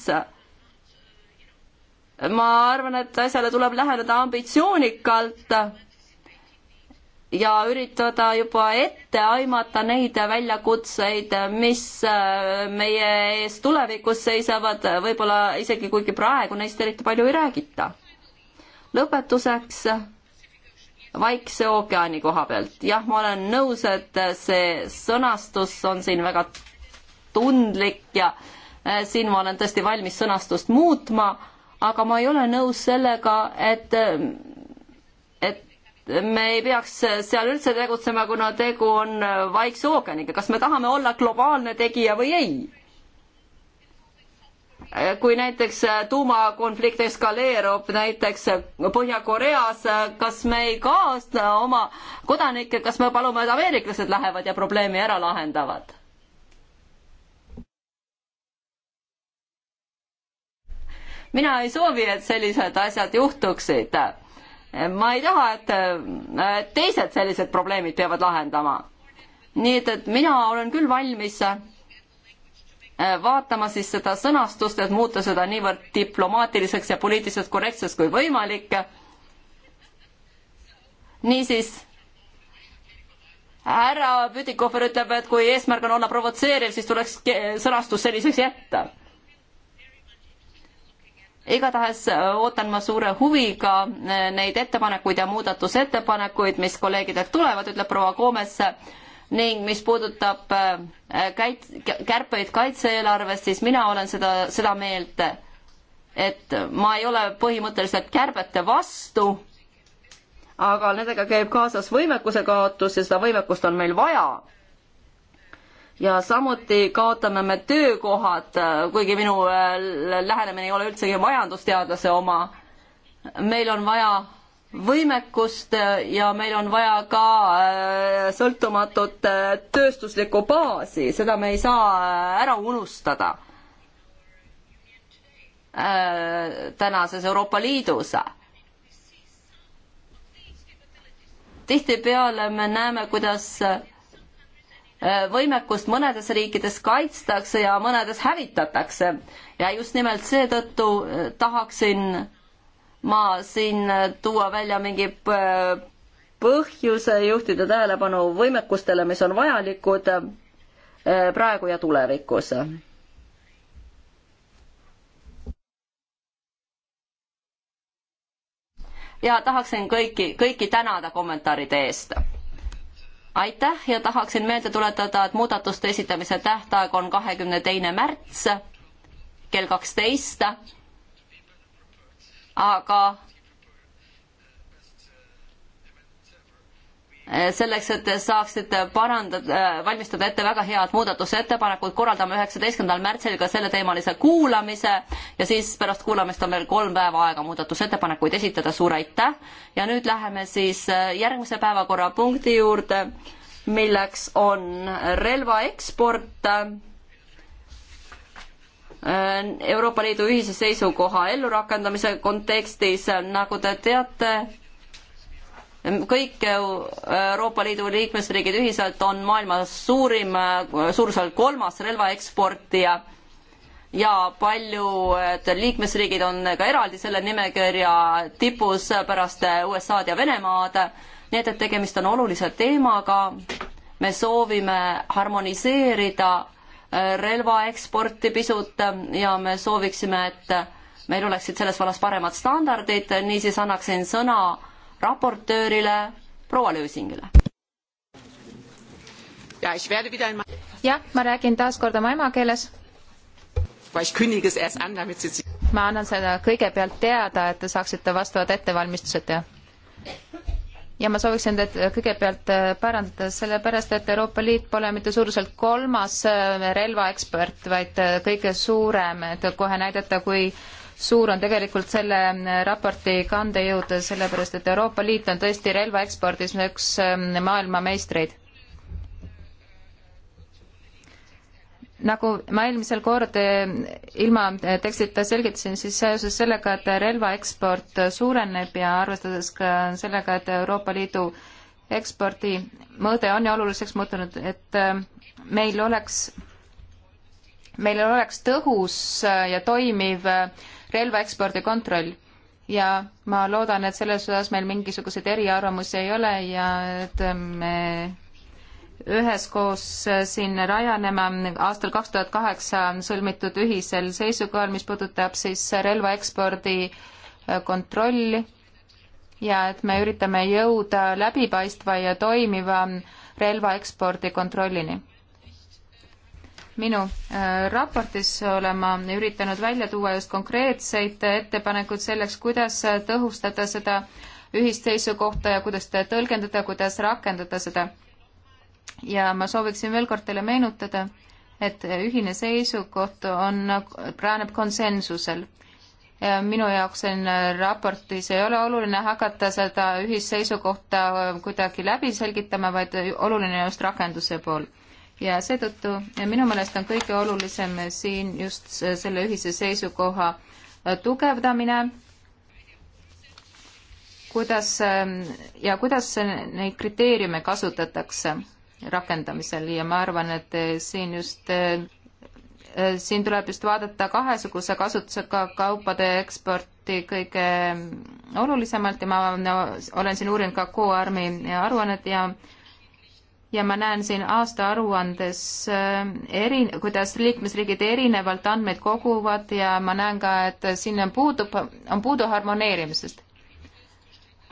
Speaker 2: ma arvan, et asjale tuleb läheneda ambitsioonikalt ja üritada juba ette aimata neid väljakutseid, mis äh, meie ees tulevikus seisavad, võib-olla isegi kuigi praegu neist eriti palju ei räägita. lõpetuseks Vaikse ookeani koha pealt, jah, ma olen nõus, et see sõnastus on siin väga tundlik ja äh, siin ma olen tõesti valmis sõnastust muutma, aga ma ei ole nõus sellega, et äh, me ei peaks seal üldse tegutsema, kuna tegu on Vaikse ookeaniga, kas me tahame olla globaalne tegija või ei? kui näiteks tuumakonflikt eskaleerub näiteks Põhja-Koreas, kas me ei kaasla oma kodanikke, kas me palume, et ameeriklased lähevad ja probleemi ära lahendavad? mina ei soovi, et sellised asjad juhtuksid ma ei taha, et teised sellised probleemid peavad lahendama. nii et, et mina olen küll valmis äh, vaatama siis seda sõnastust, et muuta seda niivõrd diplomaatiliseks ja poliitiliselt korrektseks kui võimalik. niisiis härra Pütikofer ütleb, et kui eesmärk on olla provotseeriv, siis tuleks sõnastus selliseks jätta igatahes äh, ootan ma suure huviga äh, neid ettepanekuid ja muudatusettepanekuid, mis kolleegidelt tulevad, ütleb proua Koomes, ning mis puudutab äh, käit-, kärpeid kaitse-eelarvest, siis mina olen seda, seda meelt, et ma ei ole põhimõtteliselt kärbete vastu, aga nendega käib kaasas võimekuse kaotus ja seda võimekust on meil vaja ja samuti kaotame me töökohad, äh, kuigi minu äh, lähenemine ei ole üldsegi majandusteadlase oma. meil on vaja võimekust äh, ja meil on vaja ka sõltumatut tööstuslikku baasi, seda me ei saa ära unustada tänases Euroopa Liidus. tihtipeale me näeme, kuidas Äh, võimekust mõnedes riikides kaitstakse ja mõnedes hävitatakse. ja just nimelt seetõttu äh, tahaksin ma siin äh, tuua välja mingi põhjuse, juhtida tähelepanu võimekustele, mis on vajalikud praegu ja tulevikus. ja tahaksin kõiki, kõiki tänada kommentaaride eest aitäh ja tahaksin meelde tuletada, et muudatuste esitamise tähtaeg on kahekümne teine märts kell kaksteist. aga Eh, selleks, et te saaksite parandada, eh, valmistada ette väga head muudatusettepanekud, korraldame üheksateistkümnendal märtsil ka selleteemalise kuulamise ja siis pärast kuulamist on meil kolm päeva aega muudatusettepanekuid esitada, suur aitäh! ja nüüd läheme siis eh, järgmise päevakorrapunkti juurde, milleks on relva eksport Euroopa Liidu ühise seisukoha ellurakendamise kontekstis, nagu te teate, kõik Euroopa Liidu liikmesriigid ühiselt on maailma suurim, suuruselt kolmas relvaeksportija ja paljud liikmesriigid on ka eraldi selle nimekirja tipus pärast USA-d ja Venemaad, nii et, et tegemist on olulise teemaga, me soovime harmoniseerida äh, relvaeksporti pisut ja me sooviksime, et meil oleksid selles vallas paremad standardid, niisiis annaksin sõna raportöörile proua Lösingile. jah,
Speaker 4: ma räägin taas kord oma emakeeles. ma annan seda kõigepealt teada, et te saaksite vastavad ettevalmistused teha ja ma sooviksin teid kõigepealt äh, parandada, sellepärast et Euroopa Liit pole mitte suuruselt kolmas äh, relvaekspert, vaid äh, kõige suurem, et kohe näidata, kui suur on tegelikult selle mm, raporti kandejõud, sellepärast et Euroopa Liit on tõesti relvaekspordis üks mm, maailmameistreid. nagu ma eelmisel kord mm, ilma tekstita selgitasin, siis seoses sellega, et relvaeksport suureneb ja arvestades ka sellega, et Euroopa Liidu ekspordi mõõde on ju oluliseks muutunud, et meil oleks, meil oleks tõhus ja toimiv äh, relvaekspordi kontroll ja ma loodan, et selles osas meil mingisuguseid eriarvamusi ei ole ja et me üheskoos siin rajaneme aastal kaks tuhat kaheksa sõlmitud ühisel seisukohal, mis puudutab siis relvaekspordi äh, kontrolli ja et me üritame jõuda läbipaistva ja toimiva relvaekspordi kontrollini minu äh, raportis olen ma üritanud välja tuua just konkreetseid ettepanekuid selleks, kuidas tõhustada seda ühist seisukohta ja kuidas seda tõlgendada, kuidas rakendada seda. ja ma sooviksin veel kord teile meenutada, et ühine seisukoht on, päraneb konsensusel. minu jaoks siin raportis ei ole oluline hakata seda ühist seisukohta kuidagi läbi selgitama, vaid oluline just rakenduse pool ja seetõttu minu meelest on kõige olulisem siin just selle ühise seisukoha äh, tugevdamine, kuidas ähm, ja kuidas neid kriteeriume kasutatakse rakendamisel ja ma arvan, et äh, siin just äh, siin tuleb just vaadata kahesuguse kasutusega kaupade eksporti kõige ähm, olulisemalt ja ma no, olen siin uurinud ka Coarmi aruannet ja, ja ja ma näen siin aastaaruandes äh, eri, kuidas liikmesriigid erinevalt andmeid koguvad ja ma näen ka, et siin on puudu, on puudu harmoneerimisest.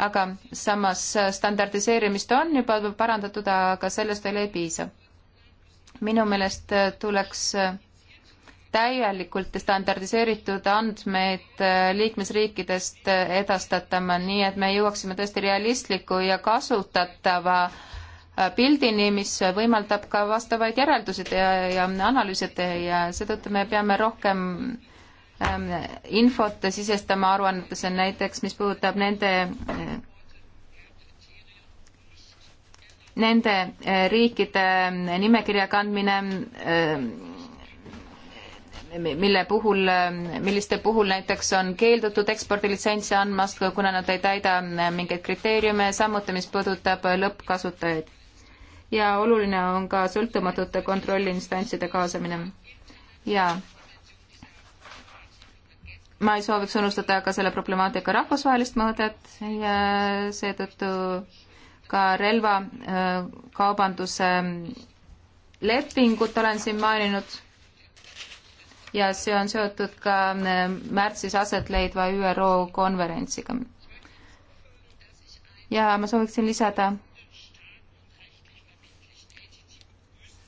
Speaker 4: aga samas äh, standardiseerimist on juba parandatud, aga sellest veel ei piisa. minu meelest äh, tuleks täielikult standardiseeritud andmeid liikmesriikidest edastatama, nii et me jõuaksime tõesti realistliku ja kasutatava äh, Äh, pildini, mis võimaldab ka vastavaid järeldusi ja, ja analüüse teha ja seetõttu me peame rohkem ähm, infot sisestama aruannetesse, näiteks mis puudutab nende äh, Nende äh, riikide nimekirja kandmine ähm, mille puhul, milliste puhul näiteks on keeldutud ekspordilitsentsi andmast, kuna nad ei täida mingeid kriteeriume, samuti mis puudutab lõppkasutajaid ja oluline on ka sõltumatute kontrollinstantside kaasamine. ja ma ei sooviks unustada ka selle problemaatika rahvusvahelist mõõdet ja seetõttu ka relvakaubanduse äh, lepingut olen siin maininud ja see on seotud ka äh, märtsis aset leidva ÜRO konverentsiga. ja ma sooviksin lisada,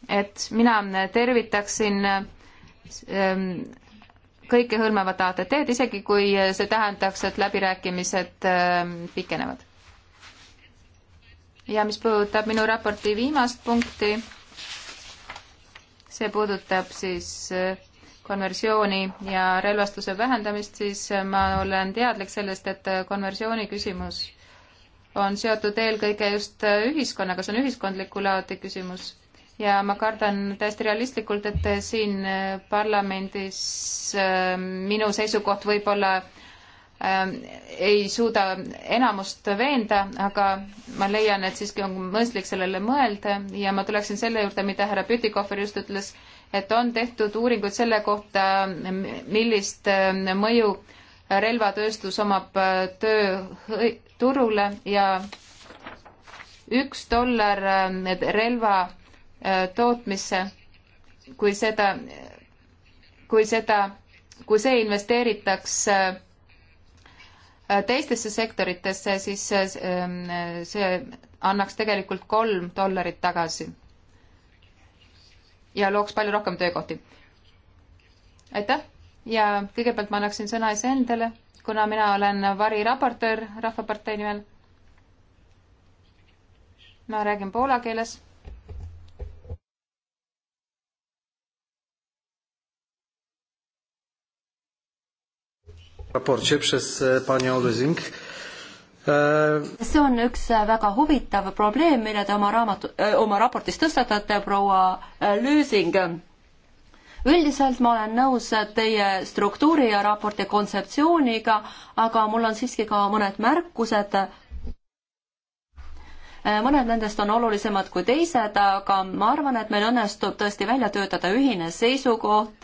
Speaker 4: et mina tervitaksin ähm, kõikehõlmavat ATT-d, isegi kui see tähendaks, et läbirääkimised ähm, pikenevad. ja mis puudutab minu raporti viimast punkti, see puudutab siis äh, konversiooni ja relvastuse vähendamist, siis äh, ma olen teadlik sellest, et äh, konversiooni küsimus on seotud eelkõige just ühiskonnaga, see on ühiskondliku laadi küsimus ja ma kardan täiesti realistlikult, et siin äh, parlamendis äh, minu seisukoht võib-olla ähm, ei suuda enamust veenda, aga ma leian, et siiski on mõistlik sellele mõelda ja ma tuleksin selle juurde, mida härra Pütikofer just ütles, et on tehtud uuringuid selle kohta, millist ähm, mõju relvatööstus omab äh, tööturule ja üks dollar relva Äh, tootmisse, kui seda, kui seda, kui see investeeritakse äh, teistesse sektoritesse, siis äh, ähm, see annaks tegelikult kolm dollarit tagasi. ja looks palju rohkem töökohti. aitäh ja kõigepealt ma annaksin sõna iseendale, kuna mina olen variraportöör Rahvapartei nimel. ma räägin poola keeles
Speaker 1: raportsi przez e, panią Lusing. E,
Speaker 2: see on üks e, väga huvitav probleem, mille te oma raamatu, oma raportis tõstatate, proua Lüüsing. üldiselt ma olen nõus teie struktuuri ja raporti kontseptsiooniga, aga mul on siiski ka mõned märkused. mõned nendest on olulisemad kui teised, aga ma arvan, et meil õnnestub tõesti välja töötada ühine seisukoht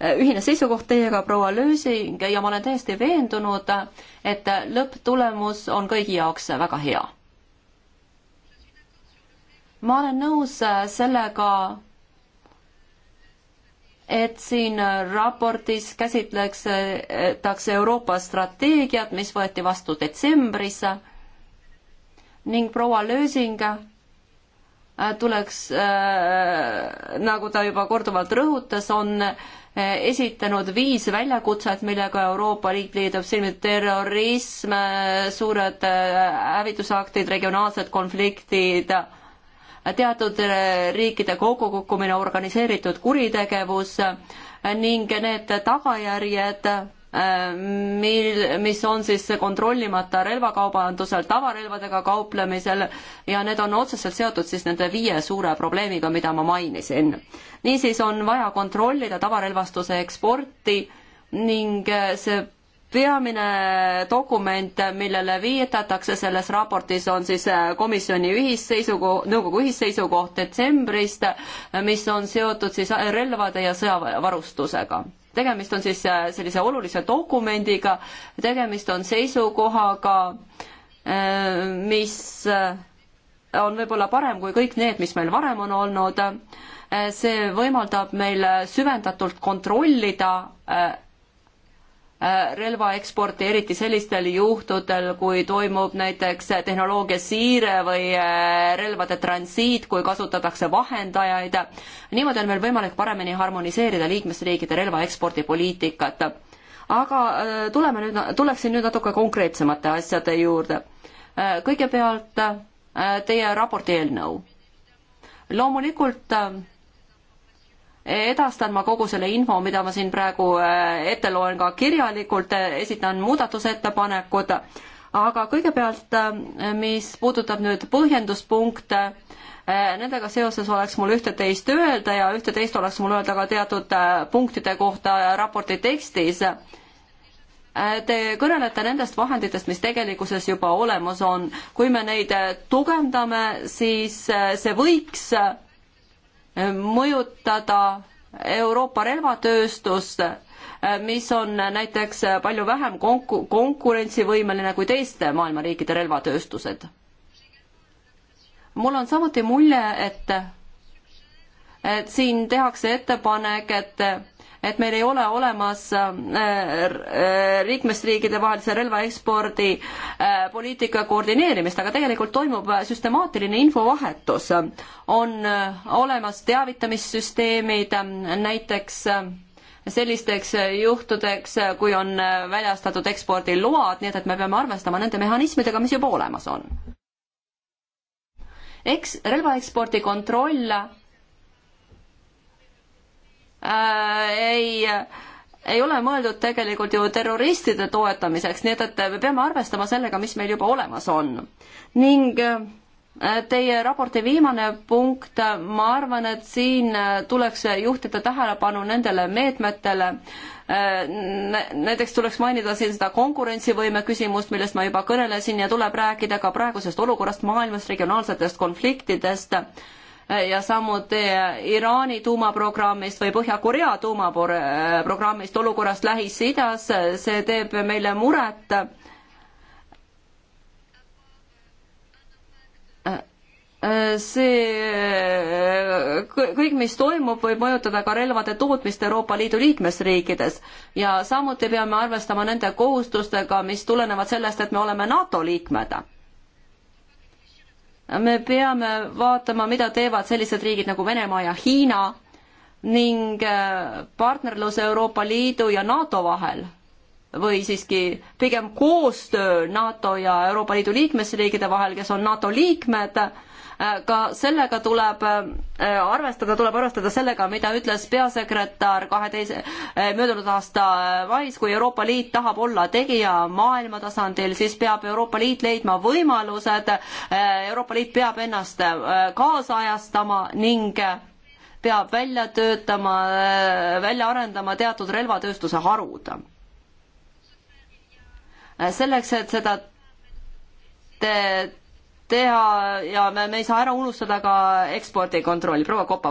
Speaker 2: Äh, ühine seisukoht teiega, proua Lösing, ja ma olen täiesti veendunud, et lõpptulemus on kõigi jaoks väga hea. ma olen nõus äh, sellega, et siin raportis käsitletakse Euroopa strateegiat, mis võeti vastu detsembris ning proua Lösing äh, tuleks äh,, nagu ta juba korduvalt rõhutas, on äh, Eh, esitanud viis väljakutset, millega Euroopa Liit liidab silmi terrorism, suured eh, hävitusaktid, regionaalsed konfliktid, teatud eh, riikide kokkukukkumine, organiseeritud kuritegevus ning need tagajärjed Äh, mil, mis on siis kontrollimata relvakaubandusel, tavarelvadega kauplemisel ja need on otseselt seotud siis nende viie suure probleemiga, mida ma mainisin. niisiis on vaja kontrollida tavarelvastuse eksporti ning äh, see peamine dokument, millele viidatakse selles raportis, on siis äh, komisjoni ühisseisukoht, nõukogu ühisseisukoht detsembrist, mis on seotud siis relvade ja sõjavarustusega tegemist on siis äh, sellise olulise dokumendiga, tegemist on seisukohaga, äh, mis äh, on võib-olla parem kui kõik need, mis meil varem on olnud. see võimaldab meil süvendatult kontrollida Äh, relvaeksporti, eriti sellistel juhtudel, kui toimub näiteks tehnoloogia siire või äh, relvade transiit, kui kasutatakse vahendajaid. niimoodi on meil võimalik paremini harmoniseerida liikmesriikide relvaekspordipoliitikat. aga äh, tuleme nüüd, tuleksin nüüd natuke konkreetsemate asjade juurde. kõigepealt teie raporti eelnõu. loomulikult edastan ma kogu selle info, mida ma siin praegu äh, ette loen ka kirjalikult, äh, esitan muudatusettepanekud, aga kõigepealt, äh, mis puudutab nüüd põhjenduspunkte, nendega seoses oleks mul ühte-teist öelda ja ühte-teist oleks mul öelda ka teatud punktide kohta raporti tekstis. Te kõnelete nendest vahenditest, mis tegelikkuses juba olemas on. kui me neid tugevdame, siis see võiks mõjutada Euroopa relvatööstust, mis on näiteks palju vähem konku-, konkurentsivõimeline kui teiste maailma riikide relvatööstused. mul on samuti mulje, et et siin tehakse ettepanek, et et meil ei ole olemas äh, äh, liikmesriikide vahelise relvaekspordi äh, poliitika koordineerimist, aga tegelikult toimub süstemaatiline infovahetus. on olemas teavitamissüsteemid, näiteks sellisteks juhtudeks, kui on väljastatud ekspordiload, nii et, et me peame arvestama nende mehhanismidega, mis juba olemas on. eks relvaekspordi kontroll Äh, ei ei ole mõeldud tegelikult ju terroristide toetamiseks, nii et, et me peame arvestama sellega, mis meil juba olemas on. ning äh, teie raporti viimane punkt, ma arvan, et siin äh, tuleks juhtida tähelepanu nendele meetmetele, näiteks tuleks mainida siin seda konkurentsivõime küsimust, millest ma juba kõnelesin ja tuleb rääkida ka praegusest olukorrast maailmas, regionaalsetest konfliktidest Äh, ja samuti äh, Iraani tuumaprogrammist või Põhja-Korea tuumaprogrammist äh, olukorrast Lähis-Idas, see teeb meile muret. see, kõik, mis toimub, võib mõjutada ka relvade tootmist Euroopa Liidu liikmesriikides ja samuti peame arvestama nende kohustustega, mis tulenevad sellest, et me oleme NATO liikmed me peame vaatama, mida teevad sellised riigid nagu Venemaa ja Hiina ning äh, partnerluse Euroopa Liidu ja NATO vahel või siiski pigem koostöö NATO ja Euroopa Liidu liikmesriikide vahel, kes on NATO liikmed ka sellega tuleb äh, arvestada, tuleb arvestada sellega, mida ütles peasekretär kaheteise, äh, möödunud aasta äh, mais, kui Euroopa Liit tahab olla tegija maailma tasandil, siis peab Euroopa Liit leidma võimalused, Euroopa Liit peab ennast kaasajastama ning peab välja töötama, välja arendama teatud relvatööstuse harud. selleks, et seda te teha ja me, me ei saa ära unustada ka ekspordikontrolli. proua Kopa.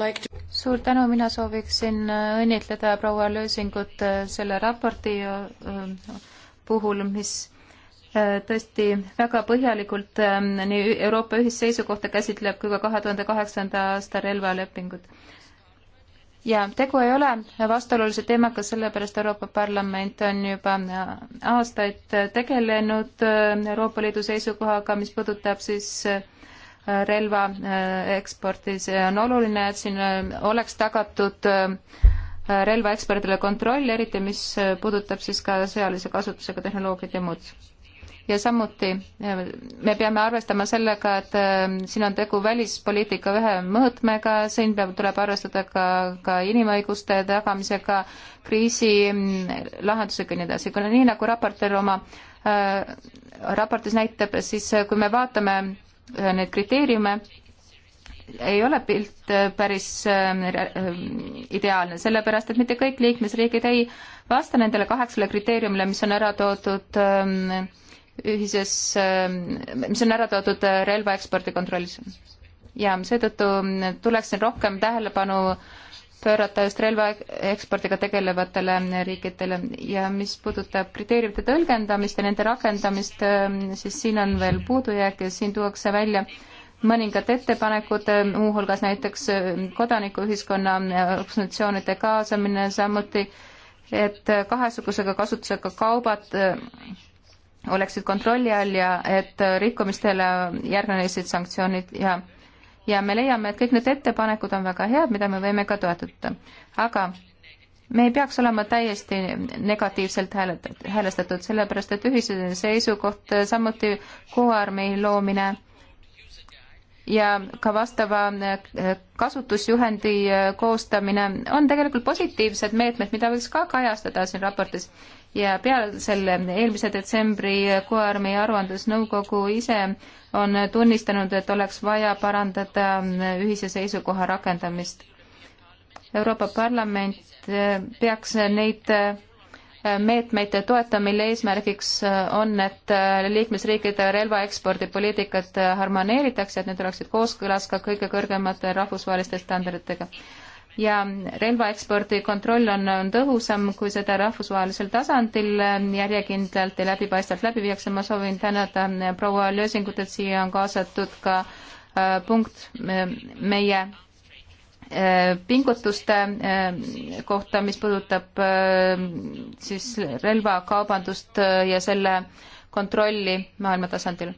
Speaker 4: Like to... suur tänu, mina sooviksin äh, õnnitleda proua Lösingut äh, selle raporti äh, puhul, mis tõesti väga põhjalikult ähm, nii Euroopa ühisseisukohta käsitleb kui ka kahe tuhande kaheksanda aasta relvalepingut ja tegu ei ole vastuolulise teemaga, sellepärast Euroopa Parlament on juba äh, aastaid tegelenud äh, Euroopa Liidu seisukohaga, mis puudutab siis äh, relva eksporti, see on oluline, et siin oleks tagatud relvaekspordile kontroll, eriti mis puudutab siis ka sõjalise kasutusega tehnoloogiat ja muud ja samuti äh, me peame arvestama sellega, et äh, siin on tegu välispoliitika ühe mõõtmega, siin peab, tuleb arvestada ka, ka inimõiguste tagamisega, kriisi mm, lahendusega ja nii edasi, kuna nii nagu raportil oma äh, raportis näitab, siis äh, kui me vaatame neid kriteeriume, ei ole pilt päris ideaalne, sellepärast et mitte kõik liikmesriigid ei vasta nendele kaheksale kriteeriumile, mis on ära toodud ähm, ühises, ähm, mis on ära toodud äh, relvaekspordi kontrollis. ja seetõttu tuleks siin rohkem tähelepanu pöörata just relvaekspordiga tegelevatele riikidele ja mis puudutab kriteeriumite tõlgendamist ja nende rakendamist, ähm, siis siin on veel puudujääk ja siin tuuakse välja mõningad ettepanekud, ähm, muuhulgas näiteks kodanikuühiskonna äh, organisatsioonide kaasamine, samuti et äh, kahesugusega kasutusega kaubad oleksid kontrolli all ja et rikkumistele järgnesid sanktsioonid ja ja me leiame, et kõik need ettepanekud on väga head, mida me võime ka toetada. aga me ei peaks olema täiesti negatiivselt häälestatud, sellepärast et ühise seisukoht, samuti koarmei loomine ja ka vastava eh, kasutusjuhendi eh, koostamine on tegelikult positiivsed meetmed, mida võiks ka kajastada siin raportis ja peale selle eelmise detsembri Koermi aruandlusnõukogu ise on tunnistanud, et oleks vaja parandada ühise seisukoha rakendamist. Euroopa Parlament peaks neid meetmeid toeta, mille eesmärgiks on, et liikmesriikide relvaekspordi poliitikat harmoneeritakse, et need oleksid kooskõlas ka kõige kõrgemate rahvusvaheliste standarditega ja relvaekspordi kontroll on, on tõhusam, kui seda rahvusvahelisel tasandil äh, järjekindlalt ja läbipaistvalt läbi viiakse. ma soovin tänada äh, proua Lösingut, et siia on kaasatud ka äh, punkt meie pingutuste kohta, mis puudutab siis relvakaubandust ja selle kontrolli maailma tasandil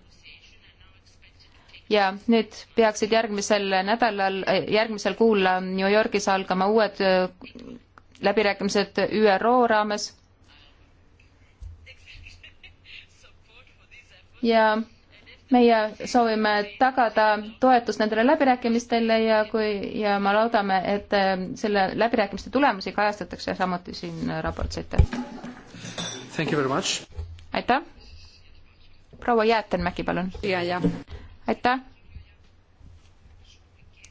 Speaker 4: ja nüüd peaksid järgmisel nädalal, järgmisel kuul New Yorgis algama uued äh, läbirääkimised ÜRO raames. ja meie soovime tagada toetust nendele läbirääkimistele ja kui, ja me loodame, et äh, selle läbirääkimiste tulemusi kajastatakse samuti siin raportis, aitäh. aitäh. proua Jäätenmäki, palun. ja, ja aitäh!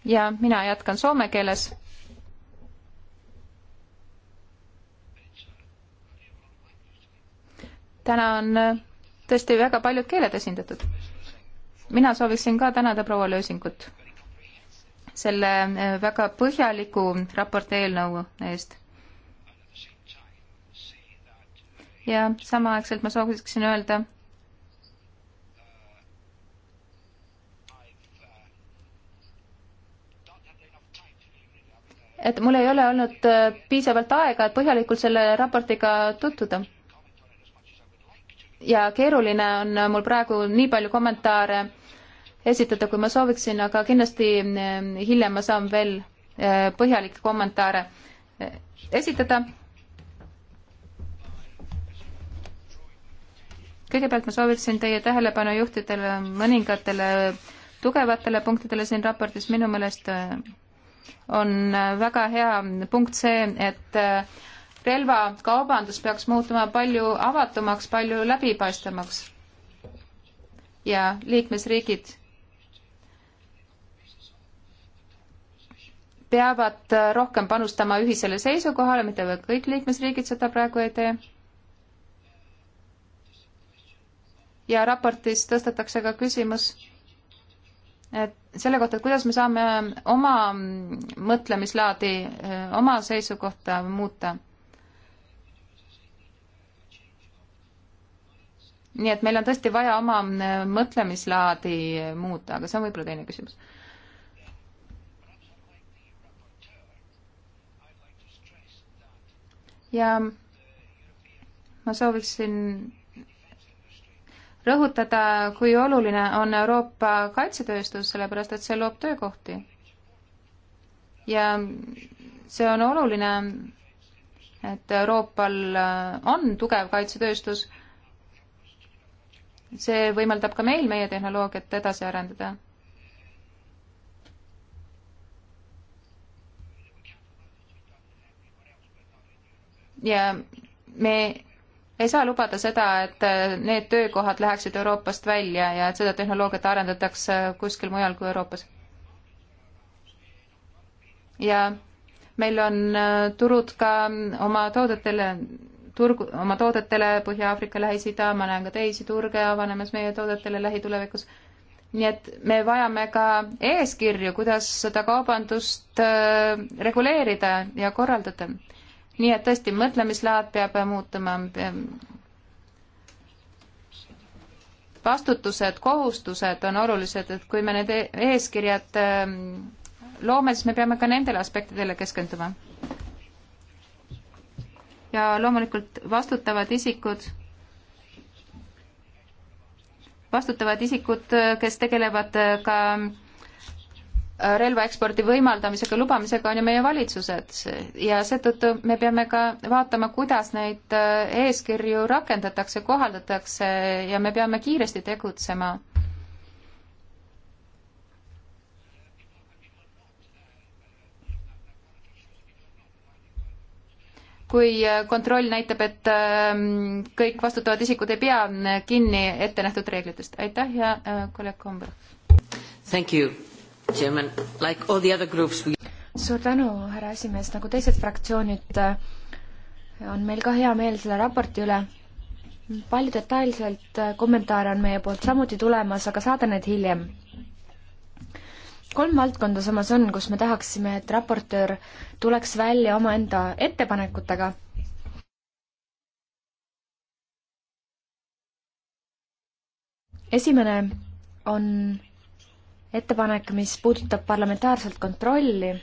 Speaker 4: ja mina jätkan soome keeles. täna on äh, tõesti väga paljud keeled esindatud. mina sooviksin ka tänada proua Lösingut selle äh, väga põhjaliku raporti eelnõu eest. ja samaaegselt ma sooviksin öelda, et mul ei ole olnud äh, piisavalt aega, et põhjalikult selle raportiga tutvuda. ja keeruline on äh, mul praegu nii palju kommentaare esitada, kui ma sooviksin, aga kindlasti äh, hiljem ma saan veel põhjalikke kommentaare esitada. kõigepealt ma sooviksin teie tähelepanu juhtidele mõningatele tugevatele punktidele siin raportis minu meelest on väga hea punkt see, et äh, relvakaubandus peaks muutuma palju avatumaks, palju läbipaistvamaks. ja liikmesriigid peavad äh, rohkem panustama ühisele seisukohale, mitte kõik liikmesriigid seda praegu ei tee. ja raportis tõstatakse ka küsimus et selle kohta, et kuidas me saame oma mõtlemislaadi, oma seisukohta muuta. nii et meil on tõesti vaja oma mõtlemislaadi muuta, aga see on võib-olla teine küsimus ja ma sooviksin rõhutada, kui oluline on Euroopa kaitsetööstus, sellepärast et see loob töökohti. ja see on oluline, et Euroopal on tugev kaitsetööstus, see võimaldab ka meil meie tehnoloogiat edasi arendada ja me ei saa lubada seda, et äh, need töökohad läheksid Euroopast välja ja et seda tehnoloogiat arendatakse äh, kuskil mujal kui Euroopas. ja meil on äh, turud ka mm, oma toodetele, turgu, oma toodetele Põhja-Aafrika, Lähis-Ida, ma näen ka teisi turge avanemas meie toodetele lähitulevikus. nii et me vajame ka eeskirju, kuidas seda kaubandust reguleerida ja korraldada nii et tõesti, mõtlemislaad peab muutuma. vastutused, kohustused on olulised, et kui me need e-, eeskirjad ähm, loome, siis me peame ka nendele aspektidele keskenduma. ja loomulikult vastutavad isikud, vastutavad isikud, kes tegelevad äh, ka relvaekspordi võimaldamisega, lubamisega on ju meie valitsused ja seetõttu me peame ka vaatama, kuidas neid äh, eeskirju rakendatakse, kohaldatakse ja me peame kiiresti tegutsema. kui äh, kontroll näitab, et ähm, kõik vastutavad isikud ei pea äh, kinni ettenähtud reeglitest. aitäh ja
Speaker 3: kolleeg Komber. Thank you suur tänu, härra esimees, nagu teised fraktsioonid, eh, on meil ka hea meel selle raporti üle. palju detailselt eh, kommentaare on meie poolt samuti tulemas, aga saada need hiljem. kolm valdkonda samas on, kus me tahaksime, et raportöör tuleks välja omaenda ettepanekutega esimene on ettepanek, mis puudutab parlamentaarselt kontrolli.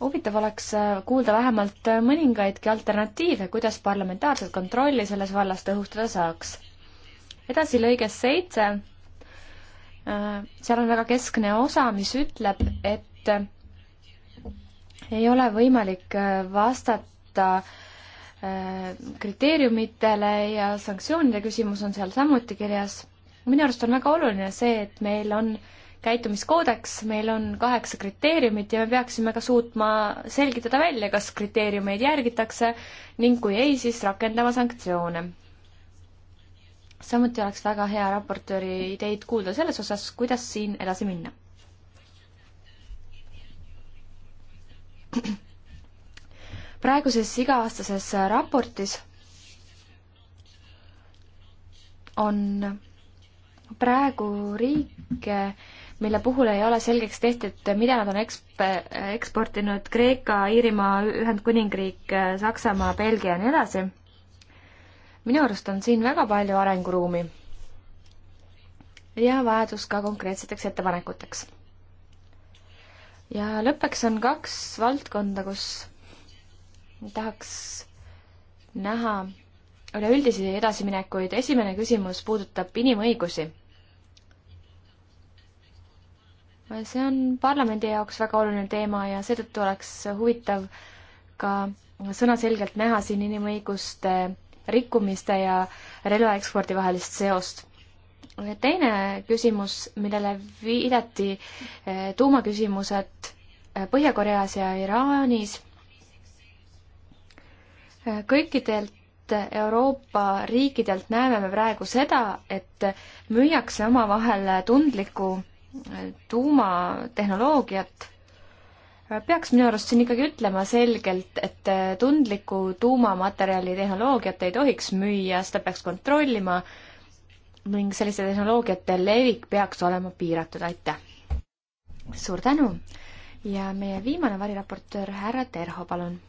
Speaker 3: huvitav oleks äh, kuulda vähemalt mõningaidki alternatiive, kuidas parlamentaarset kontrolli selles vallas tõhustada saaks. edasi lõiges seitse, äh, seal on väga keskne osa, mis ütleb, et ei ole võimalik äh, vastata kriteeriumitele ja sanktsioonide küsimus on seal samuti kirjas minu arust on väga oluline see, et meil on käitumiskoodeks, meil on kaheksa kriteeriumit ja me peaksime ka suutma selgitada välja, kas kriteeriumeid järgitakse ning kui ei, siis rakendama sanktsioone. samuti oleks väga hea raportööri ideid kuulda selles osas, kuidas siin edasi minna. praeguses iga-aastases raportis on praegu riike, mille puhul ei ole selgeks tehtud, mida nad on eksp-, eksportinud, Kreeka, Iirimaa, Ühendkuningriik, Saksamaa, Belgia ja nii edasi, minu arust on siin väga palju arenguruumi ja vajadus ka konkreetseteks ettepanekuteks. ja lõppeks on kaks valdkonda, kus tahaks näha üleüldisi edasiminekuid. esimene küsimus puudutab inimõigusi see on parlamendi jaoks väga oluline teema ja seetõttu oleks huvitav ka sõnaselgelt näha siin inimõiguste rikkumiste ja relvaekspordi vahelist seost. teine küsimus, millele viidati, eh, tuumaküsimused eh, Põhja-Koreas ja Iraanis. Eh, kõikidelt Euroopa riikidelt näeme me praegu seda, et müüakse omavahel tundlikku tuumatehnoloogiat, peaks minu arust siin ikkagi ütlema selgelt, et tundliku tuumamaterjali tehnoloogiat ei tohiks müüa, seda peaks kontrollima ning selliste tehnoloogiate levik peaks olema piiratud, aitäh! suur tänu ja meie viimane variraportöör, härra Terho, palun!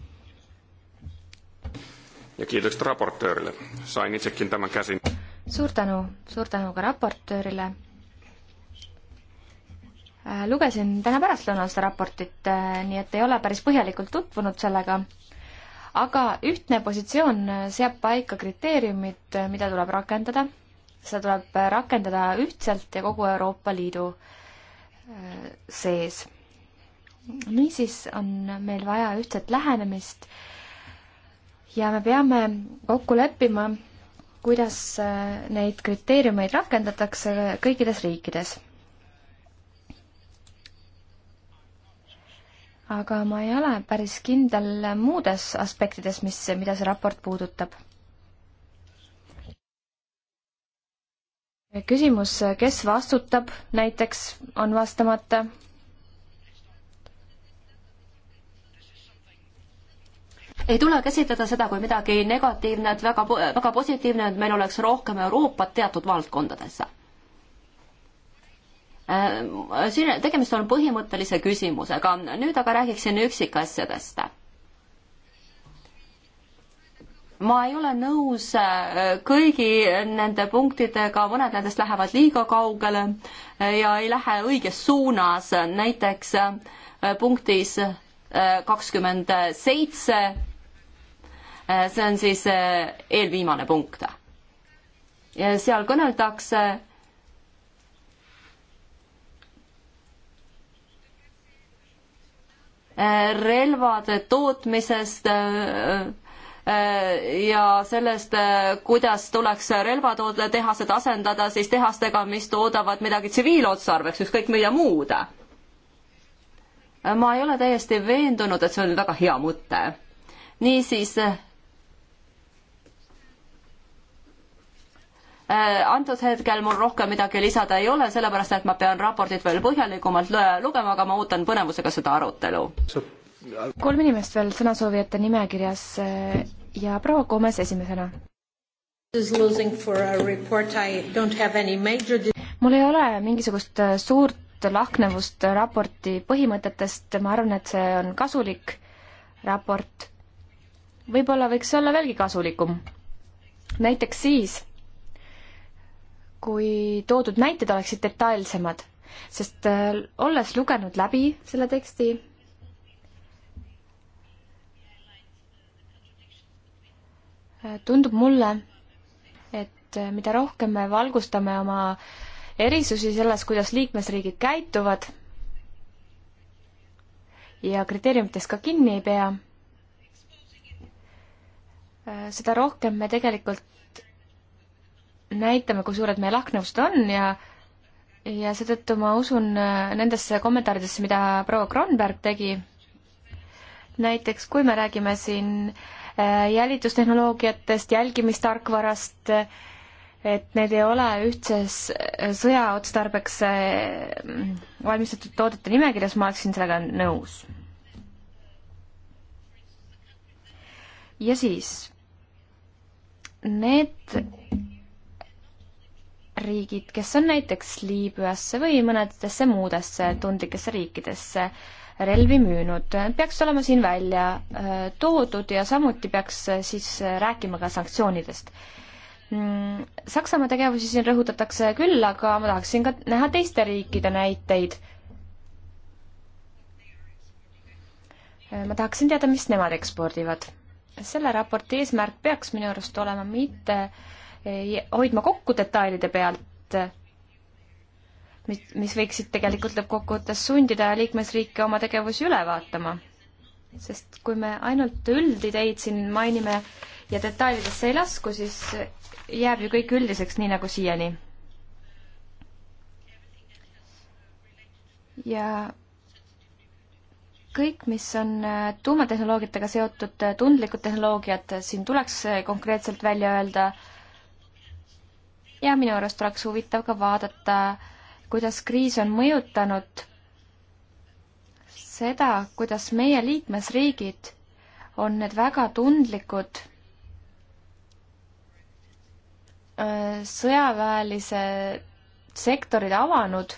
Speaker 2: ja kiitokset raportöörile, sain itsekin tämän käsin.
Speaker 3: suur tänu, suur tänu ka raportöörile Äh, lugesin täna pärastlõunal seda raportit, äh, nii et ei ole päris põhjalikult tutvunud sellega, aga ühtne positsioon äh, seab paika kriteeriumid, mida tuleb rakendada. seda tuleb rakendada ühtselt ja kogu Euroopa Liidu sees. niisiis on meil vaja ühtset lähenemist ja me peame kokku leppima, kuidas neid kriteeriumeid rakendatakse kõikides riikides aga ma ei ole päris kindel muudes aspektides, mis, mida see raport puudutab. küsimus, kes vastutab, näiteks on vastamata. ei tule käsitleda seda kui
Speaker 2: midagi negatiivnet, väga, väga positiivne, et meil oleks rohkem Euroopat teatud valdkondades Äh, siin tegemist on põhimõttelise küsimusega, nüüd aga räägiksin üksikasjadest ma ei ole nõus äh, kõigi nende punktidega, mõned nendest lähevad liiga kaugele äh, ja ei lähe õiges suunas, näiteks punktis kakskümmend seitse, see on siis eelviimane punkt. seal kõneldakse relvade tootmisest äh, äh, ja sellest, äh, kuidas tuleks relvatoodetehased asendada siis tehastega, mis toodavad midagi tsiviilotstarbeks, ükskõik mida muud. ma ei ole täiesti veendunud, et see on väga hea mõte. niisiis Äh, antud hetkel mul rohkem midagi lisada ei ole, sellepärast et ma pean raportit veel põhjalikumalt lugema, aga ma ootan põnevusega seda arutelu.
Speaker 3: kolm inimest veel sõnasoovijate nimekirjas äh, ja proua Komes esimesena. mul ei ole mingisugust äh, suurt lahknevust raporti põhimõtetest, ma arvan, et see on kasulik raport. võib-olla võiks olla veelgi kasulikum. näiteks siis kui toodud näited oleksid detailsemad, sest äh, olles lugenud läbi selle teksti, äh, tundub mulle, et äh, mida rohkem me valgustame oma erisusi selles, kuidas liikmesriigid käituvad ja kriteeriumitest ka kinni ei pea, seda rohkem me tegelikult näitame, kui suured meie lahknevused on ja ja seetõttu ma usun äh, nendesse kommentaaridesse, mida proua Kronberg tegi. näiteks kui me räägime siin äh, jälitustehnoloogiatest, jälgimistarkvarast, et need ei ole ühtses äh, sõjaotstarbeks valmistatud toodete nimekirjas, ma oleksin sellega nõus. ja siis need riigid, kes on näiteks Liibüasse või mõnedesse muudesse tundlikesse riikidesse relvi müünud, peaks olema siin välja äh, toodud ja samuti peaks äh, siis äh, rääkima ka sanktsioonidest. Mm, Saksamaa tegevusi siin rõhutatakse küll, aga ma tahaksin ka näha teiste riikide näiteid. ma tahaksin teada, mis nemad ekspordivad. selle raporti eesmärk peaks minu arust olema mitte äh, hoidma kokku detailide pealt, mis, mis võiksid tegelikult lõppkokkuvõttes sundida liikmesriike oma tegevusi üle vaatama. sest kui me ainult üldideid siin mainime ja detailidesse ei lasku, siis jääb ju kõik üldiseks, nii nagu siiani. ja kõik, mis on äh, tuumatehnoloogiatega seotud, äh, tundlikud tehnoloogiad, siin tuleks äh, konkreetselt välja öelda äh, ja minu arust oleks huvitav ka vaadata, kuidas kriis on mõjutanud seda, kuidas meie liikmesriigid on need väga tundlikud äh, sõjaväelise sektorid avanud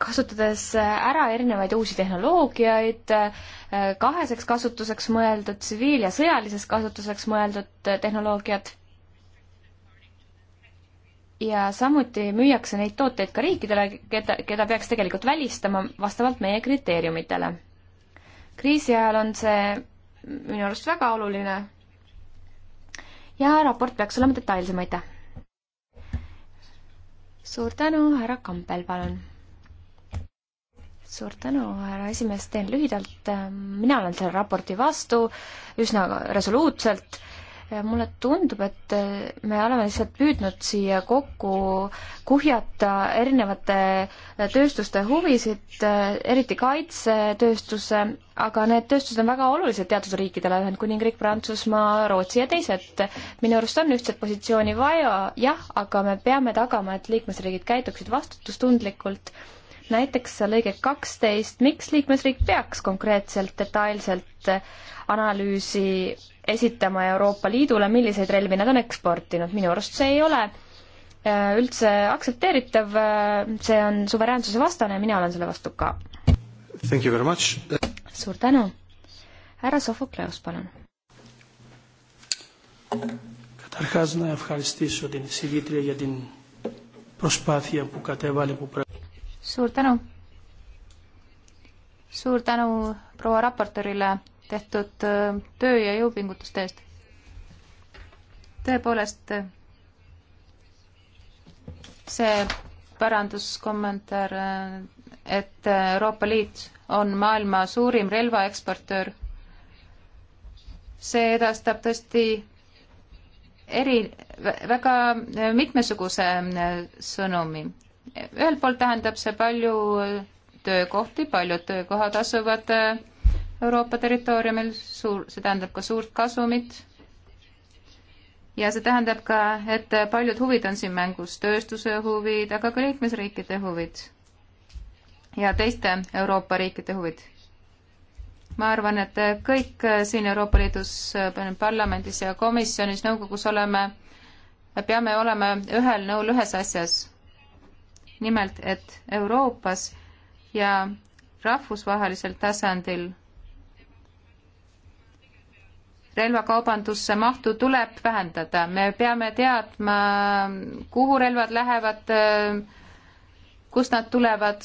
Speaker 3: kasutades ära erinevaid uusi tehnoloogiaid, kaheseks kasutuseks mõeldud tsiviil- ja sõjaliseks kasutuseks mõeldud tehnoloogiad. ja samuti müüakse neid tooteid ka riikidele, keda, keda peaks tegelikult välistama vastavalt meie kriteeriumitele. kriisi ajal on see minu arust väga oluline. ja raport peaks olema detailsem, aitäh! suur tänu, härra Kampel, palun suur tänu, härra esimees, teen lühidalt, mina olen selle raporti vastu üsna resoluutselt ja mulle tundub, et me oleme lihtsalt püüdnud siia kokku kuhjata erinevate tööstuste huvisid, eriti kaitsetööstuse, aga need tööstused on väga olulised teatud riikidele, Ühendkuningriik, Prantsusmaa, Rootsi ja teised. minu arust on ühtset positsiooni vaja, jah, aga me peame tagama, et liikmesriigid käituksid vastutustundlikult näiteks lõige kaksteist, miks liikmesriik peaks konkreetselt detailselt analüüsi esitama Euroopa Liidule, milliseid relvi nad on eksportinud, minu arust see ei ole äh, üldse aktsepteeritav, äh, see on suveräänsuse vastane ja mina olen selle vastu ka. suur tänu. härra Sofokleos, palun.
Speaker 1: Καταρχάς να ευχαριστήσω την εισηγήτρια για την προσπάθεια που κατέβαλε που πρα
Speaker 4: suur tänu. suur tänu proua raportöörile tehtud äh, töö ja jõupingutuste eest. tõepoolest, äh, see paranduskommentaar, äh, et Euroopa Liit on maailma suurim relvaeksportöör, see edastab tõesti eri, väga mitmesuguse sõnumi ühelt poolt tähendab see palju äh, töökohti, paljud töökohad asuvad äh, Euroopa territooriumil, suur, see tähendab ka suurt kasumit. ja see tähendab ka, et paljud huvid on siin mängus, tööstuse huvid, aga ka liikmesriikide huvid ja teiste Euroopa riikide huvid. ma arvan, et kõik siin Euroopa Liidus, äh, parlamendis ja komisjonis, nõukogus oleme, peame olema ühel nõul ühes asjas nimelt, et Euroopas ja rahvusvahelisel tasandil relvakaubandusse mahtu tuleb vähendada, me peame teadma, kuhu relvad lähevad, kust nad tulevad.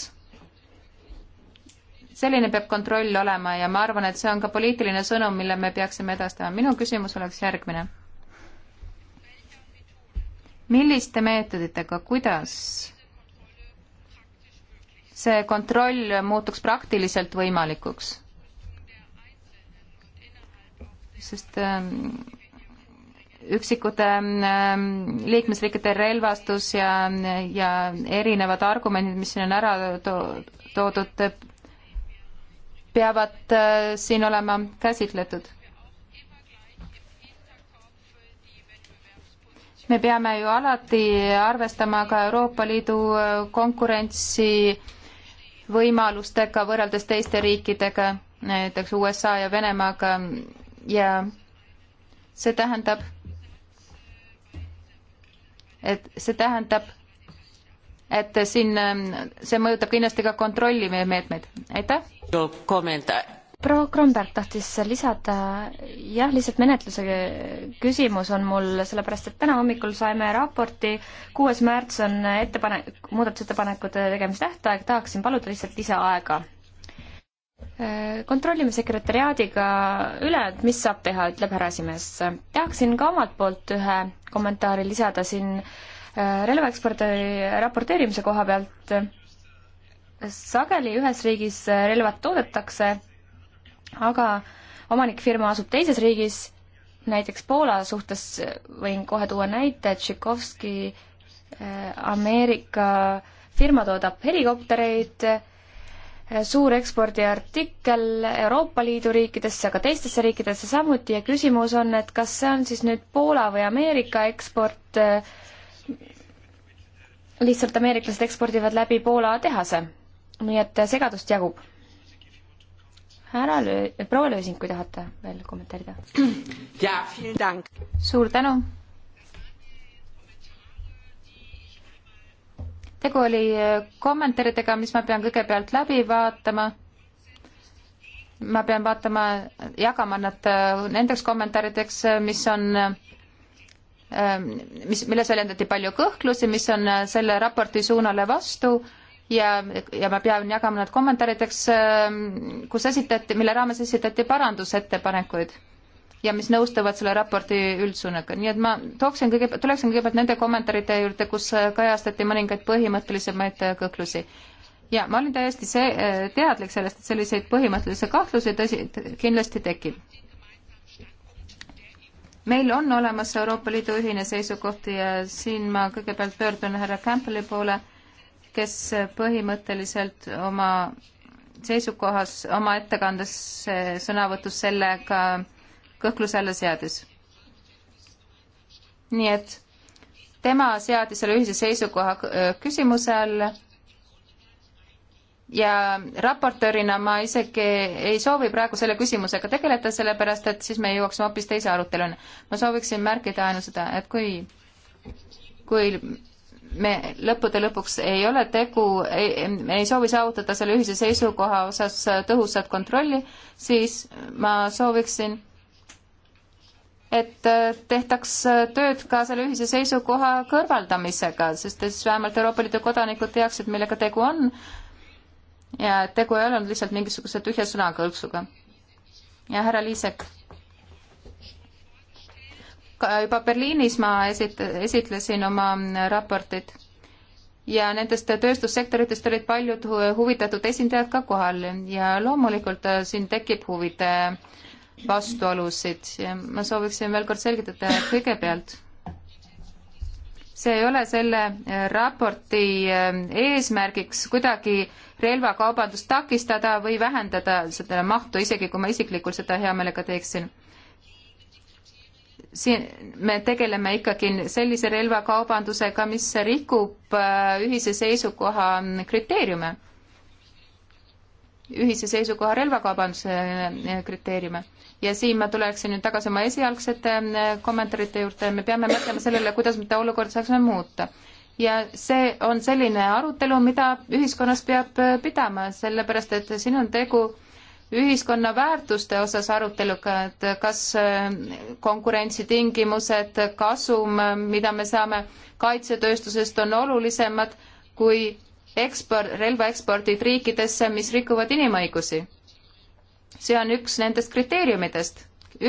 Speaker 4: selline peab kontroll olema ja ma arvan, et see on ka poliitiline sõnum, mille me peaksime edastama. minu küsimus oleks järgmine. milliste meetoditega, kuidas see kontroll muutuks praktiliselt võimalikuks. sest ähm, üksikute ähm, liikmesriikide relvastus ja, ja erinevad argumendid, mis siin on ära to toodud, peavad äh, siin olema käsitletud. me peame ju alati arvestama ka Euroopa Liidu äh, konkurentsi äh, võimalustega võrreldes teiste riikidega, näiteks USA ja Venemaaga ja see tähendab, et see tähendab, et siin see mõjutab kindlasti ka kontrollimeetmeid. aitäh!
Speaker 2: kommentaar
Speaker 3: proua Kromberg tahtis lisada, jah, lihtsalt menetluse küsimus on mul, sellepärast et täna hommikul saime raporti, kuues märts on ettepanek, muudatusettepanekute tegemise tähtaeg, tahaksin paluda lihtsalt lisaaega. Kontrollime sekretäriaadiga üle, et mis saab teha, ütleb härra esimees. tahaksin ka omalt poolt ühe kommentaari lisada siin äh, relvaekspordi raporteerimise koha pealt. sageli ühes riigis relvad toodetakse aga omanikfirma asub teises riigis, näiteks Poola suhtes võin kohe tuua näite, Tšikovski äh, Ameerika firma toodab helikoptereid, äh, suur ekspordiartikkel Euroopa Liidu riikidesse, aga teistesse riikidesse samuti ja küsimus on, et kas see on siis nüüd Poola või Ameerika eksport, äh, lihtsalt ameeriklased ekspordivad läbi Poola tehase. nii et segadust jagub härra löö-, proua Lösing, kui tahate veel kommenteerida. jaa, suur tänu.
Speaker 4: tegu oli äh, kommentaaridega, mis ma pean kõigepealt läbi vaatama ma pean vaatama, jagama nad äh, nendeks kommentaarideks, äh, mis on, mis, milles väljendati palju kõhklusi, mis on selle raporti suunale vastu ja, ja ma pean jagama need kommentaarideks, ähm, kus esitati, mille raames esitati parandusettepanekuid ja mis nõustuvad selle raporti üldsuunaga. nii et ma tooksin kõigepealt, tuleksin kõigepealt nende kommentaaride juurde, kus äh, kajastati mõningaid põhimõttelisemaid äh, kõhklusi. ja ma olin täiesti see, äh, teadlik sellest, et selliseid põhimõttelisi kahtlusi tõsi, kindlasti tekib. meil on olemas Euroopa Liidu ühine seisukoht ja siin ma kõigepealt pöördun härra Campbelli poole kes põhimõtteliselt oma seisukohas, oma ettekandes, eh, sõnavõtus sellega kõhkluse alla seadis. nii et tema seadis selle ühise seisukoha eh, küsimuse alla ja raportöörina ma isegi ei soovi praegu selle küsimusega tegeleda, sellepärast et siis me jõuaksime hoopis teise aruteluni. ma sooviksin märkida ainult seda, et kui, kui me lõppude lõpuks ei ole tegu, me ei soovi saavutada selle ühise seisukoha osas tõhusat kontrolli, siis ma sooviksin, et tehtaks tööd ka selle ühise seisukoha kõrvaldamisega, sest siis vähemalt Euroopa Liidu kodanikud teaksid, millega tegu on ja tegu ei olnud lihtsalt mingisuguse tühja sõnakõlksuga. ja härra Liisek juba Berliinis ma esit-, esitlesin oma raportit ja nendest tööstussektoritest olid paljud huvitatud esindajad ka kohal ja loomulikult äh, siin tekib huvide vastuolusid ja ma sooviksin veel kord selgitada, et kõigepealt see ei ole selle äh, raporti äh, eesmärgiks kuidagi relvakaubandust takistada või vähendada seda mahtu, isegi kui ma isiklikult seda hea meelega teeksin siin me tegeleme ikkagi sellise relvakaubandusega, mis rikub äh, ühise seisukoha kriteeriume, ühise seisukoha relvakaubanduse äh, kriteeriume. ja siin ma tuleksin nüüd tagasi oma esialgsete äh, kommentaaride juurde, me peame mõtlema sellele, kuidas me seda olukorda saaksime muuta. ja see on selline arutelu, mida ühiskonnas peab pidama, sellepärast et siin on tegu ühiskonna väärtuste osas aruteluga, et kas äh, konkurentsitingimused, kasum, äh, mida me saame kaitsetööstusest, on olulisemad kui eksport, relvaekspordid riikidesse, mis rikuvad inimõigusi. see on üks nendest kriteeriumidest,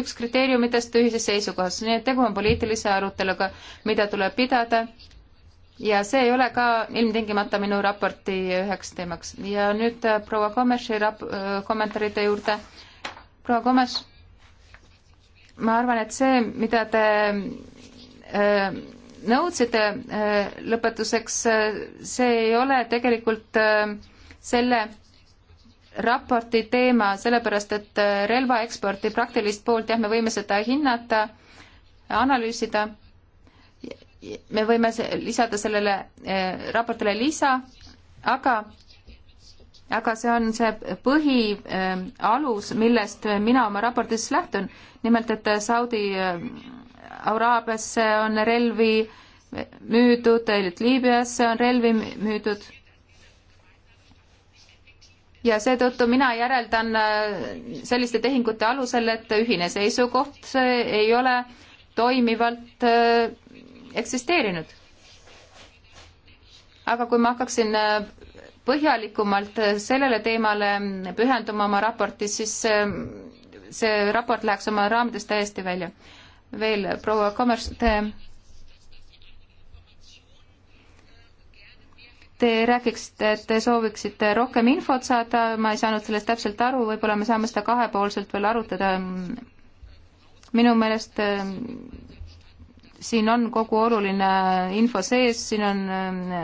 Speaker 4: üks kriteeriumidest ühises seisukohas, nii et tegu on poliitilise aruteluga, mida tuleb pidada ja see ei ole ka ilmtingimata minu raporti üheks teemaks. ja nüüd äh, proua Komeši rap-, äh, kommentaaride juurde. proua Komes, ma arvan, et see, mida te äh, nõudsite äh, lõpetuseks äh,, see ei ole tegelikult äh, selle raporti teema, sellepärast et relvaeksporti praktilist poolt, jah, me võime seda hinnata, analüüsida me võime lisada sellele eh, raportile lisa, aga aga see on see põhialus, eh, millest mina oma raportis lähtun, nimelt et Saudi eh, Araabiasse on relvi müüdud, Liibüasse on relvi müüdud. ja seetõttu mina järeldan selliste tehingute alusel, et ühine seisukoht ei ole toimivalt eksisteerinud. aga kui ma hakkaksin äh, põhjalikumalt äh, sellele teemale pühenduma oma raportis, siis äh, see raport läheks oma raamidest täiesti välja. veel proua Kommers, te Te rääkiksite, et te sooviksite rohkem infot saada, ma ei saanud sellest täpselt aru, võib-olla me saame seda kahepoolselt veel arutada. minu meelest siin on kogu oluline info sees, siin on,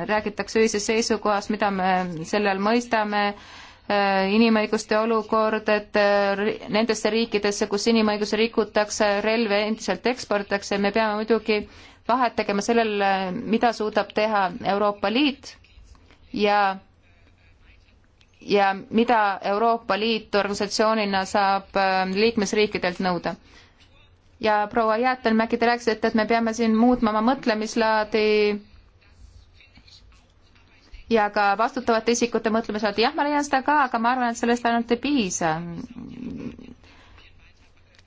Speaker 4: räägitakse ühises seisukohas, mida me selle all mõistame, äh, inimõiguste olukord, et äh, nendesse riikidesse, kus inimõigusi rikutakse, relve endiselt eksporditakse, me peame muidugi vahet tegema sellel, mida suudab teha Euroopa Liit ja ja mida Euroopa Liit organisatsioonina saab äh, liikmesriikidelt nõuda ja proua Jäätelmägi, te rääkisite, et me peame siin muutma oma mõtlemislaadi ja ka vastutavate isikute mõtlemislaadi. jah, ma leian seda ka, aga ma arvan, et sellest ainult ei piisa.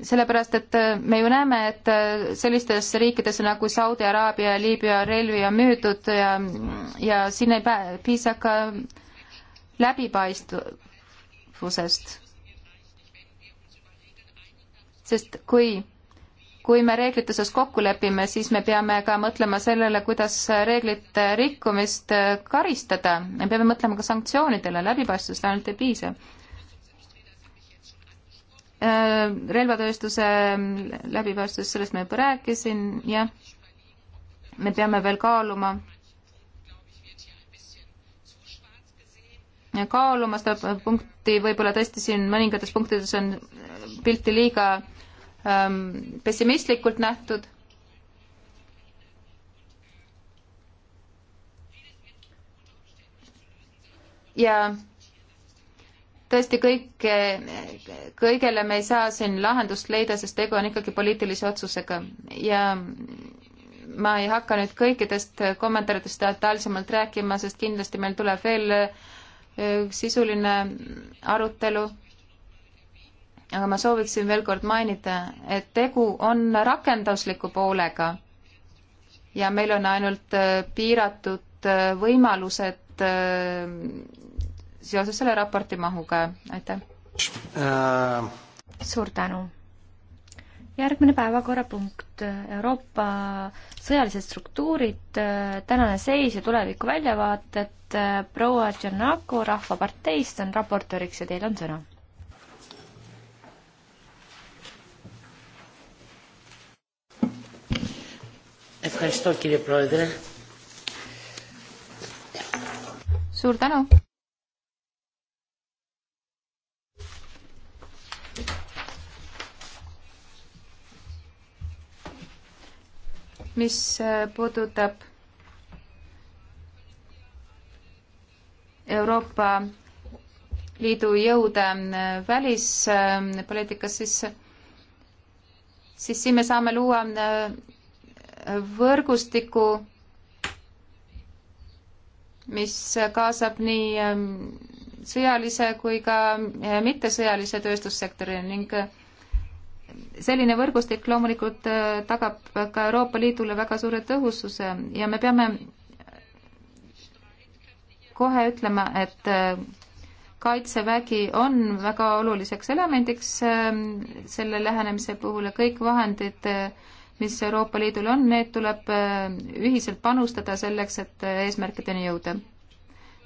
Speaker 4: sellepärast, et me ju näeme, et sellistes riikides nagu Saudi Araabia ja Liibüa relvi on müüdud ja, ja siin ei piisa ka läbipaistvusest. sest kui kui me reeglite osas kokku lepime, siis me peame ka mõtlema sellele, kuidas reeglite rikkumist karistada. me peame mõtlema ka sanktsioonidele, läbipaistvusest ainult ei piisa. Äh, relvatööstuse läbipaistvus, sellest ma juba rääkisin, jah. me peame veel kaaluma kaaluma seda punkti, võib-olla tõesti siin mõningates punktides on pilti liiga äh, Ähm, pessimistlikult nähtud. ja tõesti kõik, kõigele me ei saa siin lahendust leida, sest tegu on ikkagi poliitilise otsusega ja ma ei hakka nüüd kõikidest kommentaaridest detailsemalt rääkima, sest kindlasti meil tuleb veel äh, sisuline arutelu aga ma sooviksin veel kord mainida, et tegu on rakendusliku poolega ja meil on ainult äh, piiratud äh, võimalused äh, seoses selle raporti mahuga, aitäh
Speaker 1: äh..
Speaker 3: suur tänu. järgmine päevakorrapunkt, Euroopa sõjalised struktuurid, tänane seis ja tuleviku väljavaated, proua Tšernako Rahvaparteist on raportööriks ja teil on sõna
Speaker 1: Ευχαριστώ κύριε Πρόεδρε.
Speaker 4: Suur tänu. mis äh, puudutab Euroopa Liidu jõude äh, välispoliitikas, siis, siis siin me saame luua äh, võrgustiku, mis kaasab nii ähm, sõjalise kui ka äh, mittesõjalise tööstussektori ning äh, selline võrgustik loomulikult äh, tagab ka Euroopa Liidule väga suure tõhususe ja me peame kohe ütlema, et kaitsevägi on väga oluliseks elemendiks ähm, selle lähenemise puhul ja kõik vahendid äh, mis Euroopa Liidul on, need tuleb äh, ühiselt panustada selleks, et äh, eesmärkideni jõuda.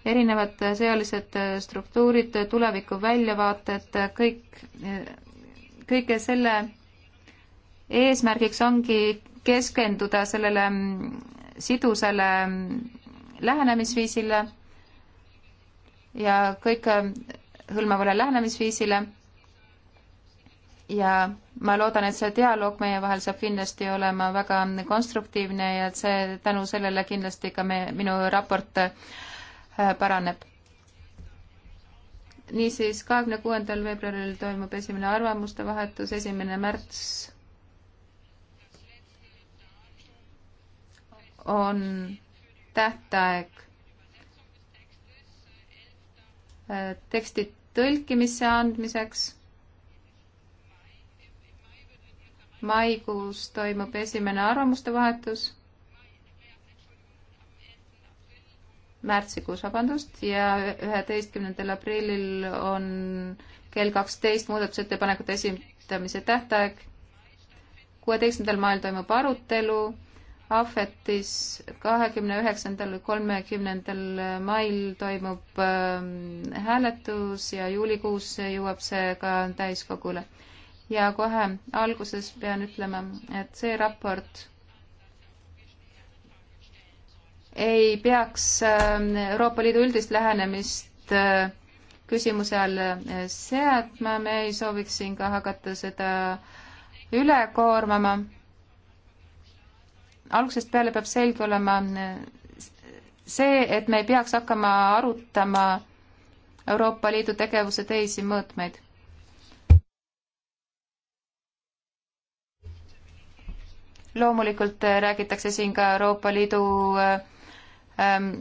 Speaker 4: erinevad äh, sõjalised struktuurid, tuleviku väljavaated, kõik, kõige selle eesmärgiks ongi keskenduda sellele mm, sidusele mm, lähenemisviisile ja kõikehõlmavale lähenemisviisile ja ma loodan, et see dialoog meie vahel saab kindlasti olema väga konstruktiivne ja et see, tänu sellele kindlasti ka me, minu raport äh, paraneb. niisiis, kahekümne kuuendal veebruaril toimub esimene arvamuste vahetus, esimene märts on tähtaeg äh, teksti tõlkimisse andmiseks maikuus toimub esimene arvamuste vahetus, märtsikuus, vabandust, ja üheteistkümnendal aprillil on kell kaksteist muudatusettepanekute esitamise tähtaeg. kuueteistkümnendal mail toimub arutelu Ahvetis kahekümne üheksandal või kolmekümnendal mail toimub ähm, hääletus ja juulikuus jõuab see ka täiskogule ja kohe alguses pean ütlema, et see raport ei peaks ähm, Euroopa Liidu üldist lähenemist äh, küsimuse all äh, seadma, me ei sooviks siin ka hakata seda üle koormama. algusest peale peab selge olema äh, see, et me ei peaks hakkama arutama Euroopa Liidu tegevuse teisi mõõtmeid loomulikult äh, räägitakse siin ka Euroopa Liidu äh, ähm,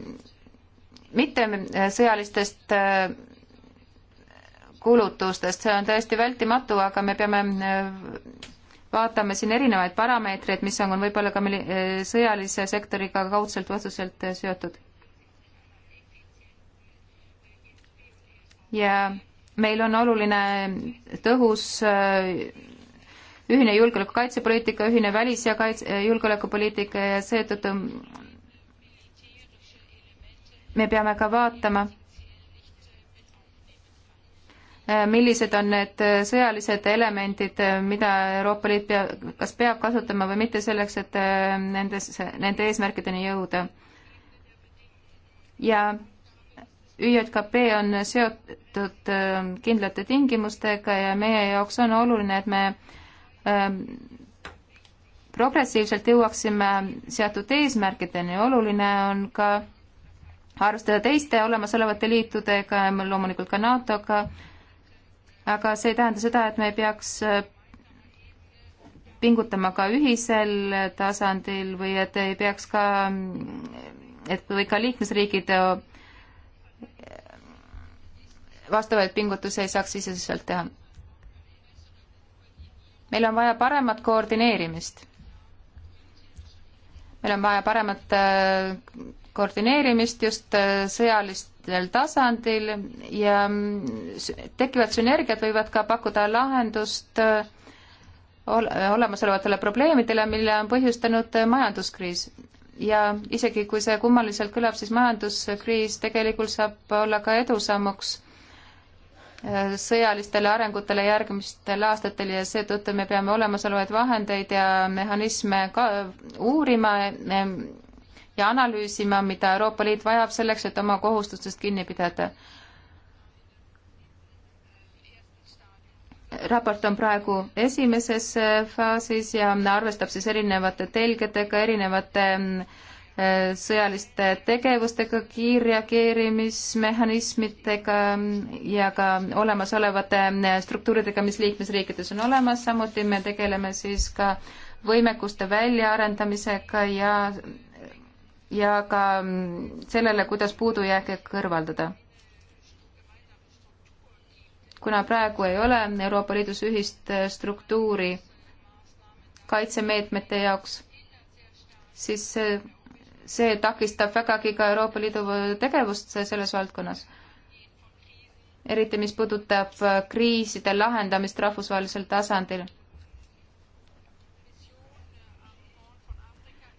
Speaker 4: mittesõjalistest äh, äh, kulutustest, see on täiesti vältimatu, aga me peame vaatame siin erinevaid parameetreid, mis on, on võib-olla ka meil sõjalise sektoriga kaudselt või otseselt seotud. ja meil on oluline tõhus äh, ühine julgeoleku kaitsepoliitika, ühine välis- ja kaitse, äh, julgeolekupoliitika ja seetõttu me peame ka vaatama, äh, millised on need äh, sõjalised elemendid, mida Euroopa Liit peab, kas peab kasutama või mitte selleks, et nendes, nende eesmärkideni jõuda. ja ÜJKP on seotud kindlate tingimustega ja meie jaoks on oluline, et me Ähm, progressiivselt jõuaksime seatud eesmärkideni, oluline on ka arvestada teiste olemasolevate liitudega ja loomulikult ka NATO-ga, aga see ei tähenda seda, et me ei peaks äh, pingutama ka ühisel tasandil või et ei peaks ka, et või ka liikmesriigid äh, vastavaid pingutusi ei saaks iseseisvalt teha meil on vaja paremat koordineerimist. meil on vaja paremat äh, koordineerimist just äh, sõjalistel tasandil ja tekivad sünergiad võivad ka pakkuda lahendust äh, olemasolevatele probleemidele, mille on põhjustanud majanduskriis. ja isegi, kui see kummaliselt kõlab, siis majanduskriis tegelikult saab olla ka edusammuks sõjalistele arengutele järgmistel aastatel ja seetõttu me peame olemasolevaid vahendeid ja mehhanisme ka uurima ehm, ja analüüsima, mida Euroopa Liit vajab selleks, et oma kohustustest kinni pidada. raport on praegu esimeses faasis ja arvestab siis erinevate telgedega, erinevate äh, sõjaliste tegevustega, kiirreageerimismehhanismidega ja ka olemasolevate struktuuridega, mis liikmesriikides on olemas, samuti me tegeleme siis ka võimekuste väljaarendamisega ja, ja ka sellele, kuidas puudujääke kõrvaldada. kuna praegu ei ole Euroopa Liidus ühist struktuuri kaitsemeetmete jaoks, siis see takistab vägagi ka Euroopa Liidu tegevust selles valdkonnas. eriti, mis puudutab äh, kriiside lahendamist rahvusvahelisel tasandil.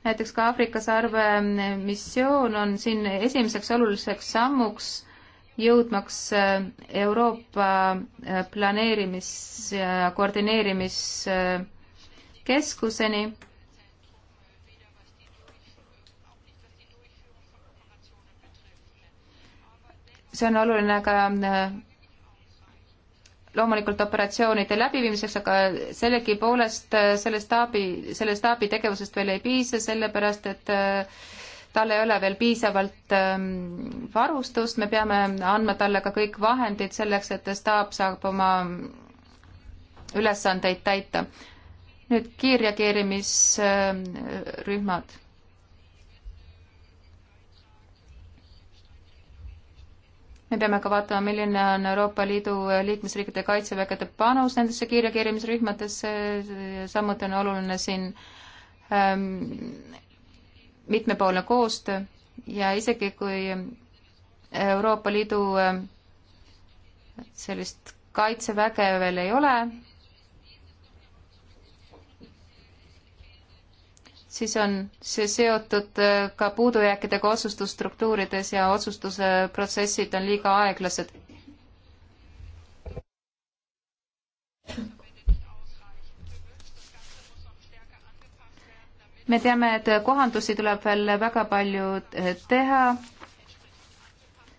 Speaker 4: näiteks ka Aafrika sarve äh, missioon on siin esimeseks oluliseks sammuks jõudmaks äh, Euroopa planeerimis- ja koordineerimiskeskuseni see on oluline ka äh, loomulikult operatsioonide läbiviimiseks, aga sellegipoolest äh, selle staabi, selle staabi tegevusest veel ei piisa, sellepärast et äh, tal ei ole veel piisavalt ähm, varustust, me peame andma talle ka kõik vahendid selleks, et staap saab oma ülesandeid täita. nüüd kiirreageerimisrühmad me peame ka vaatama, milline on Euroopa Liidu liikmesriikide kaitsevägede panus nendesse kiirreageerimisrühmadesse, samuti on oluline siin ähm, mitmepoolne koostöö ja isegi, kui Euroopa Liidu ähm, sellist kaitseväge veel ei ole, siis on see seotud äh, ka puudujääkidega otsustusstruktuurides ja otsustuse protsessid on liiga aeglased. me teame, et kohandusi tuleb veel väga palju äh, teha.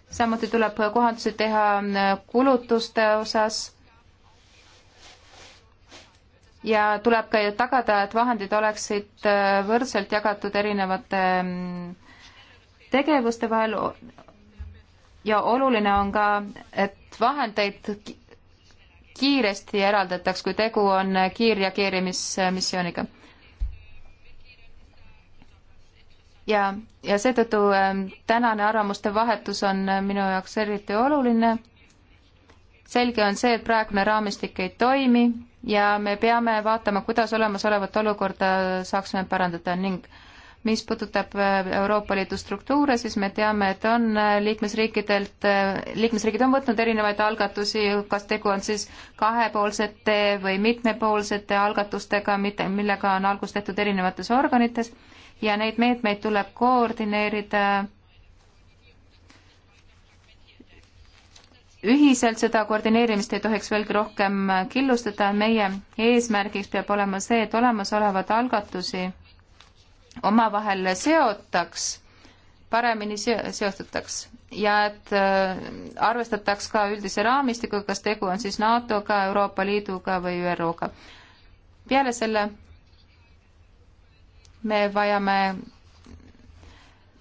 Speaker 4: samuti tuleb kohandusi teha äh, kulutuste osas ja tuleb ka ju tagada, et vahendid oleksid äh, võrdselt jagatud erinevate mm, tegevuste vahel ja oluline on ka, et vahendeid kiiresti eraldataks, kui tegu on äh, kiirreageerimismissiooniga. ja, ja seetõttu äh, tänane arvamuste vahetus on minu jaoks eriti oluline selge on see, et praegune raamistik ei toimi ja me peame vaatama, kuidas olemasolevat olukorda saaksime parandada ning mis puudutab äh, Euroopa Liidu struktuure, siis me teame, et on äh, liikmesriikidelt, äh, liikmesriigid on võtnud erinevaid algatusi, kas tegu on siis kahepoolsete või mitmepoolsete algatustega, mitte, millega on algust tehtud erinevates organites ja neid meetmeid tuleb koordineerida ühiselt seda koordineerimist ei tohiks veelgi rohkem killustada, meie eesmärgiks peab olema see, et olemasolevad algatusi omavahel seotaks, paremini seostataks ja et äh, arvestataks ka üldise raamistikuga, kas tegu on siis NATO-ga, Euroopa Liiduga või ÜRO-ga. peale selle me vajame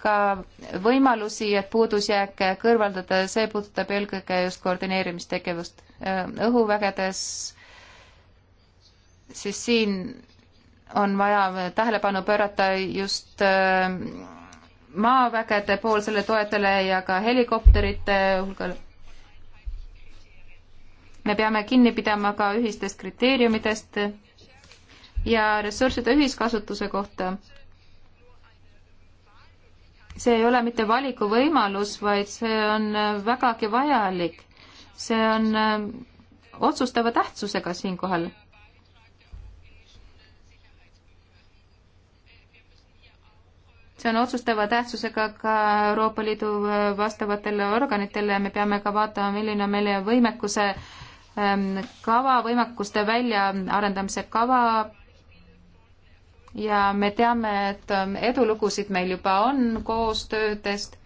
Speaker 4: ka võimalusi, et puudusjääke kõrvaldada, see puudutab eelkõige just koordineerimistegevust äh, õhuvägedes, siis siin on vaja tähelepanu pöörata just äh, maavägede poolsele toetele ja ka helikopterite hulgal. me peame kinni pidama ka ühistest kriteeriumidest ja ressursside ühiskasutuse kohta see ei ole mitte valikuvõimalus, vaid see on äh, vägagi vajalik. see on äh, otsustava tähtsusega siinkohal. see on otsustava tähtsusega ka Euroopa Liidu äh, vastavatele organitele ja me peame ka vaatama, milline on meie võimekuse ähm, kava, võimekuste väljaarendamise kava ja me teame, et ähm, edulugusid meil juba on koostöödest.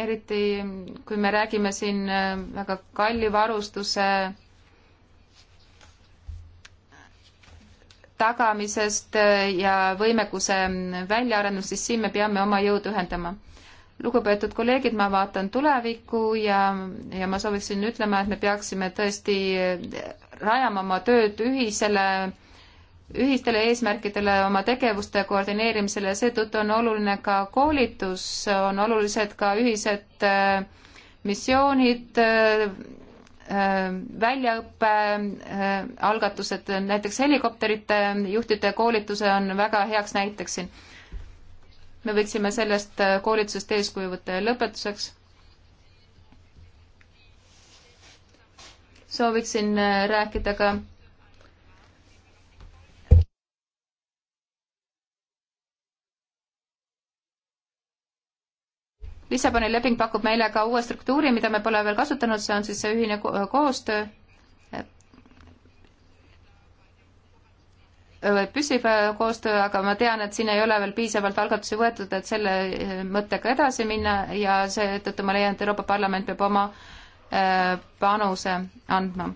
Speaker 4: eriti ähm, kui me räägime siin ähm, väga kalli varustuse tagamisest äh, ja võimekuse mm, väljaarendust, siis siin me peame oma jõud ühendama lugupeetud kolleegid, ma vaatan tulevikku ja, ja ma sooviksin ütlema, et me peaksime tõesti rajama oma tööd ühisele, ühistele eesmärkidele, oma tegevuste koordineerimisele, seetõttu on oluline ka koolitus, on olulised ka ühised äh, missioonid, äh, äh, väljaõppe algatused, näiteks helikopterite juhtide koolituse on väga heaks näiteks siin me võiksime sellest äh, koolitusest eeskuju võtta ja lõpetuseks sooviksin äh, rääkida ka Lissaboni leping pakub meile ka uue struktuuri, mida me pole veel kasutanud, see on siis see ühine koostöö Äh, püsib äh, koostöö, aga ma tean, et siin ei ole veel piisavalt algatusi võetud, et selle äh, mõttega edasi minna ja seetõttu ma leian, et Euroopa Parlament peab oma panuse andma.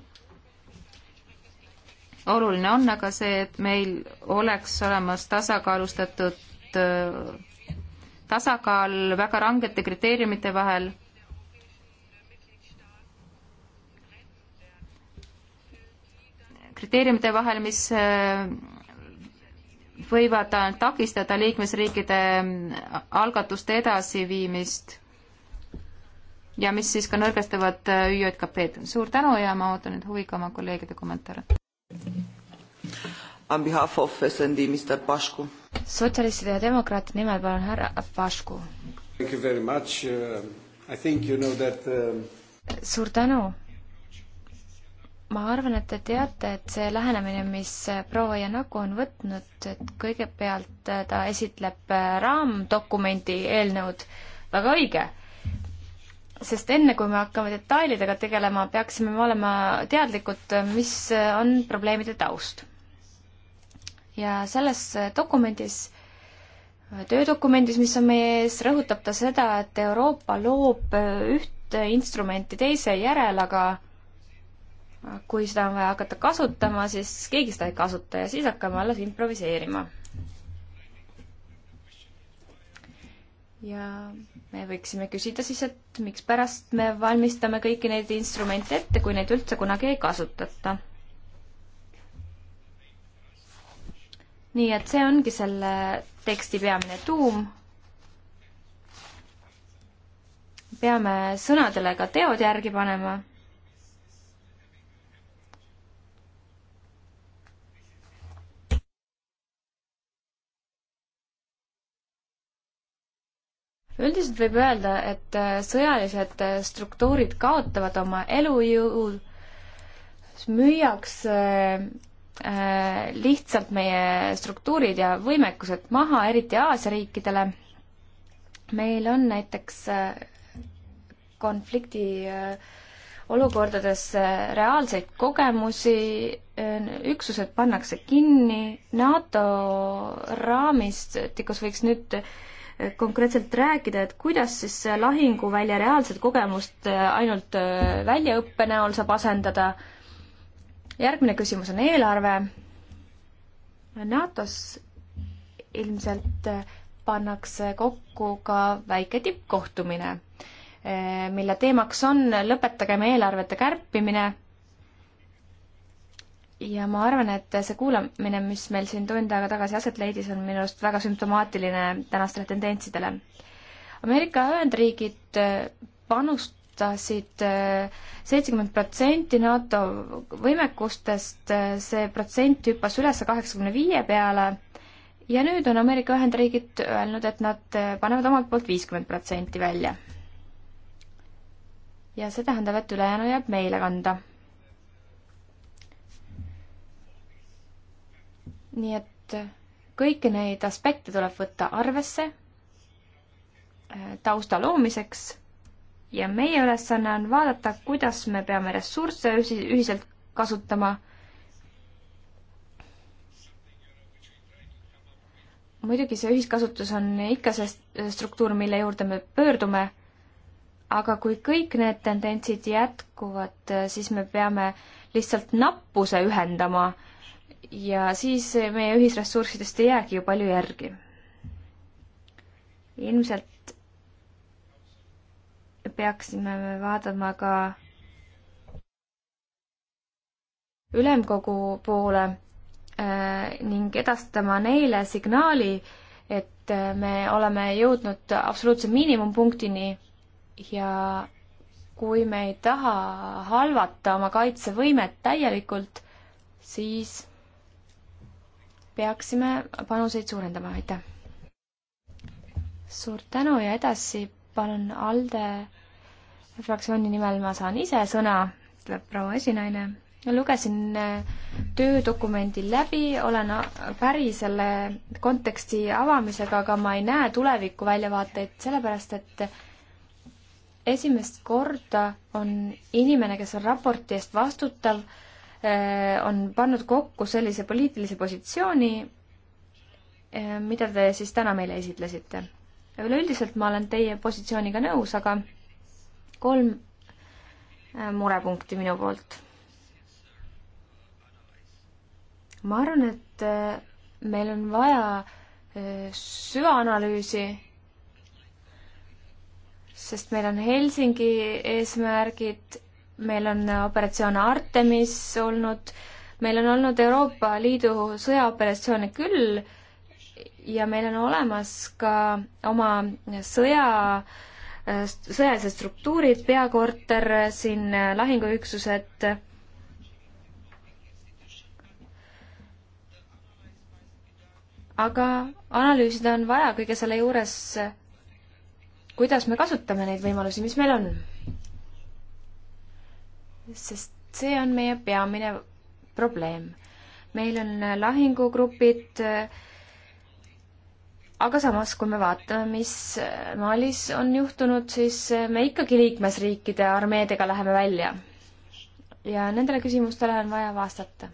Speaker 4: oluline on aga see, et meil oleks olemas tasakaalustatud tasakaal väga rangete kriteeriumite vahel kriteeriumide vahel, mis võivad ainult takistada liikmesriikide algatuste edasiviimist ja mis siis ka nõrgestavad ÜJKP-d. suur tänu ja ma ootan nüüd huviga oma
Speaker 3: kolleegide kommentaare.
Speaker 2: On behalf of SND, Mr Pašku.
Speaker 3: sotsialistide ja demokraatide nimel palun härra Pašku.
Speaker 1: Thank you very much uh,, I think you know that uh...
Speaker 3: suur tänu ma arvan, et te teate, et see lähenemine, mis proua Janaku on võtnud, et kõigepealt ta esitleb äh, raamdokumendi eelnõud, väga õige. sest enne, kui me hakkame detailidega tegelema, peaksime me olema teadlikud, mis on probleemide taust. ja selles dokumendis töödokumendis, mis on meie ees, rõhutab ta seda, et Euroopa loob äh, üht instrumenti teise järel, aga kui seda on vaja hakata kasutama, siis keegi seda ei kasuta ja siis hakkame alles improviseerima. ja me võiksime küsida siis, et mikspärast me valmistame kõiki neid instrumente ette, kui neid üldse kunagi ei kasutata. nii et see ongi selle teksti peamine tuum. peame sõnadele ka teod järgi panema üldiselt võib öelda, et äh, sõjalised äh, struktuurid kaotavad oma elujõu, müüakse äh, lihtsalt meie struktuurid ja võimekused maha, eriti Aasia riikidele. meil on näiteks konflikti olukordades reaalseid kogemusi, üksused pannakse kinni, NATO raamistikus võiks nüüd konkreetselt rääkida, et kuidas siis lahinguvälja reaalset kogemust äh, ainult äh, väljaõppe näol saab asendada. järgmine küsimus on eelarve. NATO-s ilmselt äh, pannakse kokku ka väike tippkohtumine, mille teemaks on lõpetagem eelarvete kärpimine ja ma arvan, et see kuulamine, mis meil siin tund aega tagasi aset leidis, on minu arust väga sümptomaatiline tänastele tendentsidele. Ameerika Ühendriigid äh, panustasid äh, seitsekümmend protsenti NATO võimekustest, äh, see protsent hüppas üles kaheksakümne viie peale ja nüüd on Ameerika Ühendriigid öelnud, et nad panevad omalt poolt viiskümmend protsenti välja. ja see tähendab, et ülejäänu jääb meile kanda nii et kõiki neid aspekte tuleb võtta arvesse äh, tausta loomiseks ja meie ülesanne on vaadata, kuidas me peame ressursse ühiselt kasutama. muidugi see ühiskasutus on ikka see struktuur, mille juurde me pöördume, aga kui kõik need tendentsid jätkuvad, äh, siis me peame lihtsalt nappuse ühendama äh, ja siis meie ühisressurssidest ei jäägi ju palju järgi. ilmselt peaksime me vaatama ka ülemkogu poole äh, ning edastama neile signaali, et äh, me oleme jõudnud absoluutse miinimumpunktini ja kui me ei taha halvata oma kaitsevõimet täielikult, siis peaksime panuseid suurendama, aitäh! suur tänu ja edasi palun ALDE fraktsiooni nimel ma saan ise sõna, ütleb proua esinaine. lugesin äh, töödokumendi läbi, olen äh, päri selle konteksti avamisega, aga ma ei näe tuleviku väljavaateid, sellepärast et esimest korda on inimene, kes on raporti eest vastutav, Äh, on pannud kokku sellise poliitilise positsiooni, äh, mida te siis täna meile esitlesite. üleüldiselt ma olen teie positsiooniga nõus, aga kolm äh, murepunkti minu poolt. ma arvan, et meil on vaja süvaanalüüsi, sest meil on Helsingi eesmärgid meil on operatsioon Artemis olnud, meil on olnud Euroopa Liidu sõjaoperatsioone küll ja meil on olemas ka oma sõja, sõjalised struktuurid, peakorter, siin lahinguüksused aga analüüsida on vaja kõige selle juures, kuidas me kasutame neid võimalusi, mis meil on sest see on meie peamine probleem. meil on lahingugrupid, aga samas, kui me vaatame, mis Malis on juhtunud, siis me ikkagi liikmesriikide armeedega läheme välja. ja nendele küsimustele on vaja vastata.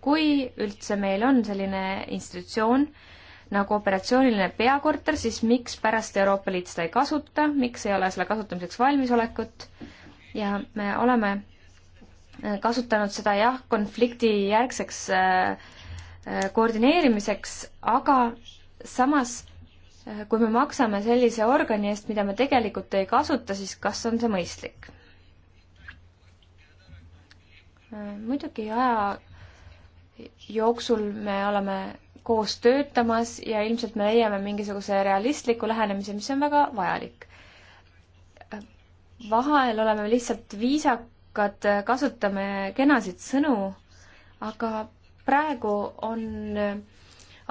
Speaker 3: kui üldse meil on selline institutsioon, nagu operatsiooniline peakorter, siis miks pärast Euroopa Liit seda ei kasuta, miks ei ole selle kasutamiseks valmisolekut äh,, ja me oleme äh, kasutanud seda jah, konflikti järgseks äh, äh, koordineerimiseks, aga samas kui me maksame sellise organi eest, mida me tegelikult ei kasuta, siis kas on see mõistlik? muidugi aja jooksul me oleme koos töötamas ja ilmselt me leiame mingisuguse realistliku lähenemise, mis on väga vajalik vahel oleme lihtsalt viisakad, kasutame kenasid sõnu, aga praegu on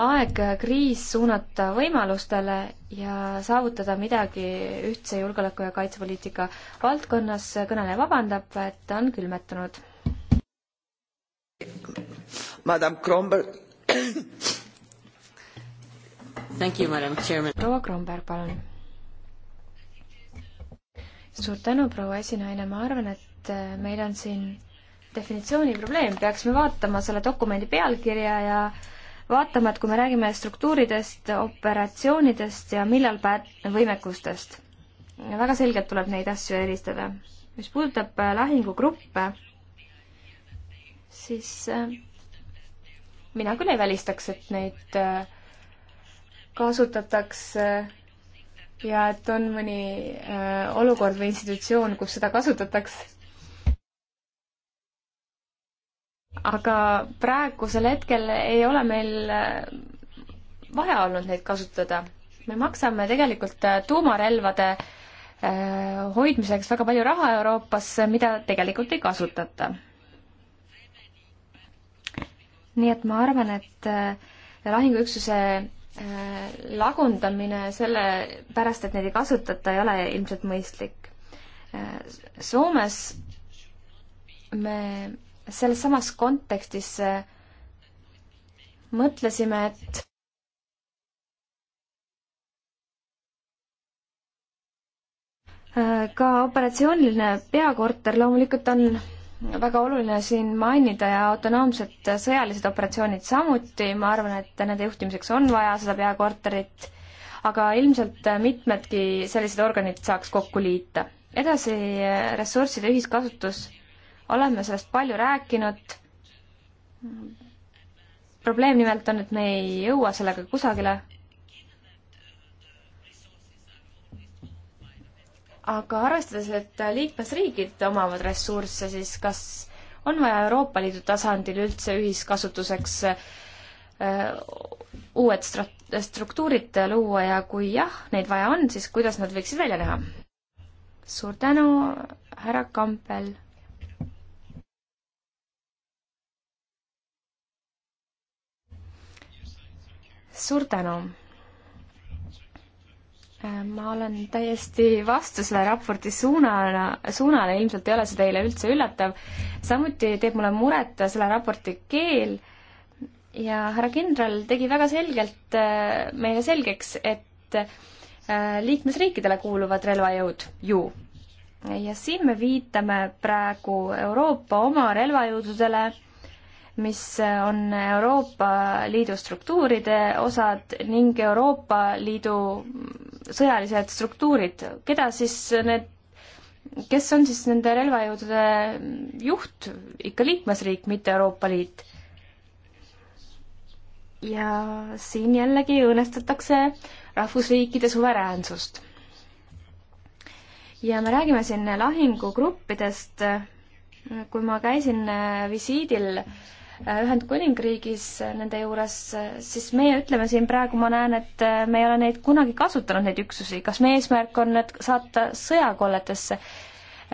Speaker 3: aeg kriis suunata võimalustele ja saavutada midagi ühtse julgeoleku- ja kaitsepoliitika valdkonnas. kõneleja vabandab, et ta on külmetanud.
Speaker 1: Madam Kromberg.
Speaker 3: proua Kromberg, palun suur tänu, proua esinaine, ma arvan, et äh, meil on siin definitsiooni probleem, peaksime vaatama selle dokumendi pealkirja ja vaatama, et kui me räägime struktuuridest, operatsioonidest ja millal päät-, võimekustest. väga selgelt tuleb neid asju eristada. mis puudutab äh, lahingugruppe, siis äh, mina küll ei välistaks, et neid kasutatakse ja et on mõni äh, olukord või institutsioon, kus seda kasutatakse. aga praegusel hetkel ei ole meil äh, vaja olnud neid kasutada. me maksame tegelikult äh, tuumarelvade äh, hoidmiseks väga palju raha Euroopas, mida tegelikult ei kasutata. nii et ma arvan, et äh, lahinguüksuse Äh, lagundamine selle pärast, et neid ei kasutata, ei ole ilmselt mõistlik. Äh, Soomes me selles samas kontekstis äh, mõtlesime, et ka operatsiooniline peakorter loomulikult on väga oluline siin mainida ja autonoomsed sõjalised operatsioonid samuti, ma arvan, et nende juhtimiseks on vaja seda peakorterit, aga ilmselt mitmedki sellised organid saaks kokku liita. edasi, ressursside ühiskasutus, oleme sellest palju rääkinud, probleem nimelt on, et me ei jõua sellega kusagile aga arvestades, et liikmesriigid omavad ressursse, siis kas on vaja Euroopa Liidu tasandil üldse ühiskasutuseks äh, uued strat-, struktuurid luua ja kui jah, neid vaja on, siis kuidas nad võiksid välja näha? suur tänu, härra Kampel suur tänu! ma olen täiesti vastu selle raporti suunana, suunale, ilmselt ei ole see teile üldse üllatav. samuti teeb mulle muret selle raporti keel ja härra kindral tegi väga selgelt äh, meile selgeks, et äh, liikmesriikidele kuuluvad relvajõud ju. ja siin me viitame praegu Euroopa oma relvajõududele mis on Euroopa Liidu struktuuride osad ning Euroopa Liidu sõjalised struktuurid, keda siis need, kes on siis nende relvajõudude juht, ikka liikmesriik, mitte Euroopa Liit. ja siin jällegi õõnestatakse rahvusriikide suveräänsust. ja me räägime siin lahingugruppidest, kui ma käisin visiidil äh, Äh, Ühendkuningriigis äh, nende juures, äh, siis meie ütleme siin praegu, ma näen, et me ei ole neid kunagi kasutanud, neid üksusi. kas meie eesmärk on need saata sõjakolletesse?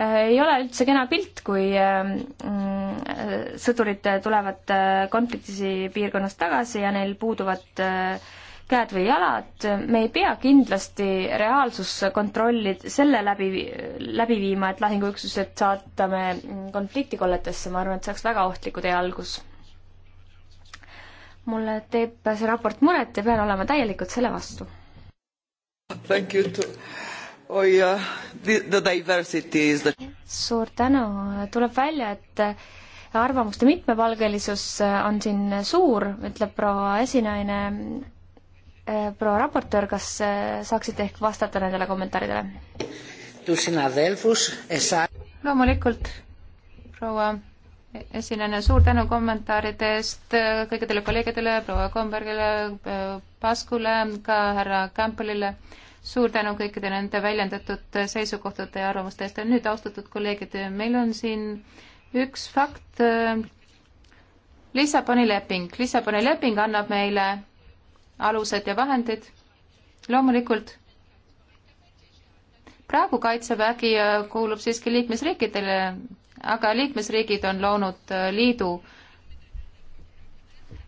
Speaker 3: ei ole üldse kena pilt, kui mm, sõdurid tulevad konfliktisi piirkonnast tagasi ja neil puuduvad käed või jalad, me ei pea kindlasti reaalsuskontrolli selle läbi, läbi viima, et lahinguüksused saatame konfliktikolletesse, ma arvan, et see oleks väga ohtliku tee algus mulle teeb see raport muret ja pean olema täielikult selle vastu.
Speaker 2: Thank you to oh yeah, the,
Speaker 1: the diversity is the
Speaker 3: suur tänu, tuleb välja, et arvamuste mitmepalgelisus on siin suur, ütleb proua esinaine, eh, proua raportöör, kas eh, saaksite ehk vastata nendele kommentaaridele? loomulikult, proua esinen,
Speaker 4: suur tänu kommentaaride eest kõikidele kolleegidele, proua Kombergile, Paskule, ka härra Kämpelile. suur tänu kõikide nende väljendatud seisukohtade ja arvamuste eest. nüüd, austatud kolleegid, meil on siin üks fakt. Lissaboni leping, Lissaboni leping annab meile alused ja vahendid. loomulikult praegu Kaitsevägi kuulub siiski liikmesriikidele aga liikmesriigid on loonud äh, liidu,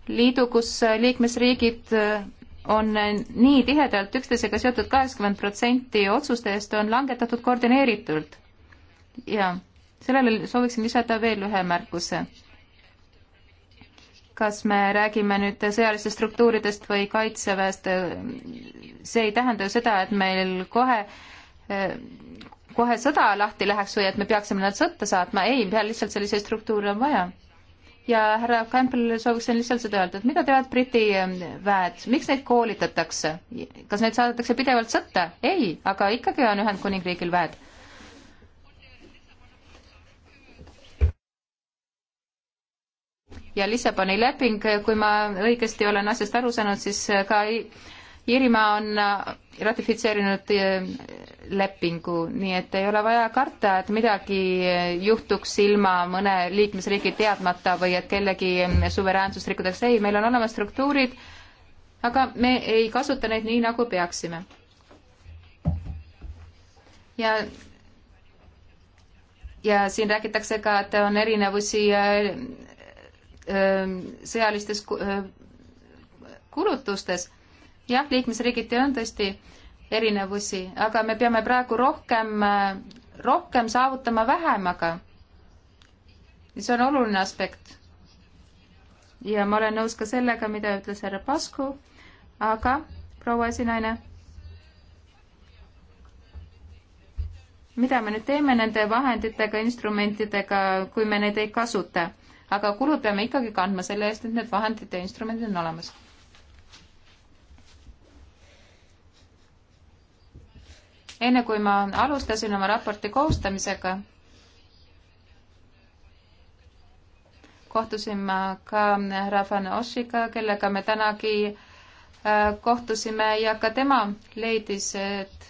Speaker 4: liidu, kus äh, liikmesriigid äh, on nii tihedalt üksteisega seotud, kaheksakümmend protsenti otsuste eest on langetatud koordineeritult. ja sellele sooviksin lisada veel ühe märkuse. kas me räägime nüüd sõjalistest struktuuridest või kaitseväest, see ei tähenda ju seda, et meil kohe kohe sõda lahti läheks või et me peaksime nad sõtta saatma, ei, lihtsalt selliseid struktuure on vaja. ja härra Campbell, sooviksin lihtsalt seda öelda, et mida teevad Briti ähm, väed, miks neid koolitatakse? kas neid saadetakse pidevalt sõtta? ei, aga ikkagi on Ühendkuningriigil väed. ja Lissaboni leping, kui ma õigesti olen asjast aru saanud, siis ka ei Iirimaa on äh, ratifitseerinud äh, lepingu, nii et ei ole vaja karta, et midagi äh, juhtuks ilma mõne liikmesriigi teadmata või et kellegi ähm, suveräänsust rikutakse. ei, meil on olemas struktuurid, aga me ei kasuta neid nii, nagu peaksime. ja ja siin räägitakse ka, et on erinevusi sõjalistes kulutustes jah, liikmesriigiti on tõesti erinevusi, aga me peame praegu rohkem, rohkem saavutama vähemaga. see on oluline aspekt. ja ma olen nõus ka sellega, mida ütles härra Pasku, aga proua esinaine, mida me nüüd teeme nende vahenditega, instrumentidega, kui me neid ei kasuta? aga kulud peame ikkagi kandma selle eest, et need vahendid ja instrumendid on olemas enne kui ma alustasin oma raporti koostamisega, kohtusin ma ka härra Van Ossiga, kellega me tänagi äh, kohtusime ja ka tema leidis, et,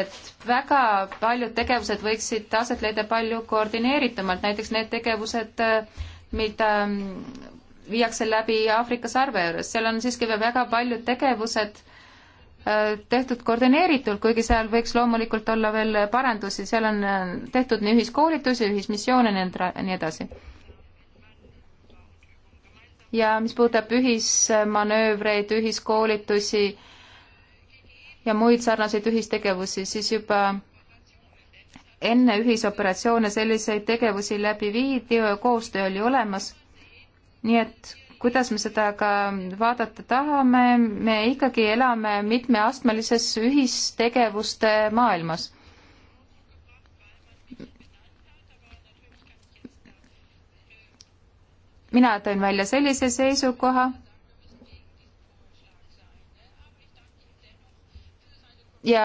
Speaker 4: et väga paljud tegevused võiksid aset leida palju koordineeritumalt, näiteks need tegevused, äh, mida mm, viiakse läbi Aafrika sarve juures, seal on siiski veel väga paljud tegevused tehtud koordineeritult, kuigi seal võiks loomulikult olla veel parandusi, seal on äh, tehtud nii ühiskoolitusi, ühismissioone ja nii edasi. ja mis puudutab ühismanöövreid, ühiskoolitusi ja muid sarnaseid ühistegevusi, siis juba enne ühisoperatsioone selliseid tegevusi läbi viidi, koostöö oli olemas, nii et kuidas me seda ka vaadata tahame, me ikkagi elame mitmeastmelises ühistegevuste maailmas mina tõin välja sellise seisukoha ja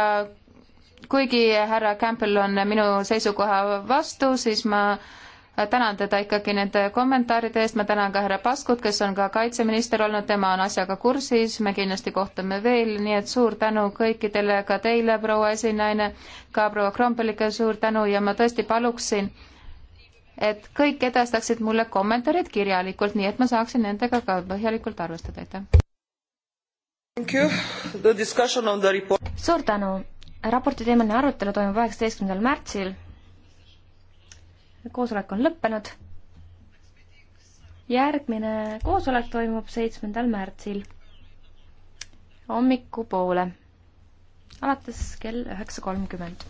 Speaker 4: kuigi härra Campbell on minu seisukoha vastu, siis ma tänan teda ikkagi nende kommentaaride eest, ma tänan ka härra Paskut, kes on ka kaitseminister olnud, tema on asjaga kursis, me kindlasti kohtume veel, nii et suur tänu kõikidele, ka teile, proua esinaine, ka proua Krompelike suur tänu ja ma tõesti paluksin, et kõik edastaksid mulle kommentaarid kirjalikult, nii et ma saaksin nendega ka põhjalikult arvestada, aitäh!
Speaker 3: suur tänu! raporti teemaline arutelu toimub üheksateistkümnendal märtsil koosolek on lõppenud. järgmine koosolek toimub seitsmendal märtsil hommikupoole alates kell üheksa kolmkümmend.